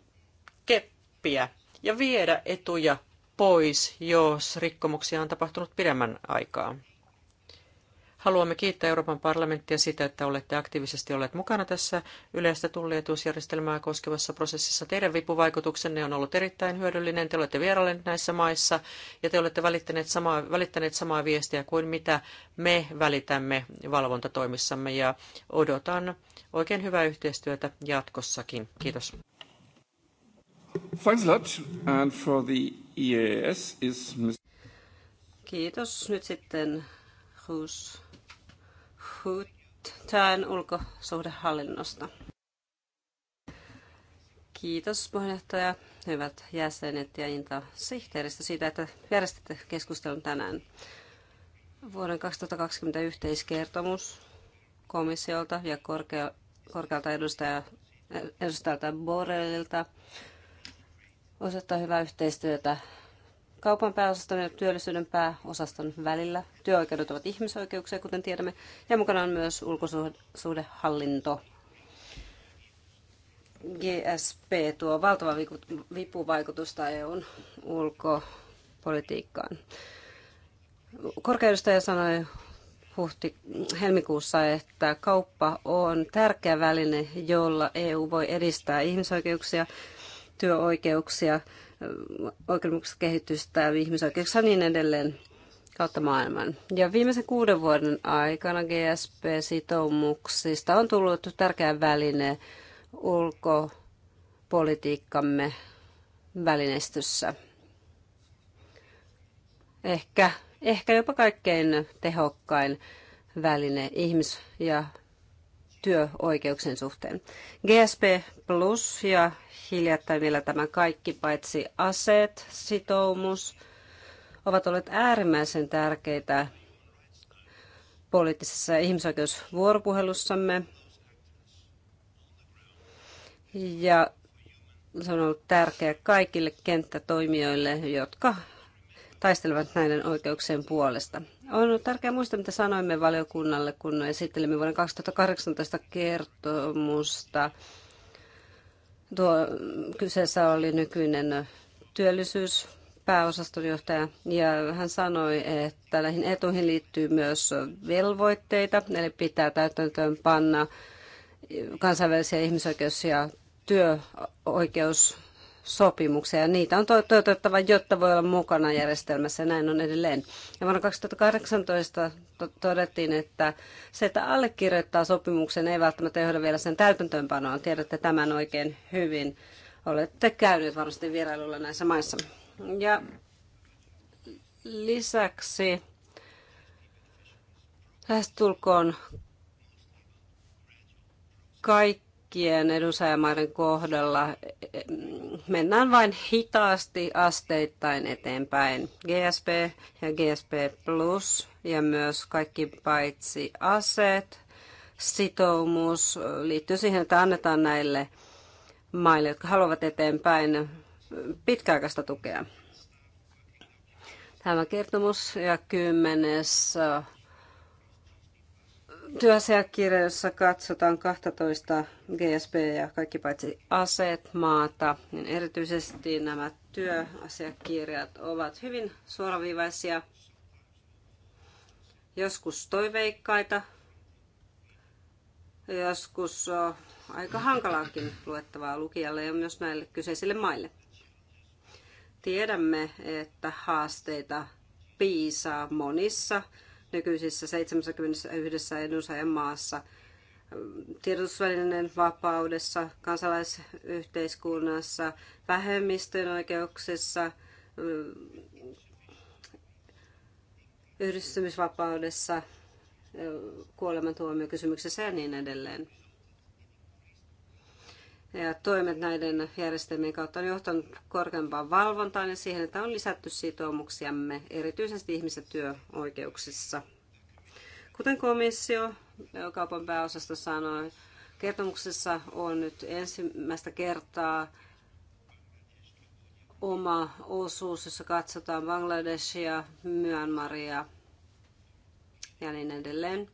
keppiä ja viedä etuja pois, jos rikkomuksia on tapahtunut pidemmän aikaa. Haluamme kiittää Euroopan parlamenttia siitä, että olette aktiivisesti olleet mukana tässä yleistä tullietuusjärjestelmää koskevassa prosessissa. Teidän vipuvaikutuksenne on ollut erittäin hyödyllinen. Te olette vierailleet näissä maissa ja te olette välittäneet samaa, välittäneet samaa viestiä kuin mitä me välitämme valvontatoimissamme ja odotan oikein hyvää yhteistyötä jatkossakin. Kiitos. Thanks a lot. And for the EAS is... Kiitos. Nyt sitten Roos Huttään ulkosuhdehallinnosta. Kiitos puheenjohtaja, hyvät jäsenet ja Inta sihteeristä siitä, että järjestitte keskustelun tänään. Vuoden 2020 yhteiskertomus komissiolta ja korkea, korkealta edustaja, edustajalta Borrellilta osoittaa hyvää yhteistyötä kaupan pääosaston ja työllisyyden pääosaston välillä. Työoikeudet ovat ihmisoikeuksia, kuten tiedämme, ja mukana on myös ulkosuhdehallinto. GSP tuo valtava vipuvaikutusta EUn ulkopolitiikkaan. Korkeudustaja sanoi huhti, helmikuussa, että kauppa on tärkeä väline, jolla EU voi edistää ihmisoikeuksia, työoikeuksia oikeudenmukaista kehitystä, ihmisoikeuksia ja niin edelleen kautta maailman. Ja viimeisen kuuden vuoden aikana GSP-sitoumuksista on tullut tärkeä väline ulkopolitiikkamme välineistössä. Ehkä, ehkä jopa kaikkein tehokkain väline ihmis- ja työoikeuksien suhteen. GSP Plus ja hiljattain vielä tämä kaikki paitsi aseet, sitoumus, ovat olleet äärimmäisen tärkeitä poliittisessa ihmisoikeusvuoropuhelussamme. Ja se on ollut tärkeää kaikille kenttätoimijoille, jotka taistelevat näiden oikeuksien puolesta. On tärkeää muistaa, mitä sanoimme valiokunnalle, kun esittelimme vuoden 2018 kertomusta. Tuo kyseessä oli nykyinen työllisyys pääosastonjohtaja, ja hän sanoi, että näihin etuihin liittyy myös velvoitteita, eli pitää täytäntöön panna kansainvälisiä ihmisoikeus- ja työoikeus sopimuksia ja niitä on toteutettava, jotta voi olla mukana järjestelmässä ja näin on edelleen. Ja vuonna 2018 to- todettiin, että se, että allekirjoittaa sopimuksen, ei välttämättä johda vielä sen täytäntöönpanoon. Tiedätte tämän oikein hyvin. Olette käyneet varmasti vierailulla näissä maissa. Ja lisäksi lähestulkoon kaikki kaikkien edunsaajamaiden kohdalla mennään vain hitaasti asteittain eteenpäin. GSP ja GSP Plus ja myös kaikki paitsi aset, sitoumus liittyy siihen, että annetaan näille maille, jotka haluavat eteenpäin pitkäaikaista tukea. Tämä kertomus ja kymmenes työasiakirja, jossa katsotaan 12 GSP ja kaikki paitsi aseet maata, niin erityisesti nämä työasiakirjat ovat hyvin suoraviivaisia, joskus toiveikkaita, joskus aika hankalaakin luettavaa lukijalle ja myös näille kyseisille maille. Tiedämme, että haasteita piisaa monissa nykyisissä 71 edunsaajan maassa tiedotusvälineen vapaudessa, kansalaisyhteiskunnassa, vähemmistöjen oikeuksissa, yhdistymisvapaudessa, kuolemantuomiokysymyksessä ja niin edelleen ja toimet näiden järjestelmien kautta on johtanut korkeampaan valvontaan ja siihen, että on lisätty sitoumuksiamme, erityisesti ihmis- ja työoikeuksissa. Kuten komissio kaupan pääosasta sanoi, kertomuksessa on nyt ensimmäistä kertaa oma osuus, jossa katsotaan Bangladesia, Myanmaria ja niin edelleen.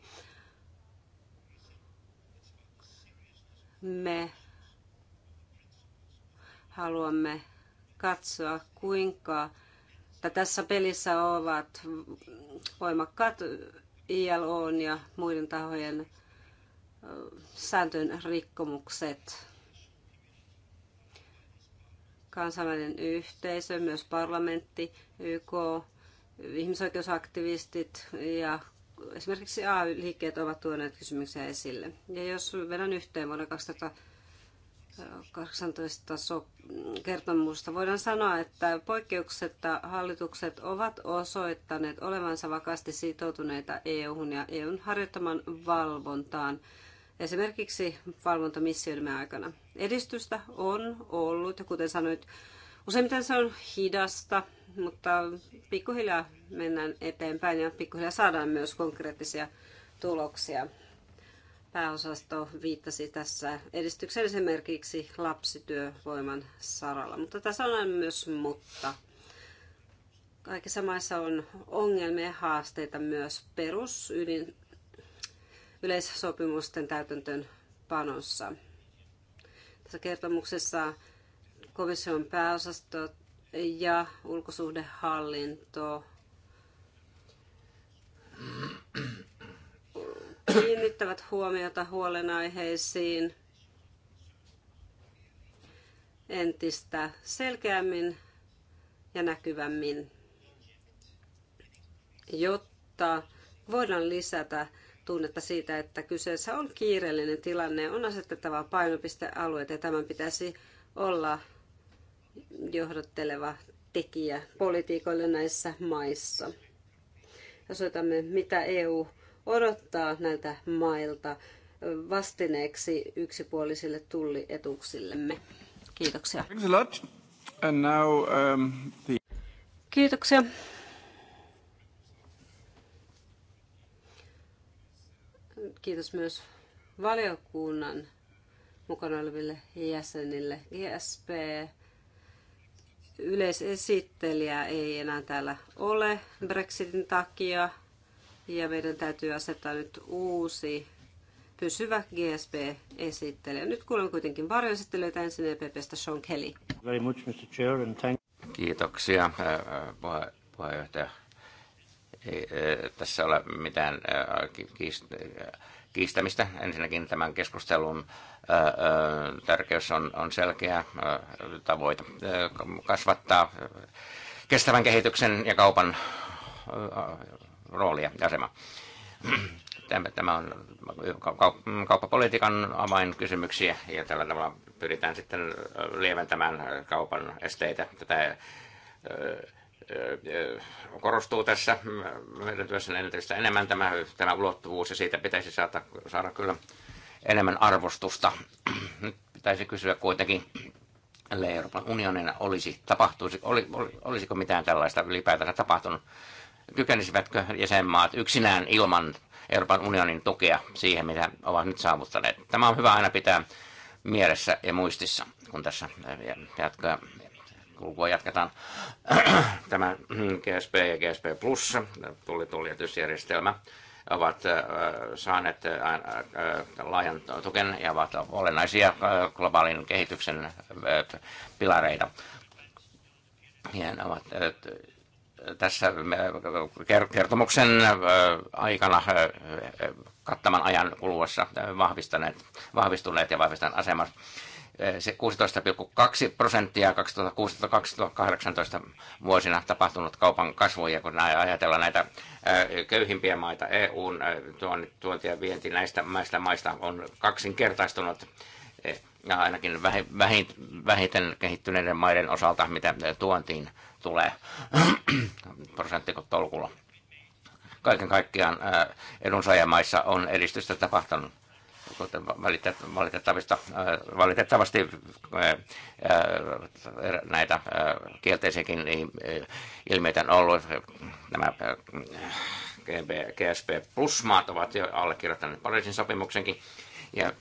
Me haluamme katsoa, kuinka että tässä pelissä ovat voimakkaat ILO ja muiden tahojen sääntöjen rikkomukset. Kansainvälinen yhteisö, myös parlamentti, YK, ihmisoikeusaktivistit ja esimerkiksi AY-liikkeet ovat tuoneet kysymyksiä esille. Ja jos vedän yhteen vuonna 2000 18 kertomusta. Voidaan sanoa, että poikkeuksetta hallitukset ovat osoittaneet olevansa vakaasti sitoutuneita EU-hun ja EUn harjoittaman valvontaan, esimerkiksi valvontamissioiden aikana. Edistystä on ollut, ja kuten sanoit, useimmiten se on hidasta, mutta pikkuhiljaa mennään eteenpäin ja pikkuhiljaa saadaan myös konkreettisia tuloksia pääosasto viittasi tässä edistyksellisen esimerkiksi lapsityövoiman saralla. Mutta tässä on myös mutta. Kaikissa maissa on ongelmia ja haasteita myös perus ydin, yleissopimusten täytäntöön panossa. Tässä kertomuksessa komission pääosasto ja ulkosuhdehallinto kiinnittävät huomiota huolenaiheisiin entistä selkeämmin ja näkyvämmin, jotta voidaan lisätä tunnetta siitä, että kyseessä on kiireellinen tilanne, on asetettava painopistealueet ja tämän pitäisi olla johdotteleva tekijä politiikoille näissä maissa. Jos otamme, mitä EU odottaa näiltä mailta vastineeksi yksipuolisille tullietuuksillemme. Kiitoksia. Um, Kiitoksia. Kiitos myös valiokunnan mukana oleville jäsenille. GSP e yleisesittelijä ei enää täällä ole Brexitin takia. Ja meidän täytyy asettaa nyt uusi pysyvä GSP-esittelijä. Nyt kuulemme kuitenkin varjoesittelijöitä ensin EPPstä Sean Kelly. Very much, Mr. Chair, and thank... Kiitoksia puheenjohtaja. Ei tässä ole mitään kiistämistä. Ensinnäkin tämän keskustelun tärkeys on, on selkeä tavoite kasvattaa kestävän kehityksen ja kaupan roolia ja asema. Tämä on kauppapolitiikan avainkysymyksiä ja tällä tavalla pyritään sitten lieventämään kaupan esteitä. Tätä korostuu tässä meidän työssä entistä enemmän tämä, tämä ulottuvuus ja siitä pitäisi saada, saada kyllä enemmän arvostusta. Nyt pitäisi kysyä kuitenkin, Euroopan unionina olisi, tapahtuisi, oli, olisiko mitään tällaista ylipäätänsä tapahtunut kykenisivätkö jäsenmaat yksinään ilman Euroopan unionin tukea siihen, mitä ovat nyt saavuttaneet. Tämä on hyvä aina pitää mielessä ja muistissa, kun tässä eh, jatkaa, kulkua jatketaan. Tämä mm, GSP ja GSP Plus, tullituljetusjärjestelmä, ovat eh, saaneet eh, laajan tuken ja ovat olennaisia globaalin kehityksen pilareita. Ja ne ovat tässä kertomuksen aikana kattaman ajan kuluessa vahvistaneet, vahvistuneet ja vahvistaneet asemat. Se 16,2 prosenttia 2016-2018 vuosina tapahtunut kaupan kasvu, ja kun ajatellaan näitä köyhimpiä maita, EUn tuonti ja vienti näistä maista, maista on kaksinkertaistunut e, ainakin vähiten kehittyneiden maiden osalta, mitä tuontiin tulee tolkulla. Kaiken kaikkiaan edunsaajamaissa on edistystä tapahtunut kuten valitettavista, valitettavasti näitä kielteisiäkin niin, ilmeitä on ollut. Nämä GSP Plus-maat ovat jo allekirjoittaneet Pariisin sopimuksenkin. Ja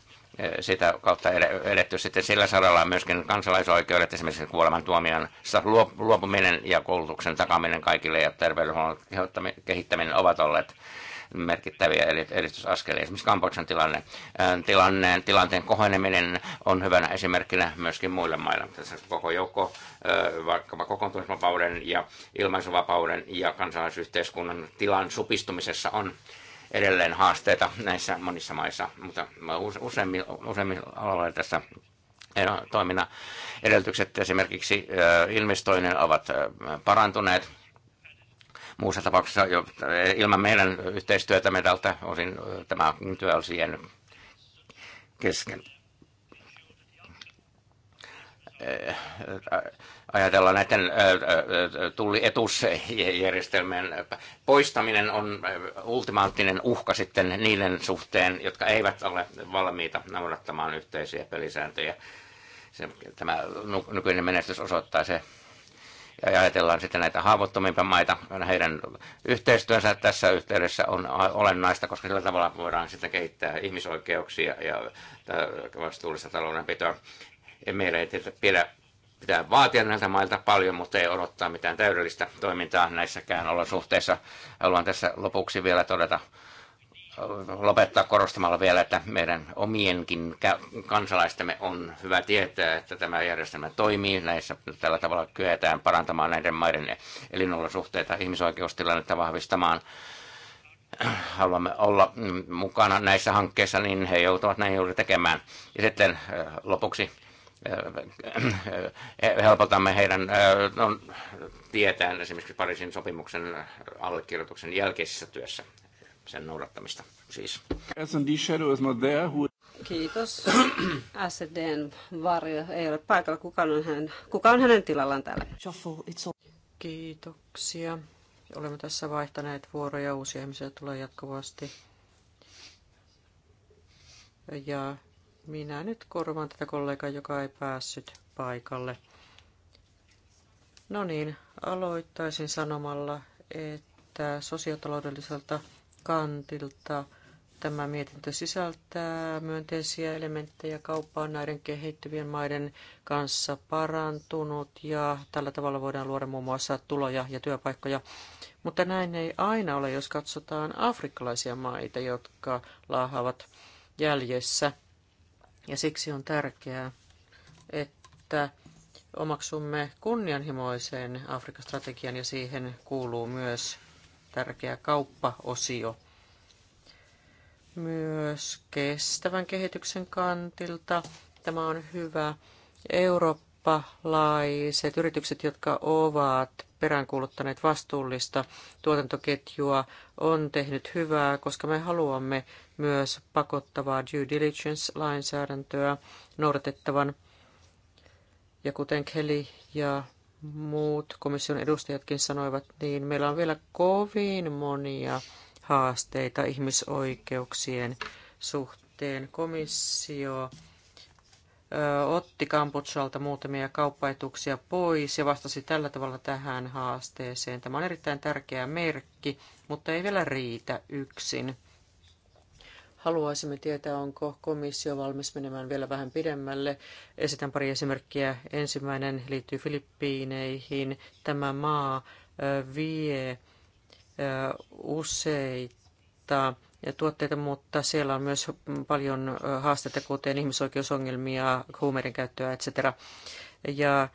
sitä kautta edetty sitten sillä saralla myöskin kansalaisoikeudet, esimerkiksi kuolemantuomion luopuminen ja koulutuksen takaminen kaikille ja terveydenhuollon kehittäminen ovat olleet merkittäviä edistysaskelia. Esimerkiksi Kampoksen tilanne, tilanne, tilanteen koheneminen on hyvänä esimerkkinä myöskin muille maille. Tässä koko joukko vaikkapa kokoontumisvapauden ja ilmaisuvapauden ja kansalaisyhteiskunnan tilan supistumisessa on edelleen haasteita näissä monissa maissa, mutta useimmilla, useimmilla aloilla tässä eh, toiminnan edellytykset esimerkiksi eh, investoinnin ovat eh, parantuneet. Muussa tapauksessa jo ilman meidän yhteistyötä me tältä osin tämä työ olisi jäänyt kesken ajatella näiden tullietusjärjestelmien poistaminen on ultimaattinen uhka sitten niiden suhteen, jotka eivät ole valmiita noudattamaan yhteisiä pelisääntöjä. Se, tämä nykyinen menestys osoittaa se. Ja ajatellaan sitten näitä haavoittomimpia maita, heidän yhteistyönsä tässä yhteydessä on olennaista, koska sillä tavalla voidaan sitten kehittää ihmisoikeuksia ja vastuullista taloudenpitoa. Meillä ei pidä pitää vaatia näiltä mailta paljon, mutta ei odottaa mitään täydellistä toimintaa näissäkään olosuhteissa. Haluan tässä lopuksi vielä todeta, lopettaa korostamalla vielä, että meidän omienkin kansalaistemme on hyvä tietää, että tämä järjestelmä toimii. Näissä tällä tavalla kyetään parantamaan näiden maiden elinolosuhteita, ihmisoikeustilannetta vahvistamaan haluamme olla mukana näissä hankkeissa, niin he joutuvat näin juuri tekemään. Ja sitten lopuksi helpotamme heidän no, tietään esimerkiksi Pariisin sopimuksen allekirjoituksen jälkeisessä työssä sen noudattamista siis. Kiitos. SDn varjo ei ole paikalla. Kuka on, hän, kuka on hänen tilallaan täällä? Kiitoksia. Olemme tässä vaihtaneet vuoroja. Uusia ihmisiä tulee jatkuvasti. Ja minä nyt korvaan tätä kollegaa, joka ei päässyt paikalle. No niin, aloittaisin sanomalla, että sosiotaloudelliselta kantilta tämä mietintö sisältää myönteisiä elementtejä kauppaan näiden kehittyvien maiden kanssa parantunut ja tällä tavalla voidaan luoda muun muassa tuloja ja työpaikkoja. Mutta näin ei aina ole, jos katsotaan afrikkalaisia maita, jotka laahaavat jäljessä – ja siksi on tärkeää, että omaksumme kunnianhimoisen Afrikastrategian ja siihen kuuluu myös tärkeä kauppaosio. Myös kestävän kehityksen kantilta tämä on hyvä. Eurooppalaiset yritykset, jotka ovat peräänkuuluttaneet vastuullista tuotantoketjua, on tehnyt hyvää, koska me haluamme myös pakottavaa due diligence-lainsäädäntöä noudatettavan. Ja kuten Kelly ja muut komission edustajatkin sanoivat, niin meillä on vielä kovin monia haasteita ihmisoikeuksien suhteen. Komissio otti Kambodsalta muutamia kauppaetuksia pois ja vastasi tällä tavalla tähän haasteeseen. Tämä on erittäin tärkeä merkki, mutta ei vielä riitä yksin. Haluaisimme tietää, onko komissio valmis menemään vielä vähän pidemmälle. Esitän pari esimerkkiä. Ensimmäinen liittyy Filippiineihin. Tämä maa vie useita tuotteita, mutta siellä on myös paljon haasteita, kuten ihmisoikeusongelmia, huumeiden käyttöä, etc. Ja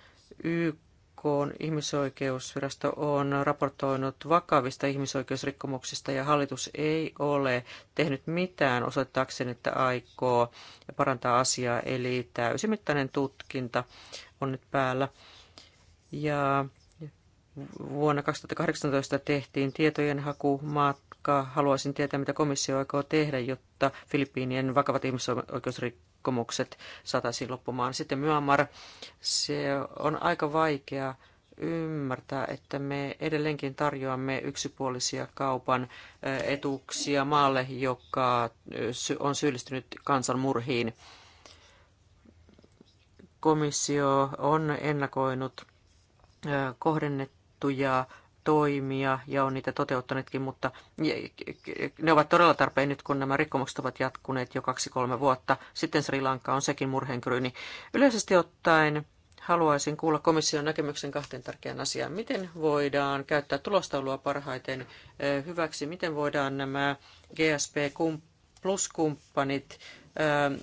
YK on ihmisoikeusvirasto on raportoinut vakavista ihmisoikeusrikkomuksista ja hallitus ei ole tehnyt mitään osoittaakseen, että aikoo parantaa asiaa, eli täysimittainen tutkinta on nyt päällä. Ja vuonna 2018 tehtiin tietojenhaku taakkaa. Haluaisin tietää, mitä komissio aikoo tehdä, jotta Filippiinien vakavat ihmisoikeusrikkomukset saataisiin loppumaan. Sitten Myanmar, se on aika vaikea ymmärtää, että me edelleenkin tarjoamme yksipuolisia kaupan etuuksia maalle, joka on syyllistynyt kansanmurhiin. Komissio on ennakoinut kohdennettuja toimia ja on niitä toteuttaneetkin, mutta ne ovat todella tarpeen nyt, kun nämä rikkomukset ovat jatkuneet jo kaksi-kolme vuotta. Sitten Sri Lanka on sekin murheenkryyni. Yleisesti ottaen haluaisin kuulla komission näkemyksen kahteen tärkeään asiaan. Miten voidaan käyttää tulostaulua parhaiten hyväksi? Miten voidaan nämä GSP plus kumppanit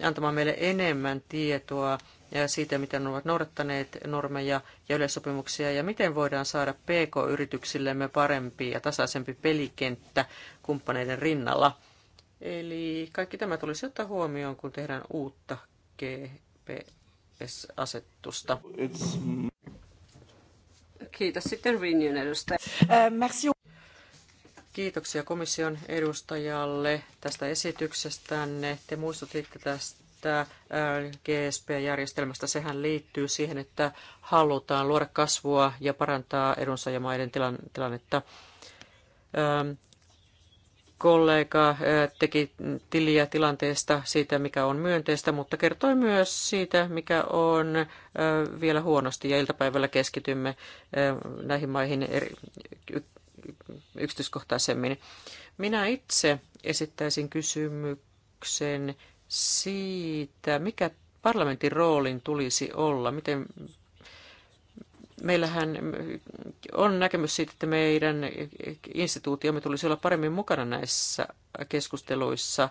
antamaan meille enemmän tietoa siitä, miten ne ovat noudattaneet normeja ja yleissopimuksia ja miten voidaan saada PK-yrityksillemme parempi ja tasaisempi pelikenttä kumppaneiden rinnalla. Eli kaikki tämä tulisi ottaa huomioon, kun tehdään uutta GPS-asetusta. Kiitos sitten Renewn edustaja. Kiitoksia komission edustajalle tästä esityksestänne. Te muistutitte tästä tästä GSP-järjestelmästä. Sehän liittyy siihen, että halutaan luoda kasvua ja parantaa edunsaajamaiden tilannetta. Ähm, kollega äh, teki tiliä tilanteesta siitä, mikä on myönteistä, mutta kertoi myös siitä, mikä on äh, vielä huonosti. Ja iltapäivällä keskitymme äh, näihin maihin yksityiskohtaisemmin. Minä itse esittäisin kysymyksen siitä, mikä parlamentin roolin tulisi olla, miten meillähän on näkemys siitä, että meidän instituutiomme tulisi olla paremmin mukana näissä keskusteluissa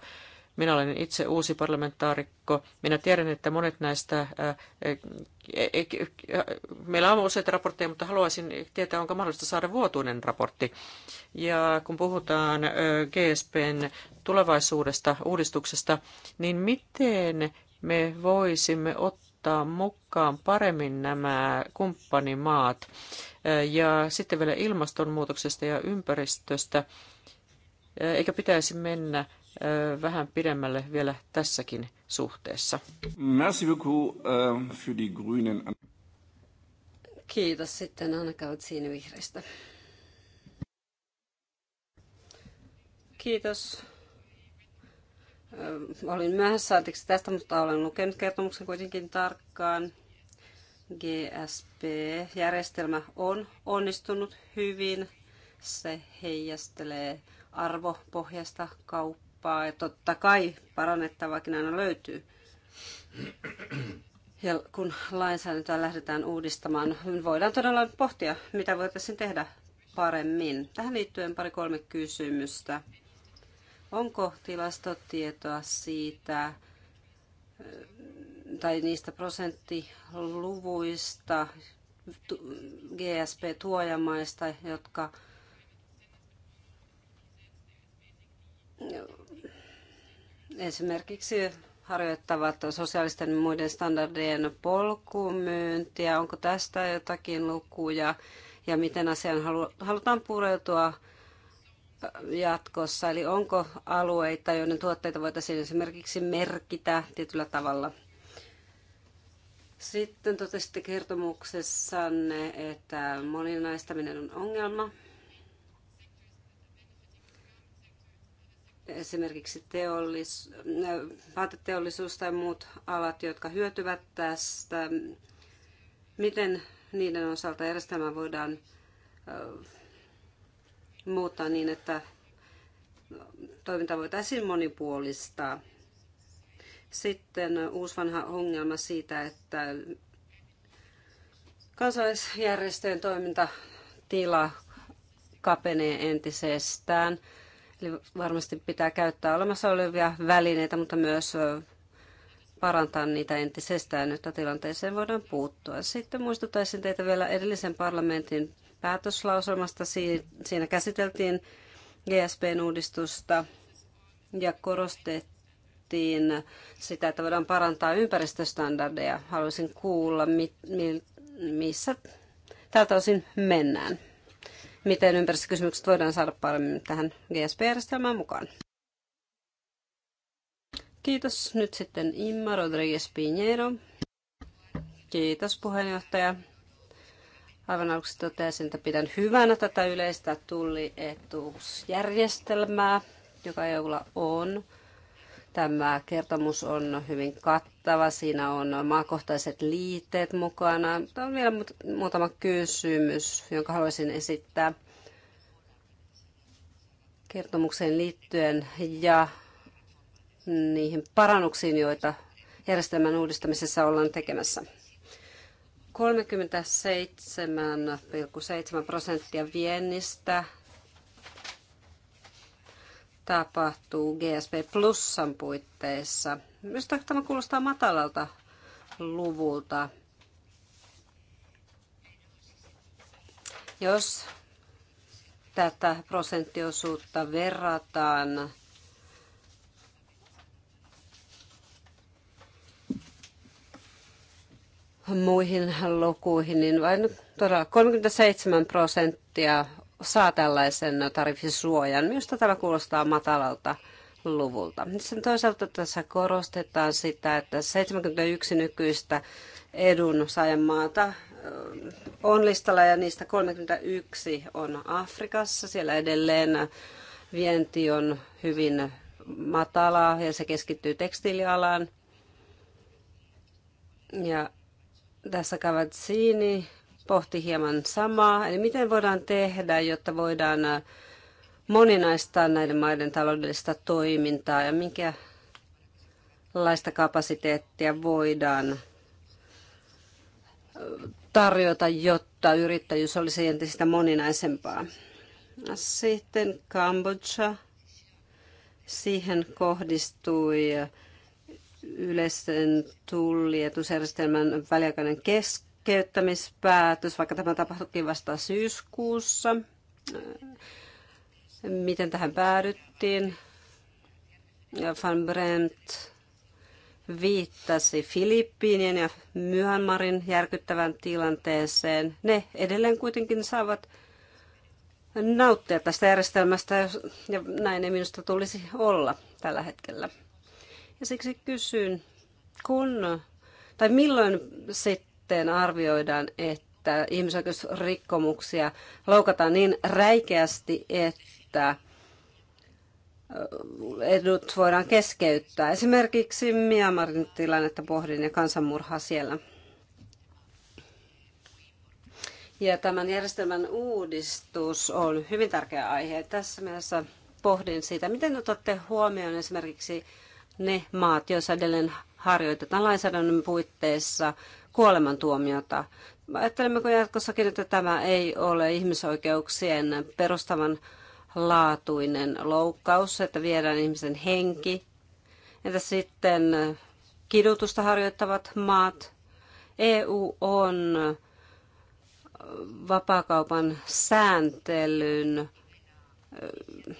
minä olen itse uusi parlamentaarikko. Minä tiedän, että monet näistä, e, e, meillä on useita raportteja, mutta haluaisin tietää, onko mahdollista saada vuotuinen raportti. Ja kun puhutaan GSPn tulevaisuudesta, uudistuksesta, niin miten me voisimme ottaa mukaan paremmin nämä kumppanimaat ja sitten vielä ilmastonmuutoksesta ja ympäristöstä, eikä pitäisi mennä vähän pidemmälle vielä tässäkin suhteessa. Merci beaucoup für die Grünen. Kiitos sitten Anna Kautsiin vihreistä. Kiitos. Olin myöhässä anteeksi tästä, mutta olen lukenut kertomuksen kuitenkin tarkkaan. GSP-järjestelmä on onnistunut hyvin. Se heijastelee arvopohjasta kauppaa helppoa ja totta kai parannettavakin aina löytyy. Ja kun lainsäädäntöä lähdetään uudistamaan, niin voidaan todella pohtia, mitä voitaisiin tehdä paremmin. Tähän liittyen pari-kolme kysymystä. Onko tilastotietoa siitä tai niistä prosenttiluvuista GSP-tuojamaista, jotka esimerkiksi harjoittavat sosiaalisten muiden standardien polkumyyntiä. Onko tästä jotakin lukuja ja miten asiaan halutaan pureutua jatkossa? Eli onko alueita, joiden tuotteita voitaisiin esimerkiksi merkitä tietyllä tavalla? Sitten totesitte kertomuksessanne, että moninaistaminen on ongelma. esimerkiksi teollis, vaateteollisuus tai muut alat, jotka hyötyvät tästä, miten niiden osalta järjestelmä voidaan muuttaa niin, että toiminta voitaisiin monipuolistaa. Sitten uusvanha ongelma siitä, että kansalaisjärjestöjen toimintatila kapenee entisestään. Eli varmasti pitää käyttää olemassa olevia välineitä, mutta myös parantaa niitä entisestään, jotta tilanteeseen voidaan puuttua. Sitten muistuttaisin teitä vielä edellisen parlamentin päätöslauselmasta. Siinä käsiteltiin GSPn uudistusta ja korostettiin sitä, että voidaan parantaa ympäristöstandardeja. Haluaisin kuulla, missä tältä osin mennään miten ympäristökysymykset voidaan saada paremmin tähän GSP-järjestelmään mukaan. Kiitos. Nyt sitten Imma Rodriguez Piñero. Kiitos puheenjohtaja. Aivan aluksi totesin, että pidän hyvänä tätä yleistä tullietuusjärjestelmää, joka EUlla on. Tämä kertomus on hyvin kattava. Siinä on maakohtaiset liitteet mukana. Tämä on vielä muutama kysymys, jonka haluaisin esittää kertomukseen liittyen ja niihin parannuksiin, joita järjestelmän uudistamisessa ollaan tekemässä. 37,7 prosenttia viennistä tapahtuu GSP Plussan puitteissa. Minusta tämä kuulostaa matalalta luvulta. Jos tätä prosenttiosuutta verrataan muihin lukuihin, niin vain todella 37 prosenttia saa tällaisen tariffisuojan. Minusta tämä kuulostaa matalalta luvulta. Sen toisaalta tässä korostetaan sitä, että 71 nykyistä edunsaajan maata on listalla ja niistä 31 on Afrikassa. Siellä edelleen vienti on hyvin matalaa ja se keskittyy tekstiilialaan. Ja tässä Cavazzini pohti hieman samaa, eli miten voidaan tehdä, jotta voidaan äh, moninaistaa näiden maiden taloudellista toimintaa ja minkälaista kapasiteettia voidaan äh, tarjota, jotta yrittäjyys olisi entistä moninaisempaa. Sitten Kambodža. Siihen kohdistui yleisen tullietusjärjestelmän väliaikainen kesk keskeyttämispäätös, vaikka tämä tapahtuikin vasta syyskuussa. Miten tähän päädyttiin? Van Brent viittasi Filippiinien ja Myanmarin järkyttävän tilanteeseen. Ne edelleen kuitenkin saavat nauttia tästä järjestelmästä ja näin ei minusta tulisi olla tällä hetkellä. Ja siksi kysyn, kun tai milloin sitten suhteen arvioidaan, että ihmisoikeusrikkomuksia loukataan niin räikeästi, että edut voidaan keskeyttää. Esimerkiksi Myanmarin tilannetta pohdin ja kansanmurhaa siellä. Ja tämän järjestelmän uudistus on hyvin tärkeä aihe. Tässä mielessä pohdin siitä, miten otatte huomioon esimerkiksi ne maat, joissa edelleen harjoitetaan lainsäädännön puitteissa kuolemantuomiota. Ajattelemmeko jatkossakin, että tämä ei ole ihmisoikeuksien perustavan laatuinen loukkaus, että viedään ihmisen henki. että sitten kidutusta harjoittavat maat? EU on vapaakaupan sääntelyn äh,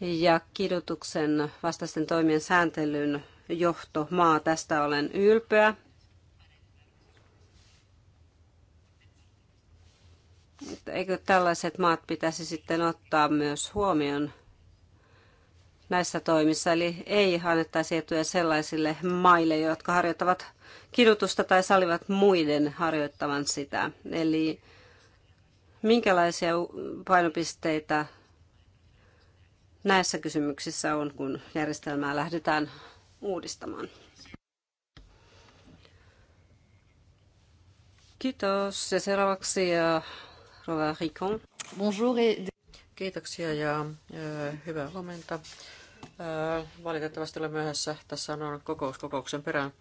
ja kidutuksen vastaisten toimien sääntelyn johtomaa. Tästä olen ylpeä. että Eikö tällaiset maat pitäisi sitten ottaa myös huomioon näissä toimissa, eli ei annettaisi etuja sellaisille maille, jotka harjoittavat kidutusta tai salivat muiden harjoittavan sitä. Eli minkälaisia painopisteitä näissä kysymyksissä on, kun järjestelmää lähdetään uudistamaan. Kiitos. Ja seuraavaksi äh, Rova Ricon. Bonjour et... Kiitoksia ja äh, hyvää huomenta. Äh, valitettavasti olen myöhässä. Tässä on kokous kokouksen perään.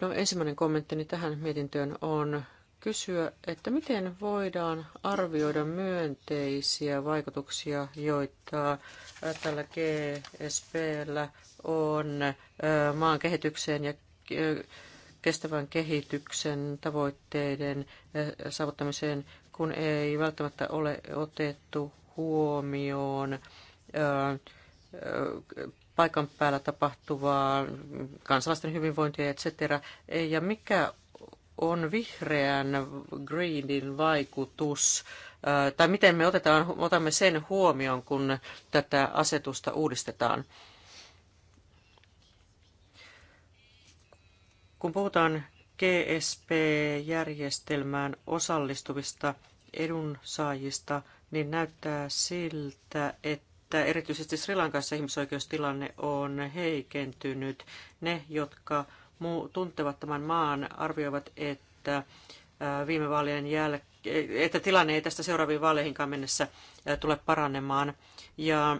No, ensimmäinen kommenttini tähän mietintöön on kysyä, että miten voidaan arvioida myönteisiä vaikutuksia, joita äh, tällä GSPllä on äh, maan kehitykseen ja äh, kestävän kehityksen tavoitteiden saavuttamiseen, kun ei välttämättä ole otettu huomioon paikan päällä tapahtuvaa kansalaisten hyvinvointia, etc. Ja mikä on vihreän greenin vaikutus, tai miten me otetaan, otamme sen huomioon, kun tätä asetusta uudistetaan. Kun puhutaan GSP-järjestelmään osallistuvista edunsaajista, niin näyttää siltä, että erityisesti Sri Lankassa ihmisoikeustilanne on heikentynyt. Ne, jotka tuntevat tämän maan arvioivat, että viime vaalien jälkeen, että tilanne ei tästä seuraaviin vaaleihinkaan mennessä tule paranemaan. Ja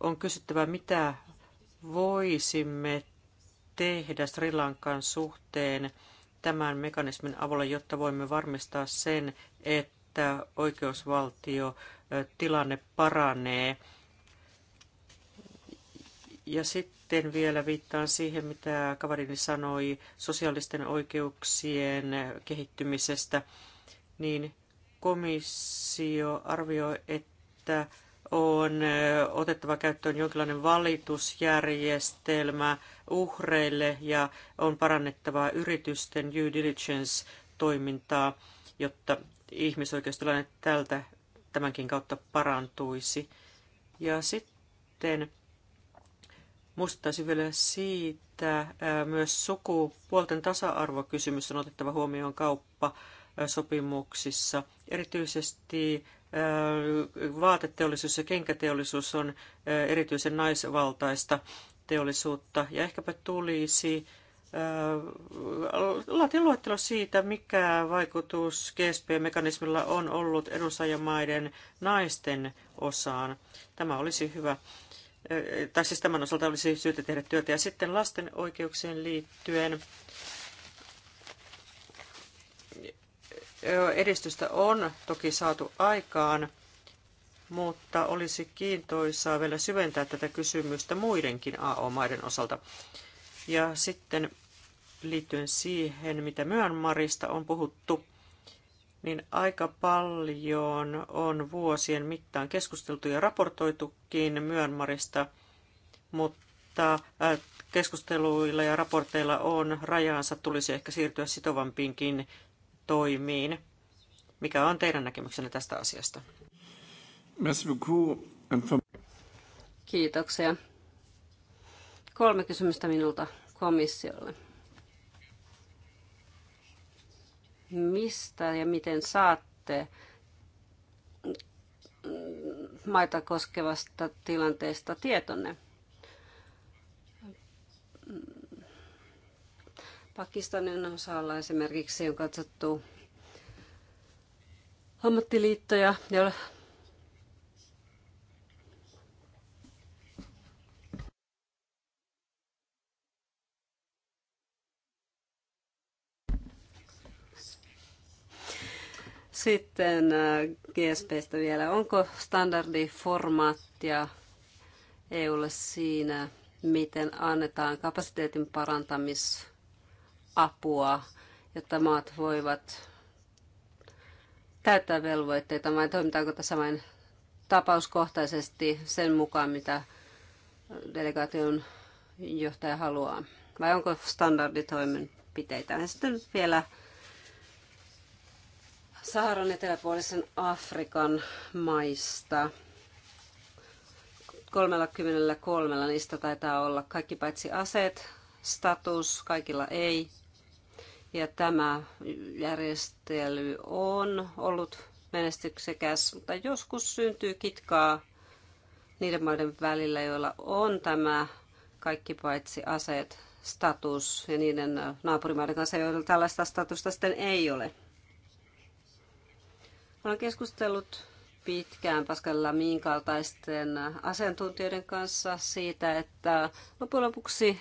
on kysyttävä, mitä voisimme tehdä Sri Lankan suhteen tämän mekanismin avulla, jotta voimme varmistaa sen, että oikeusvaltio tilanne paranee. Ja sitten sitten vielä viittaan siihen, mitä Kavadini sanoi sosiaalisten oikeuksien kehittymisestä. Niin komissio arvioi, että on otettava käyttöön jonkinlainen valitusjärjestelmä uhreille ja on parannettava yritysten due diligence-toimintaa, jotta ihmisoikeustilanne tältä tämänkin kautta parantuisi. Ja sitten Muistuttaisin vielä siitä, myös sukupuolten tasa-arvokysymys on otettava huomioon kauppasopimuksissa. Erityisesti vaateteollisuus ja kenkäteollisuus on erityisen naisvaltaista teollisuutta ja ehkäpä tulisi laatia luettelo siitä, mikä vaikutus GSP-mekanismilla on ollut edunsaajamaiden naisten osaan. Tämä olisi hyvä tai siis tämän osalta olisi syytä tehdä työtä. Ja sitten lasten oikeuksien liittyen edistystä on toki saatu aikaan, mutta olisi kiintoisaa vielä syventää tätä kysymystä muidenkin AO-maiden osalta. Ja sitten liittyen siihen, mitä Myönmarista on puhuttu, niin aika paljon on vuosien mittaan keskusteltu ja raportoitukin Myönmarista, mutta keskusteluilla ja raporteilla on rajansa, tulisi ehkä siirtyä sitovampiinkin toimiin. Mikä on teidän näkemyksenne tästä asiasta? Kiitoksia. Kolme kysymystä minulta komissiolle. mistä ja miten saatte maita koskevasta tilanteesta tietonne. Pakistanin osalla esimerkiksi on katsottu ammattiliittoja, ja Sitten äh, GSPstä vielä. Onko standardiformaattia EUlle siinä, miten annetaan kapasiteetin parantamisapua, jotta maat voivat täyttää velvoitteita, vai toimitaanko tässä vain tapauskohtaisesti sen mukaan, mitä delegaation johtaja haluaa? Vai onko standarditoimenpiteitä? Ja sitten vielä Saharan eteläpuolisen Afrikan maista. 33 niistä taitaa olla kaikki paitsi aseet, status, kaikilla ei. Ja tämä järjestely on ollut menestyksekäs, mutta joskus syntyy kitkaa niiden maiden välillä, joilla on tämä kaikki paitsi aseet status ja niiden naapurimaiden kanssa, joilla tällaista statusta sitten ei ole. Olen keskustellut pitkään Paskalla Lamin asiantuntijoiden kanssa siitä, että loppujen lopuksi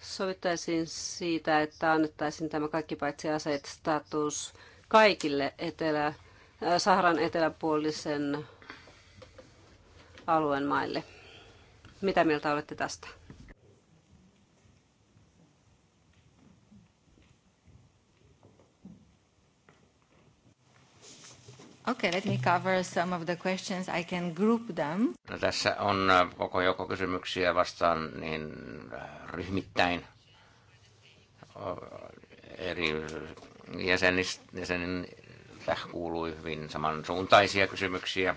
sovittaisiin siitä, että annettaisiin tämä kaikki paitsi aseet status kaikille etelä, äh, Saharan eteläpuolisen alueen maille. Mitä mieltä olette tästä? Okay, let me cover some of the questions. I can group them. No, tässä on äh, koko joko kysymyksiä vastaan niin äh, ryhmittäin äh, eri jäsenistä, jäsenin kuului hyvin samansuuntaisia kysymyksiä.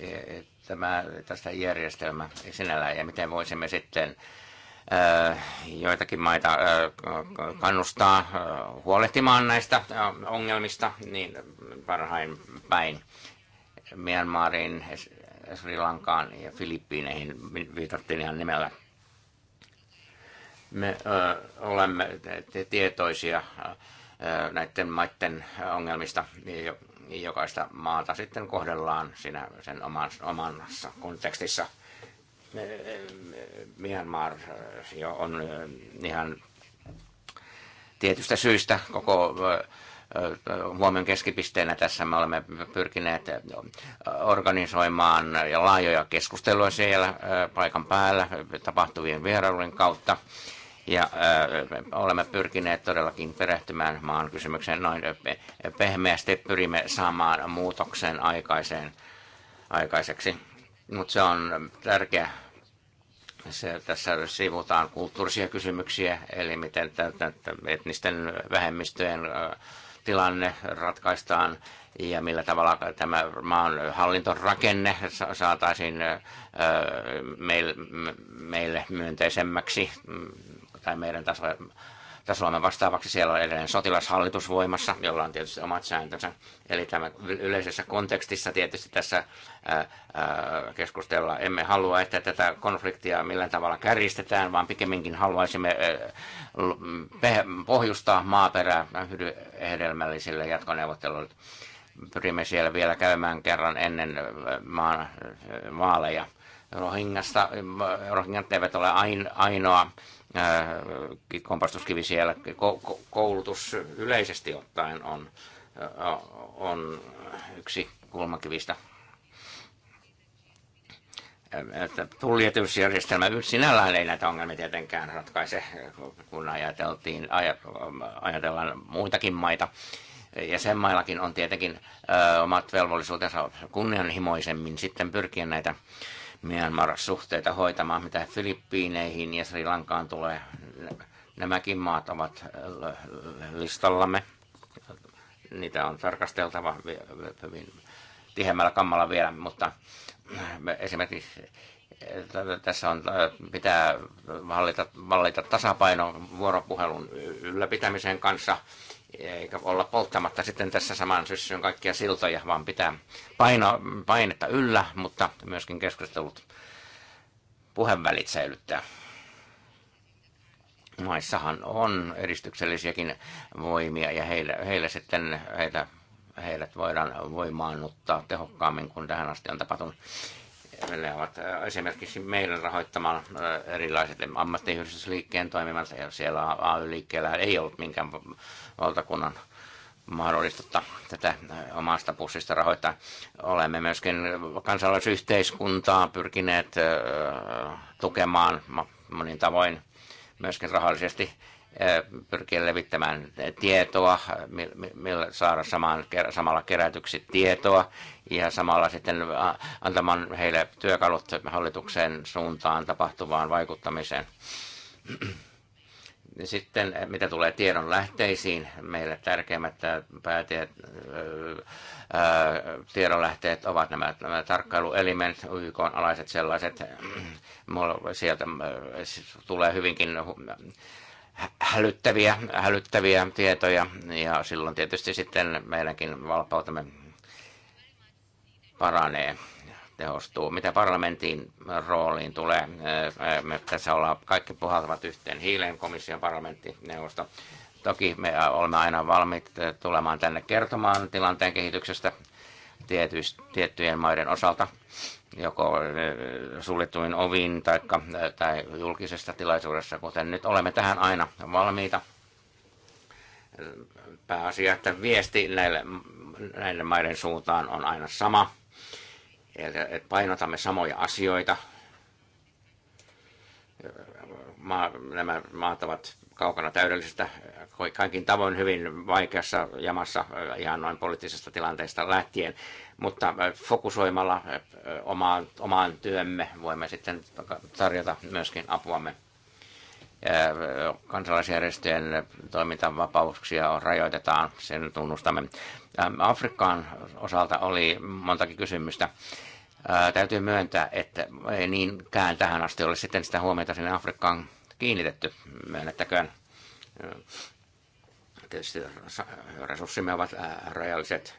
E, Tämä, tästä järjestelmä sinällään ja miten voisimme sitten Äh, joitakin maita äh, kannustaa äh, huolehtimaan näistä ongelmista, niin parhain päin Myanmariin, Sri Lankaan ja Filippiineihin viitattiin ihan nimellä. Me olemme tietoisia näiden maiden ongelmista, jokaista maata sitten kohdellaan siinä sen oman, omassa kontekstissa – Myanmar on ihan tietystä syystä koko huomion keskipisteenä tässä me olemme pyrkineet organisoimaan ja laajoja keskusteluja siellä paikan päällä tapahtuvien vierailujen kautta. Ja olemme pyrkineet todellakin perehtymään maan kysymykseen noin pehmeästi. Pyrimme saamaan muutoksen aikaiseen, aikaiseksi mutta se on tärkeä. Se, tässä sivutaan kulttuurisia kysymyksiä, eli miten etnisten vähemmistöjen tilanne ratkaistaan ja millä tavalla tämä maan hallintorakenne saataisiin meille myönteisemmäksi tai meidän tasolla tai Suomen vastaavaksi. Siellä on edelleen sotilashallitus voimassa, jolla on tietysti omat sääntönsä. Eli tämä yleisessä kontekstissa tietysti tässä keskustella. Emme halua, että tätä konfliktia millään tavalla kärjistetään, vaan pikemminkin haluaisimme pohjustaa maaperää hedelmällisille jatkoneuvotteluille. Pyrimme siellä vielä käymään kerran ennen maan vaaleja. Rohingasta, rohingat eivät ole ainoa kompastuskivi siellä. Koulutus yleisesti ottaen on, on yksi kulmakivistä. Tullietysjärjestelmä sinällään ei näitä ongelmia tietenkään ratkaise, kun ajateltiin, ajatellaan muitakin maita. ja maillakin on tietenkin ö, omat velvollisuutensa kunnianhimoisemmin sitten pyrkiä näitä Myanmar-suhteita hoitamaan, mitä Filippiineihin ja Sri Lankaan tulee. Nämäkin maat ovat listallamme. Niitä on tarkasteltava hyvin tihemmällä kammalla vielä, mutta esimerkiksi tässä on, pitää vallita, vallita tasapaino vuoropuhelun ylläpitämisen kanssa – eikä olla polttamatta sitten tässä saman syssyn kaikkia siltoja, vaan pitää paino, painetta yllä, mutta myöskin keskustelut puheenvälit säilyttää. Maissahan on edistyksellisiäkin voimia ja heille, heille sitten heitä, heidät voidaan voimaannuttaa tehokkaammin kuin tähän asti on tapahtunut ne ovat äh, esimerkiksi meidän rahoittamaan äh, erilaiset ammattiyhdistysliikkeen toimimat. Siellä AY-liikkeellä ei ollut minkään valtakunnan mahdollista tätä äh, omasta pussista rahoittaa. Olemme myöskin kansalaisyhteiskuntaa pyrkineet tukemaan monin tavoin myöskin rahallisesti pyrkiä levittämään tietoa, millä saada samaan, samalla kerätyksi tietoa ja samalla sitten antamaan heille työkalut hallituksen suuntaan tapahtuvaan vaikuttamiseen. Sitten mitä tulee tiedon lähteisiin, meille tärkeimmät päätiet, tiedonlähteet ovat nämä, nämä tarkkailuelimet, YK-alaiset sellaiset. Sieltä siis tulee hyvinkin hälyttäviä, hälyttäviä tietoja ja silloin tietysti sitten meidänkin valpautamme paranee, tehostuu. Mitä parlamentin rooliin tulee, me tässä ollaan kaikki puhaltavat yhteen hiileen komission parlamentti Toki me olemme aina valmiit tulemaan tänne kertomaan tilanteen kehityksestä tiettyjen maiden osalta joko äh, suljettuin ovin äh, tai, tai julkisessa tilaisuudessa, kuten nyt olemme tähän aina valmiita. Pääasia, että viesti näille, näille maiden suuntaan on aina sama. Eli painotamme samoja asioita. Maa, nämä maat ovat kaukana täydellisestä, kaikin tavoin hyvin vaikeassa jamassa äh, ihan noin poliittisesta tilanteesta lähtien mutta fokusoimalla omaan, omaan työmme voimme sitten tarjota myöskin apuamme. Kansalaisjärjestöjen toimintavapauksia rajoitetaan, sen tunnustamme. Afrikkaan osalta oli montakin kysymystä. Täytyy myöntää, että ei niinkään tähän asti ole sitten sitä huomiota sinne Afrikkaan kiinnitetty, myönnettäköön tietysti resurssimme ovat rajalliset.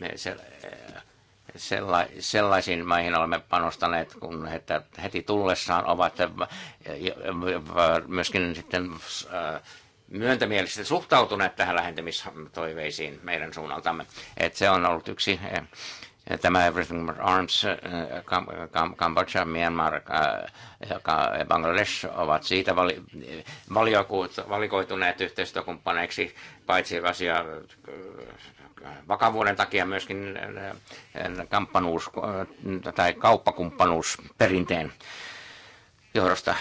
Me sellaisiin maihin olemme panostaneet, kun että heti tullessaan ovat myöskin sitten äh, myöntämielisesti suhtautuneet tähän lähentämistoiveisiin meidän suunnaltamme. Et se on ollut yksi e, e, tämä Everything But Arms, e, Kam Myanmar äh, ja Bangladesh ovat siitä valikoituneet yhteistyökumppaneiksi, paitsi asia vakavuuden takia myöskin eh, eh, kampanuus eh, tai kauppakumppanuus perinteen johdosta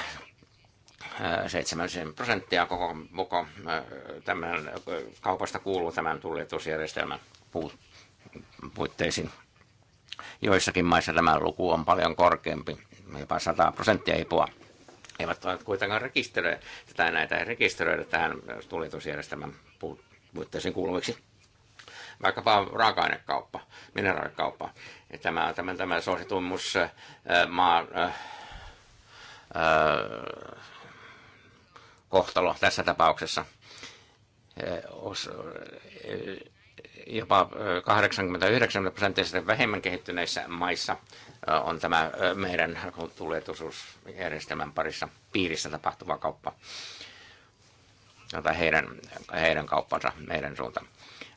70 prosenttia koko, koko tämän kaupasta kuuluu tämän tuljetusjärjestelmän puitteisiin. Joissakin maissa tämä luku on paljon korkeampi, jopa 100 prosenttia ipua. Eivät ole kuitenkaan rekisteröidä, tai näitä ei rekisteröidä tähän tuljetusjärjestelmän puitteisiin kuuluviksi vaan raaka-ainekauppa, mineraalikauppa. Ja tämä, tämä, tämä suositummus äh, maan äh, äh, kohtalo tässä tapauksessa. Jopa 89 prosenttisesti vähemmän kehittyneissä maissa on tämä meidän tuletusjärjestelmän parissa piirissä tapahtuva kauppa. Tai heidän, heidän kauppansa meidän suuntaan.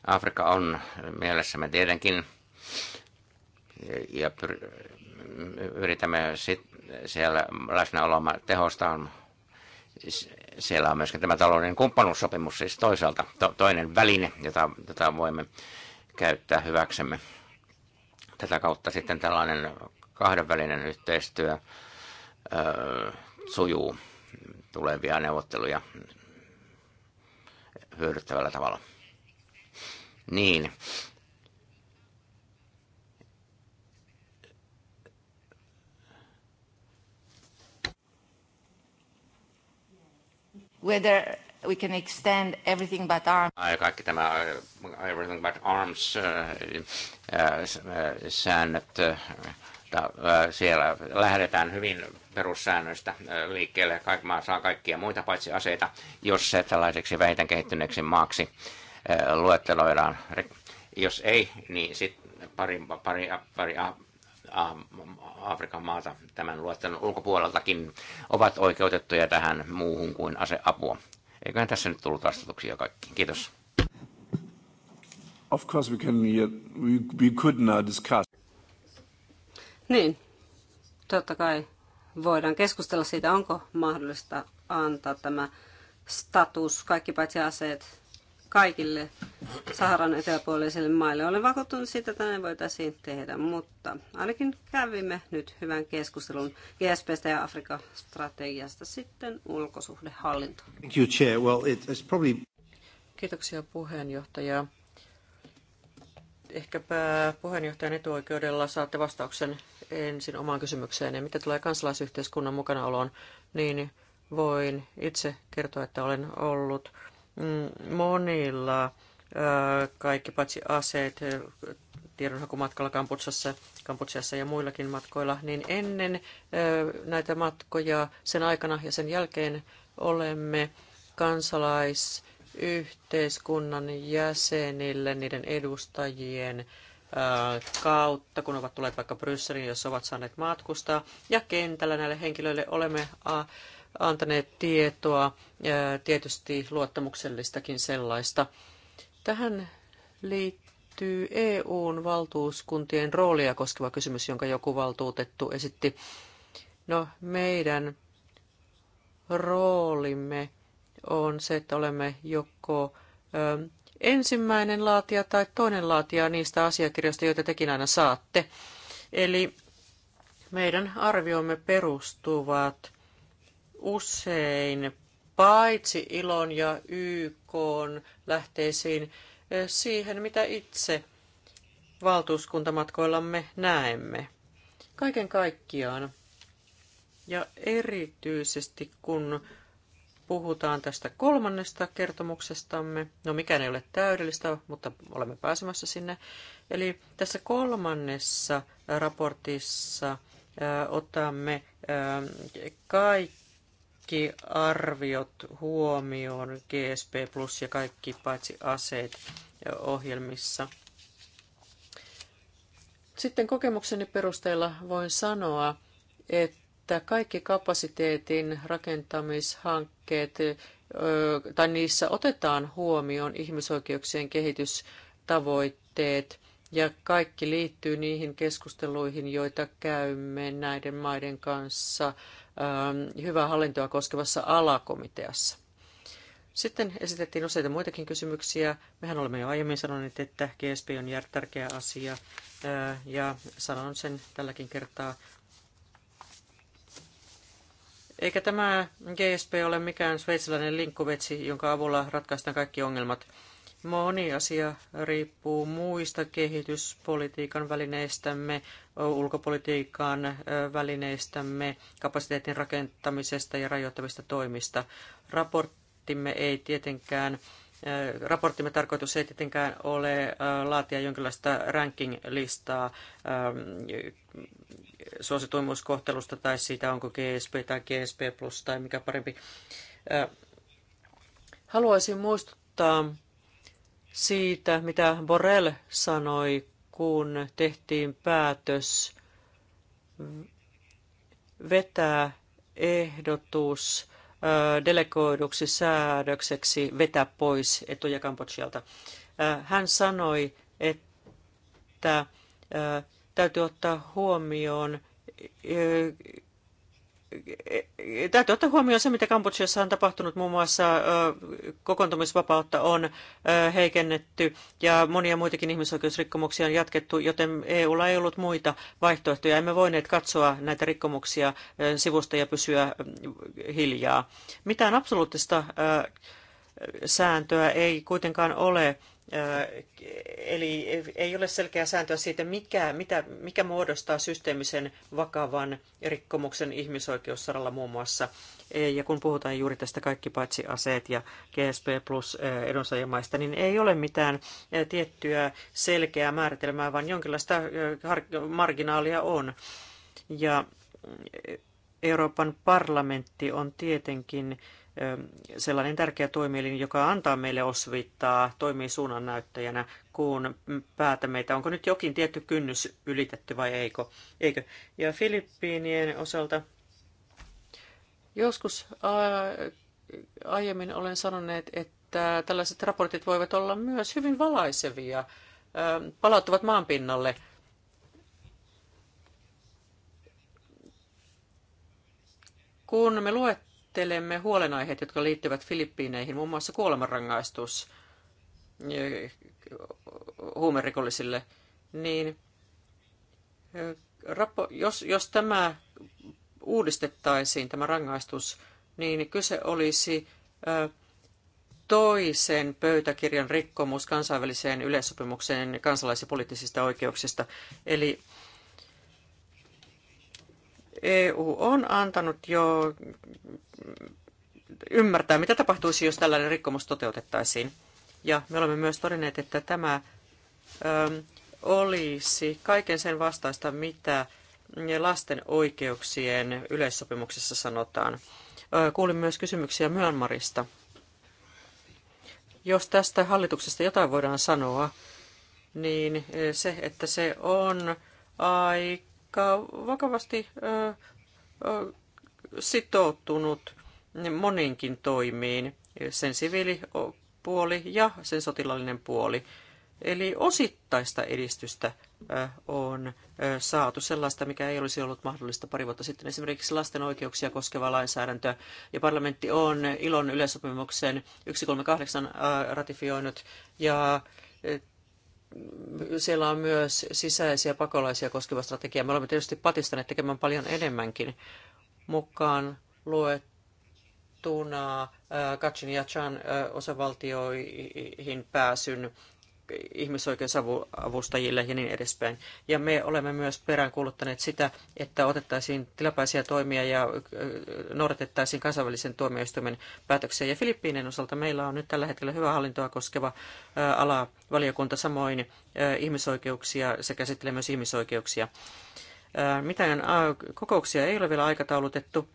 Afrikka on mielessämme tietenkin ja yritämme sit siellä läsnäoloa tehostaa. Siellä on myöskin tämä talouden kumppanuussopimus, siis toisaalta to, toinen väline, jota, jota voimme käyttää hyväksemme. Tätä kautta sitten tällainen kahdenvälinen yhteistyö ö, sujuu tulevia neuvotteluja hyödyttävällä tavalla niin whether we can extend everything but arms. Kaikki tämä äh, everything but arms äh, äh, säännöt, siellä lähdetään hyvin perussäännöistä liikkeelle. Kaikki maa saa kaikkia muita paitsi aseita, jos se tällaiseksi vähiten kehittyneeksi maaksi Eh, luetteloidaan. Jos ei, niin sitten pari, pari, pari Afrikan maata tämän luettelon ulkopuoleltakin ovat oikeutettuja tähän muuhun kuin aseapua. Eiköhän tässä nyt tullut vastatuksia jo kaikki. Kiitos. Of course we can, we, we could now discuss. Niin, totta kai voidaan keskustella siitä, onko mahdollista antaa tämä status, kaikki paitsi aseet kaikille Saharan eteläpuoleisille maille. Olen vakuuttunut siitä, että näin voitaisiin tehdä, mutta ainakin kävimme nyt hyvän keskustelun GSPstä ja Afrikan strategiasta sitten ulkosuhdehallinto. Thank you, Chair. Well, it's probably... Kiitoksia puheenjohtaja. Ehkäpä puheenjohtajan etuoikeudella saatte vastauksen ensin omaan kysymykseen. Ja mitä tulee kansalaisyhteiskunnan mukanaoloon, niin voin itse kertoa, että olen ollut Mm, monilla kaikki paitsi aseet tiedonhakumatkalla Kamputsassa, Kamputsiassa ja muillakin matkoilla, niin ennen näitä matkoja, sen aikana ja sen jälkeen olemme kansalaisyhteiskunnan jäsenille, niiden edustajien kautta, kun ovat tulleet vaikka Brysseliin, jos ovat saaneet matkustaa. Ja kentällä näille henkilöille olemme antaneet tietoa, tietysti luottamuksellistakin sellaista. Tähän liittyy EUn valtuuskuntien roolia koskeva kysymys, jonka joku valtuutettu esitti. No, meidän roolimme on se, että olemme joko ensimmäinen laatija tai toinen laatija niistä asiakirjoista, joita tekin aina saatte. Eli meidän arviomme perustuvat usein paitsi ilon ja YK lähteisiin eh, siihen, mitä itse valtuuskuntamatkoillamme näemme. Kaiken kaikkiaan, ja erityisesti kun puhutaan tästä kolmannesta kertomuksestamme. No mikään ei ole täydellistä, mutta olemme pääsemässä sinne. Eli tässä kolmannessa raportissa eh, otamme eh, kaikki kaikki arviot huomioon, GSP Plus ja kaikki paitsi aseet ja ohjelmissa. Sitten kokemukseni perusteella voin sanoa, että kaikki kapasiteetin rakentamishankkeet, tai niissä otetaan huomioon ihmisoikeuksien kehitystavoitteet, ja kaikki liittyy niihin keskusteluihin, joita käymme näiden maiden kanssa Ähm, hyvää hallintoa koskevassa alakomiteassa. Sitten esitettiin useita muitakin kysymyksiä. Mehän olemme jo aiemmin sanoneet, että GSP on tärkeä asia äh, ja sanon sen tälläkin kertaa. Eikä tämä GSP ole mikään sveitsiläinen linkkuvetsi, jonka avulla ratkaistaan kaikki ongelmat. Moni asia riippuu muista kehityspolitiikan välineistämme, ulkopolitiikan välineistämme, kapasiteetin rakentamisesta ja rajoittavista toimista. Raporttimme ei tietenkään Raporttimme tarkoitus ei tietenkään ole laatia jonkinlaista ranking-listaa suosituimmuuskohtelusta tai siitä, onko GSP tai GSP plus tai mikä parempi. Haluaisin muistuttaa siitä, mitä Borrell sanoi, kun tehtiin päätös vetää ehdotus delegoiduksi säädökseksi vetää pois etuja Kambodžalta. Hän sanoi, että täytyy ottaa huomioon täytyy ottaa huomioon se, mitä Kambodžassa on tapahtunut. Muun muassa kokoontumisvapautta on heikennetty ja monia muitakin ihmisoikeusrikkomuksia on jatkettu, joten EUlla ei ollut muita vaihtoehtoja. Emme voineet katsoa näitä rikkomuksia sivusta ja pysyä hiljaa. Mitään absoluuttista sääntöä ei kuitenkaan ole Eli ei ole selkeää sääntöä siitä, mikä, mitä, mikä muodostaa systeemisen vakavan rikkomuksen ihmisoikeussaralla muun muassa. Ja kun puhutaan juuri tästä kaikki paitsi aseet ja GSP plus edunsaajamaista, niin ei ole mitään tiettyä selkeää määritelmää, vaan jonkinlaista marginaalia on. Ja Euroopan parlamentti on tietenkin äh, sellainen tärkeä toimielin, joka antaa meille osvittaa, toimii suunnannäyttäjänä, kun päätä meitä, onko nyt jokin tietty kynnys ylitetty vai eikö. eikö. Ja Filippiinien osalta joskus aiemmin olen sanonut, että tällaiset raportit voivat olla myös hyvin valaisevia, palauttavat maanpinnalle kun me luet käsittelemme huolenaiheet, jotka liittyvät Filippiineihin, muun muassa kuolemanrangaistus e, huumerikollisille, niin e, jos, jos tämä uudistettaisiin, tämä rangaistus, niin kyse olisi e, toisen pöytäkirjan rikkomus kansainväliseen yleissopimukseen kansalais- poliittisista oikeuksista. Eli EU on antanut jo ymmärtää, mitä tapahtuisi, jos tällainen rikkomus toteutettaisiin. Ja me olemme myös todenneet, että tämä ö, ähm, olisi kaiken sen vastaista, mitä lasten oikeuksien yleissopimuksessa sanotaan. Äh, kuulin myös kysymyksiä Myanmarista. Jos tästä hallituksesta jotain voidaan sanoa, niin äh, se, että se on aika vakavasti sitoutunut moniinkin toimiin, sen siviilipuoli ja sen sotilallinen puoli. Eli osittaista edistystä on saatu sellaista, mikä ei olisi ollut mahdollista pari vuotta sitten. Esimerkiksi lasten oikeuksia koskeva lainsäädäntö ja parlamentti on ilon yleissopimuksen 138 ratifioinut ja siellä on myös sisäisiä pakolaisia koskeva strategia. Me olemme tietysti patistaneet tekemään paljon enemmänkin mukaan luettuna äh, Katsin ja Chan äh, osavaltioihin pääsyn ihmisoikeusavustajille ja niin edespäin. Ja me olemme myös peräänkuuluttaneet sitä, että otettaisiin tilapäisiä toimia ja noudatettaisiin kansainvälisen tuomioistuimen päätöksiä. Ja Filippiinen osalta meillä on nyt tällä hetkellä hyvä hallintoa koskeva ala valiokunta samoin ihmisoikeuksia sekä käsittelee myös ihmisoikeuksia. Mitään kokouksia ei ole vielä aikataulutettu.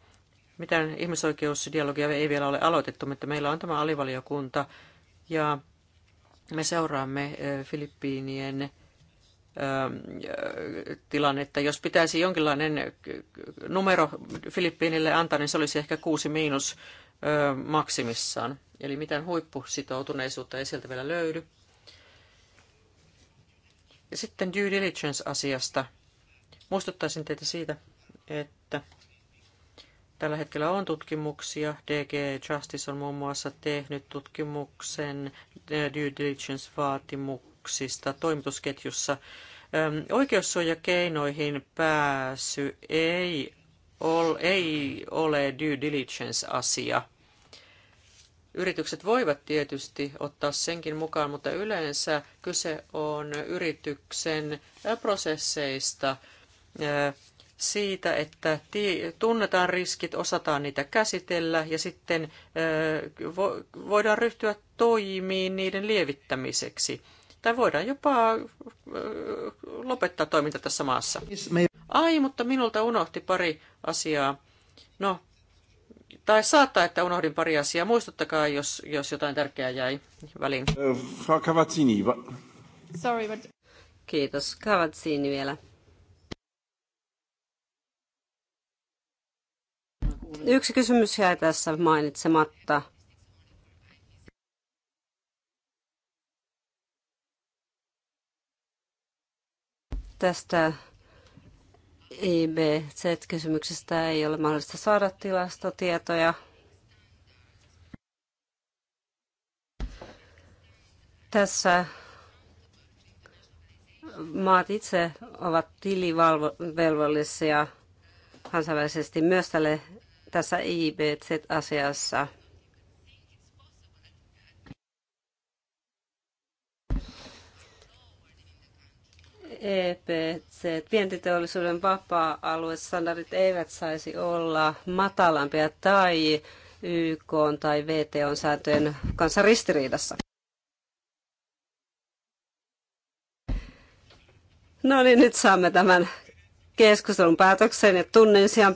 Mitään ihmisoikeusdialogia ei vielä ole aloitettu, mutta meillä on tämä alivaliokunta ja me seuraamme Filippiinien tilannetta. Jos pitäisi jonkinlainen numero Filippiinille antaa, niin se olisi ehkä kuusi miinus maksimissaan. Eli mitään huippusitoutuneisuutta ei sieltä vielä löydy. Sitten due diligence-asiasta. Muistuttaisin teitä siitä, että Tällä hetkellä on tutkimuksia. DG Justice on muun muassa tehnyt tutkimuksen eh, due diligence-vaatimuksista toimitusketjussa. Oikeussuojakeinoihin pääsy ei ole, ei ole due diligence-asia. Yritykset voivat tietysti ottaa senkin mukaan, mutta yleensä kyse on yrityksen eh, prosesseista, eh, siitä, että tunnetaan riskit, osataan niitä käsitellä ja sitten voidaan ryhtyä toimiin niiden lievittämiseksi. Tai voidaan jopa lopettaa toiminta tässä maassa. Ai, mutta minulta unohti pari asiaa. No, tai saattaa, että unohdin pari asiaa. Muistuttakaa, jos, jos jotain tärkeää jäi väliin. Sorry, but... Kiitos. Kavatsiini vielä. Yksi kysymys jäi tässä mainitsematta. Tästä IBZ-kysymyksestä ei ole mahdollista saada tilastotietoja. Tässä maat itse ovat tilivelvollisia kansainvälisesti myös tälle tässä IBZ-asiassa. EPC, vientiteollisuuden vapaa standardit eivät saisi olla matalampia tai YK tai VTOn sääntöjen kanssa ristiriidassa. No niin, nyt saamme tämän keskustelun päätökseen ja tunnen sijaan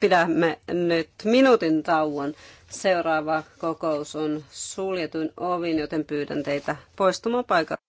pidämme nyt minuutin tauon. Seuraava kokous on suljetun ovin, joten pyydän teitä poistumaan paikalle.